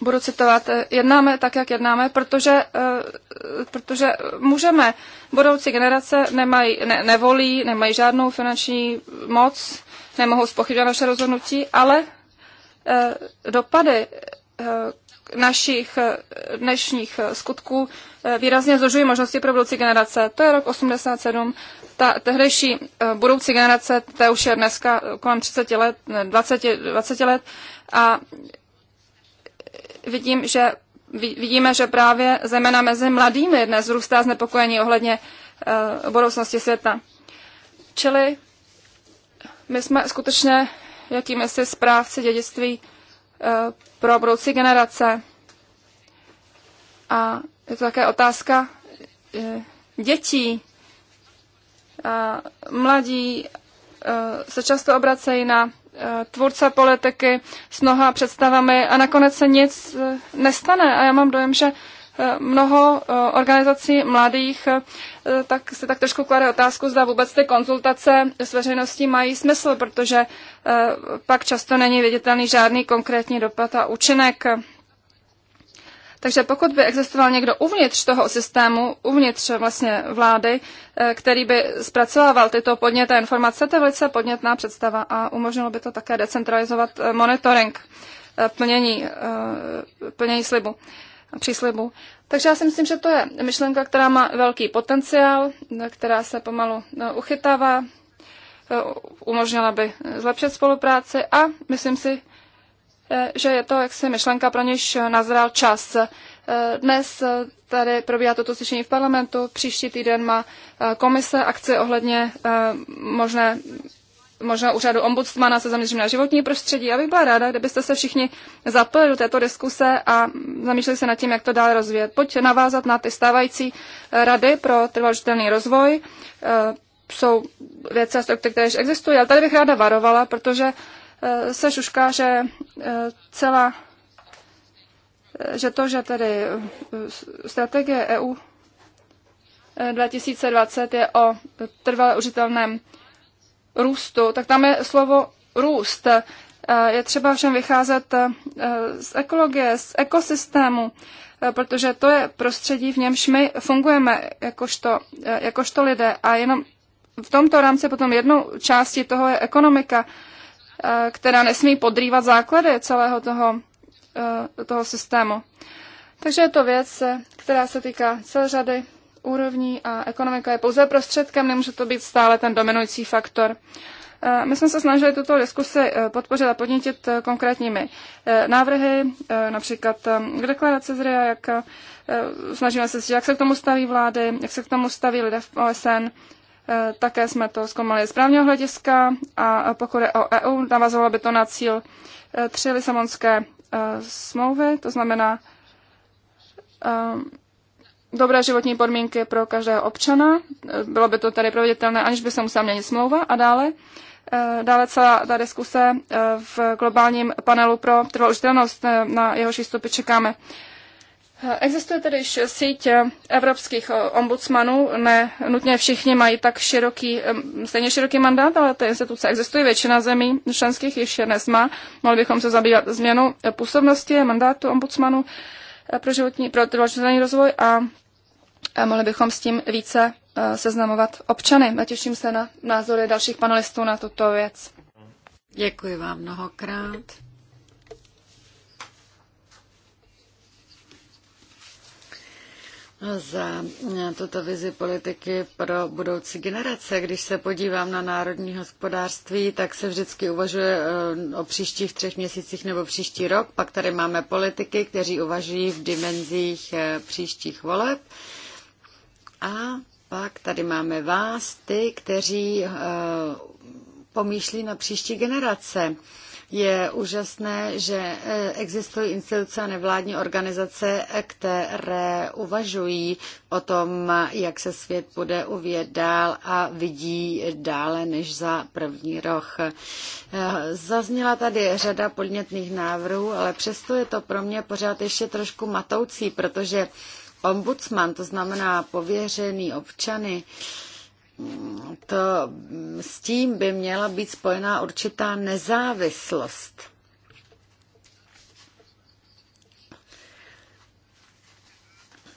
budu citovat, jednáme tak, jak jednáme, protože, eh, protože můžeme. Budoucí generace nemají, ne, nevolí, nemají žádnou finanční moc, nemohou spochybňovat naše rozhodnutí, ale dopady našich eh, dnešních eh, skutků eh, výrazně zložují možnosti pro budoucí generace. To je rok 87. Ta tehdejší budoucí generace, je už je dneska kolem 30 let, 20, 20 let a vidím, že vidíme, že právě zejména mezi mladými dnes růstá znepokojení ohledně budoucnosti světa. Čili my jsme skutečně jakými si správci dědictví Eh, pro budoucí generace. A je to také otázka eh, dětí. A mladí eh, se často obracejí na tvůrce politiky s mnoha představami a nakonec se nic nestane. A já mám dojem, že mnoho eh, organizací mladých eh, tak se tak trošku klade otázku, zda vůbec ty konzultace s veřejností mají smysl, protože eh, pak často není viditelný žádný konkrétní dopad a účinek. Takže pokud by existoval někdo uvnitř toho systému, uvnitř vlastně vlády, který by zpracovával tyto podněty informace, to je velice podnětná představa a umožnilo by to také decentralizovat monitoring plnění, plnění slibu příslibu. Takže já si myslím, že to je myšlenka, která má velký potenciál, která se pomalu no, uchytává, eh, umožnila by zlepšit spolupráci a myslím si, eh, že je to jaksi myšlenka, pro něž nazrál čas. Eh, dnes tady probíhá toto slyšení v parlamentu, příští týden má komise akci ohledně možné možná úřadu ombudsmana se zaměřím na životní prostředí. Já bych byla ráda, kdybyste se všichni zapojili do této diskuse a zamýšleli se nad tím, jak to dále rozvíjet. Pojď navázat na ty stávající eh, rady pro trvalý rozvoj. Eh, jsou věci a struktury, které již existují, ale tady bych ráda varovala, protože eh, se šušká, že celá že to, že tedy strategie EU 2020 je o trvale užitelném růstu, tak tam je slovo růst. Eh, je třeba všem vycházet eh, z ekologie, z ekosystému, eh, protože to je prostředí, v němž my fungujeme jakožto, jakožto lidé. A jenom v tomto rámci potom jednou částí toho je ekonomika, která nesmí podrývat základy celého toho, toho systému. Takže je to věc, která se týká celé řady úrovní a ekonomika je pouze prostředkem, nemůže to být stále ten dominující faktor. Eh, my jsme se snažili tuto diskusi eh, podpořit a podnítit eh, konkrétními návrhy, například k deklaraci z RIA, jak snažíme se, jak se k tomu staví vlády, jak se k tomu staví lidé v OSN. Také jsme to zkoumali z právního hlediska a pokud je o EU, navazovalo by to na cíl tři Lisabonské smlouvy, to znamená dobré životní podmínky pro každého občana. Bylo by to tady proveditelné, aniž by se musela měnit smlouva. A dále, eh, dále celá ta diskuse eh, v globálním panelu pro trvalou užitelnost, eh, na jehož výstupy čekáme. Existuje tedy síť evropských ombudsmanů, ne nutně všichni mají tak široký, stejně široký mandát, ale ty instituce existují, většina zemí členských již dnes má. Mohli bychom se zabývat změnou působnosti mandátu ombudsmanů. Eh, pro, životní, pro trvalý rozvoj a, a eh, mohli bychom s tím více eh, seznamovat občany. A těším se na názory dalších panelistů na tuto věc. Děkuji vám mnohokrát. za eh, tuto vizi politiky pro budoucí generace. Když se podívám na národní hospodářství, tak se vždycky uvažuje eh, o příštích třech měsících nebo příští rok. Pak tady máme politiky, kteří uvažují v dimenzích eh, příštích voleb. A pak tady máme vás, ty, kteří pomýšlí na příští generace. Je úžasné, že eh, existují instituce a nevládní organizace, eh, které uvažují o tom, jak se svět bude uvět dál a vidí dále než za první roh. Eh, zazněla tady řada podnětných návrhů, ale přesto je to pro mě pořád ještě trošku matoucí, protože ombudsman, to znamená pověřený občany, to mm, s tím by měla být spojená určitá nezávislost.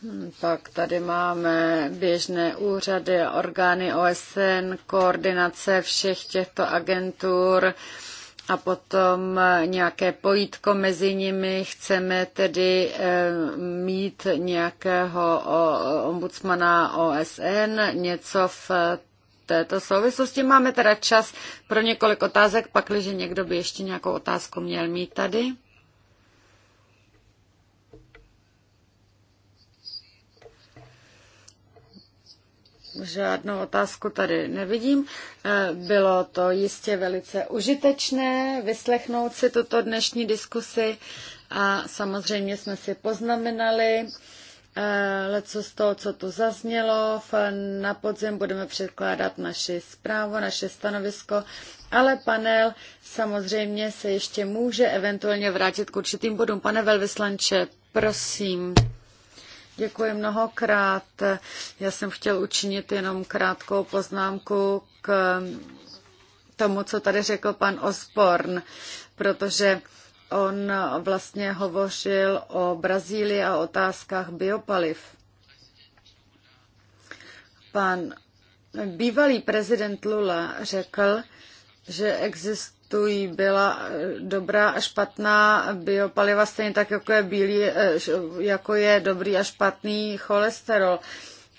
Hm, pak tady máme běžné úřady, orgány OSN, koordinace všech těchto agentur, a potom eh, nějaké pojítko mezi nimi. Chceme tedy eh, mít nějakého ombudsmana OSN, něco v eh, této souvislosti. Máme teda čas pro několik otázek, pakliže někdo by ještě nějakou otázku měl mít tady. Žádnou otázku tady nevidím. Eh, bylo to jistě velice užitečné vyslechnout si tuto dnešní diskusi a samozřejmě jsme si poznamenali eh, leco z toho, co tu zaznělo. Na podzim budeme předkládat naši zprávu, naše stanovisko, ale panel samozřejmě se ještě může eventuálně vrátit k určitým bodům. Pane velvyslanče, prosím. Děkuji mnohokrát. Já jsem chtěl učinit jenom krátkou poznámku k tomu, co tady řekl pan Osborn, protože on vlastně hovořil o Brazílii a otázkách biopaliv. Pan bývalý prezident Lula řekl, že existuje tu jí byla eh, dobrá a špatná biopaliva, stejně tak jako je, bílý, eh, jako je dobrý a špatný cholesterol.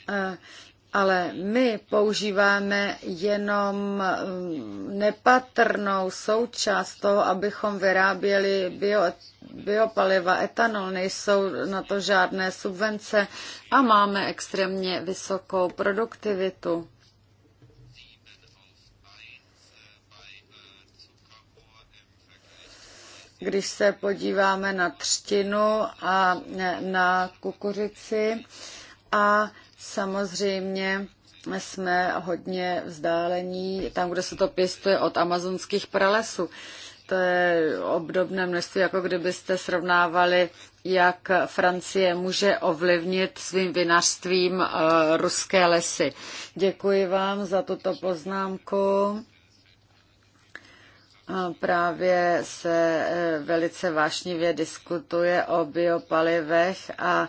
Eh, ale my používáme jenom nepatrnou součást toho, abychom vyráběli bio, biopaliva, etanol, nejsou na to žádné subvence a máme extrémně vysokou produktivitu. když se podíváme na třtinu a na kukuřici a samozřejmě jsme hodně vzdálení tam, kde se to pěstuje od amazonských pralesů. To je obdobné množství, jako kdybyste srovnávali, jak Francie může ovlivnit svým vinařstvím eh, ruské lesy. Děkuji vám za tuto poznámku. Právě se e, velice vášnivě diskutuje o biopalivech a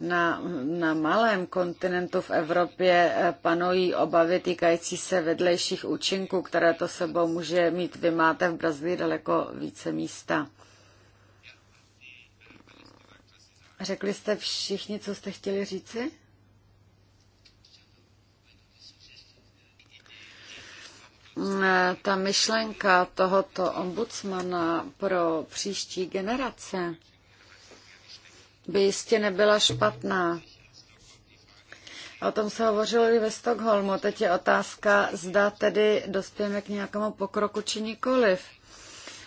na, na malém kontinentu v Evropě e, panují obavy týkající se vedlejších účinků, které to sebou může mít. Vy máte v Brazílii daleko více místa. Řekli jste všichni, co jste chtěli říci? Eh, ta myšlenka tohoto ombudsmana pro příští generace by jistě nebyla špatná. O tom se hovořilo i ve Stockholmu. Teď je otázka, zda tedy dospějeme k nějakému pokroku či nikoliv.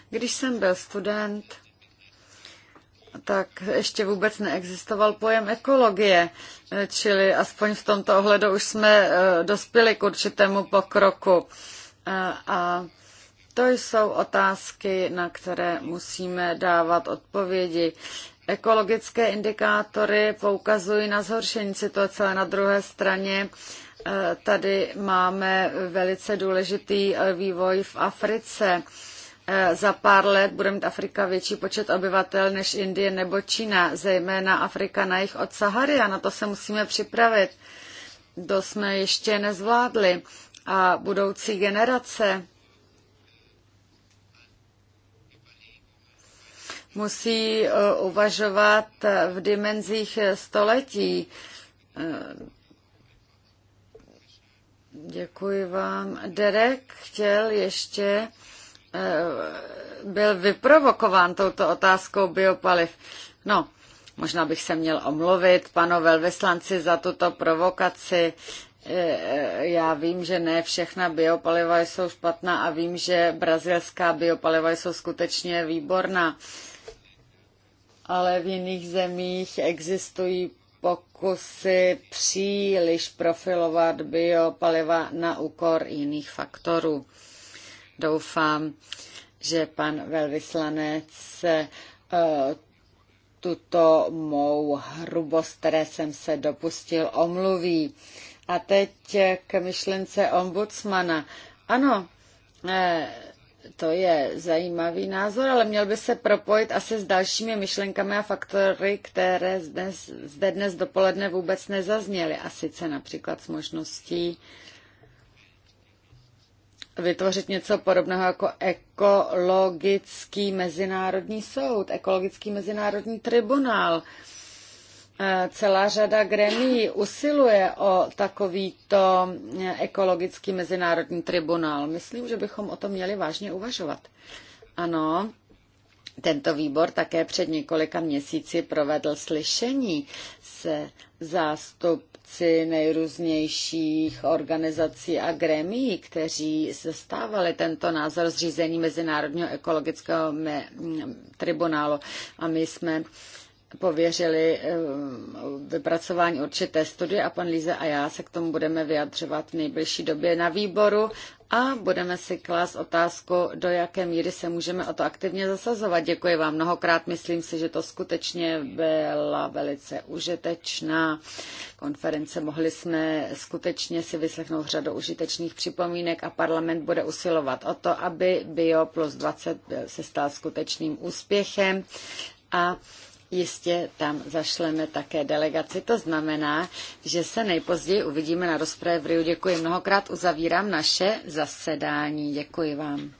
Když jsem byl student, tak ještě vůbec neexistoval pojem ekologie, eh, čili aspoň v tomto ohledu už jsme eh, dospěli k určitému pokroku. Eh, a to jsou otázky, na které musíme dávat odpovědi. Ekologické indikátory poukazují na zhoršení situace, ale na druhé straně eh, tady máme velice důležitý eh, vývoj v Africe. Za pár let bude mít Afrika větší počet obyvatel než Indie nebo Čína, zejména Afrika na jich od Sahary a na to se musíme připravit. To jsme ještě nezvládli a budoucí generace musí e, uvažovat v dimenzích století. E, děkuji vám. Derek chtěl ještě, e, byl vyprovokován touto otázkou biopaliv. No, možná bych se měl omluvit panu velvyslanci za tuto provokaci. E, e, já vím, že ne všechna biopaliva jsou špatná a vím, že brazilská biopaliva jsou skutečně výborná, ale v jiných zemích existují pokusy příliš profilovat biopaliva na úkor jiných faktorů. Doufám, že pan velvyslanec e, tuto mou hrubost, které jsem se dopustil, omluví. A teď eh, k myšlence ombudsmana. Ano, eh, to je zajímavý názor, ale měl by se propojit asi s dalšími myšlenkami a faktory, které dnes, zde dnes dopoledne vůbec nezazněly. A sice například s možností vytvořit něco podobného jako ekologický mezinárodní soud, ekologický mezinárodní tribunál. Eh, E, celá řada gremí usiluje o takovýto e, ekologický mezinárodní tribunál. Myslím, že bychom o tom měli vážně uvažovat. Ano, tento výbor také před několika měsíci provedl slyšení se zástupci nejrůznějších organizací a gremií, kteří zastávali tento názor zřízení Mezinárodního ekologického tribunálu. A my jsme uh, pověřili eh, vypracování určité studie a pan Líze a já se k tomu budeme vyjadřovat v nejbližší době na výboru a budeme si klást otázku, do jaké míry se můžeme o to aktivně zasazovat. Děkuji vám mnohokrát, myslím si, že to skutečně byla velice užitečná konference. Mohli jsme skutečně si vyslechnout řadu užitečných připomínek a parlament bude usilovat o to, aby Bio plus 20 se stal skutečným úspěchem a Jistě tam zašleme také delegaci. To znamená, že se nejpozději uvidíme na rozpravě v Riu. Děkuji mnohokrát. Uzavírám naše zasedání. Děkuji vám.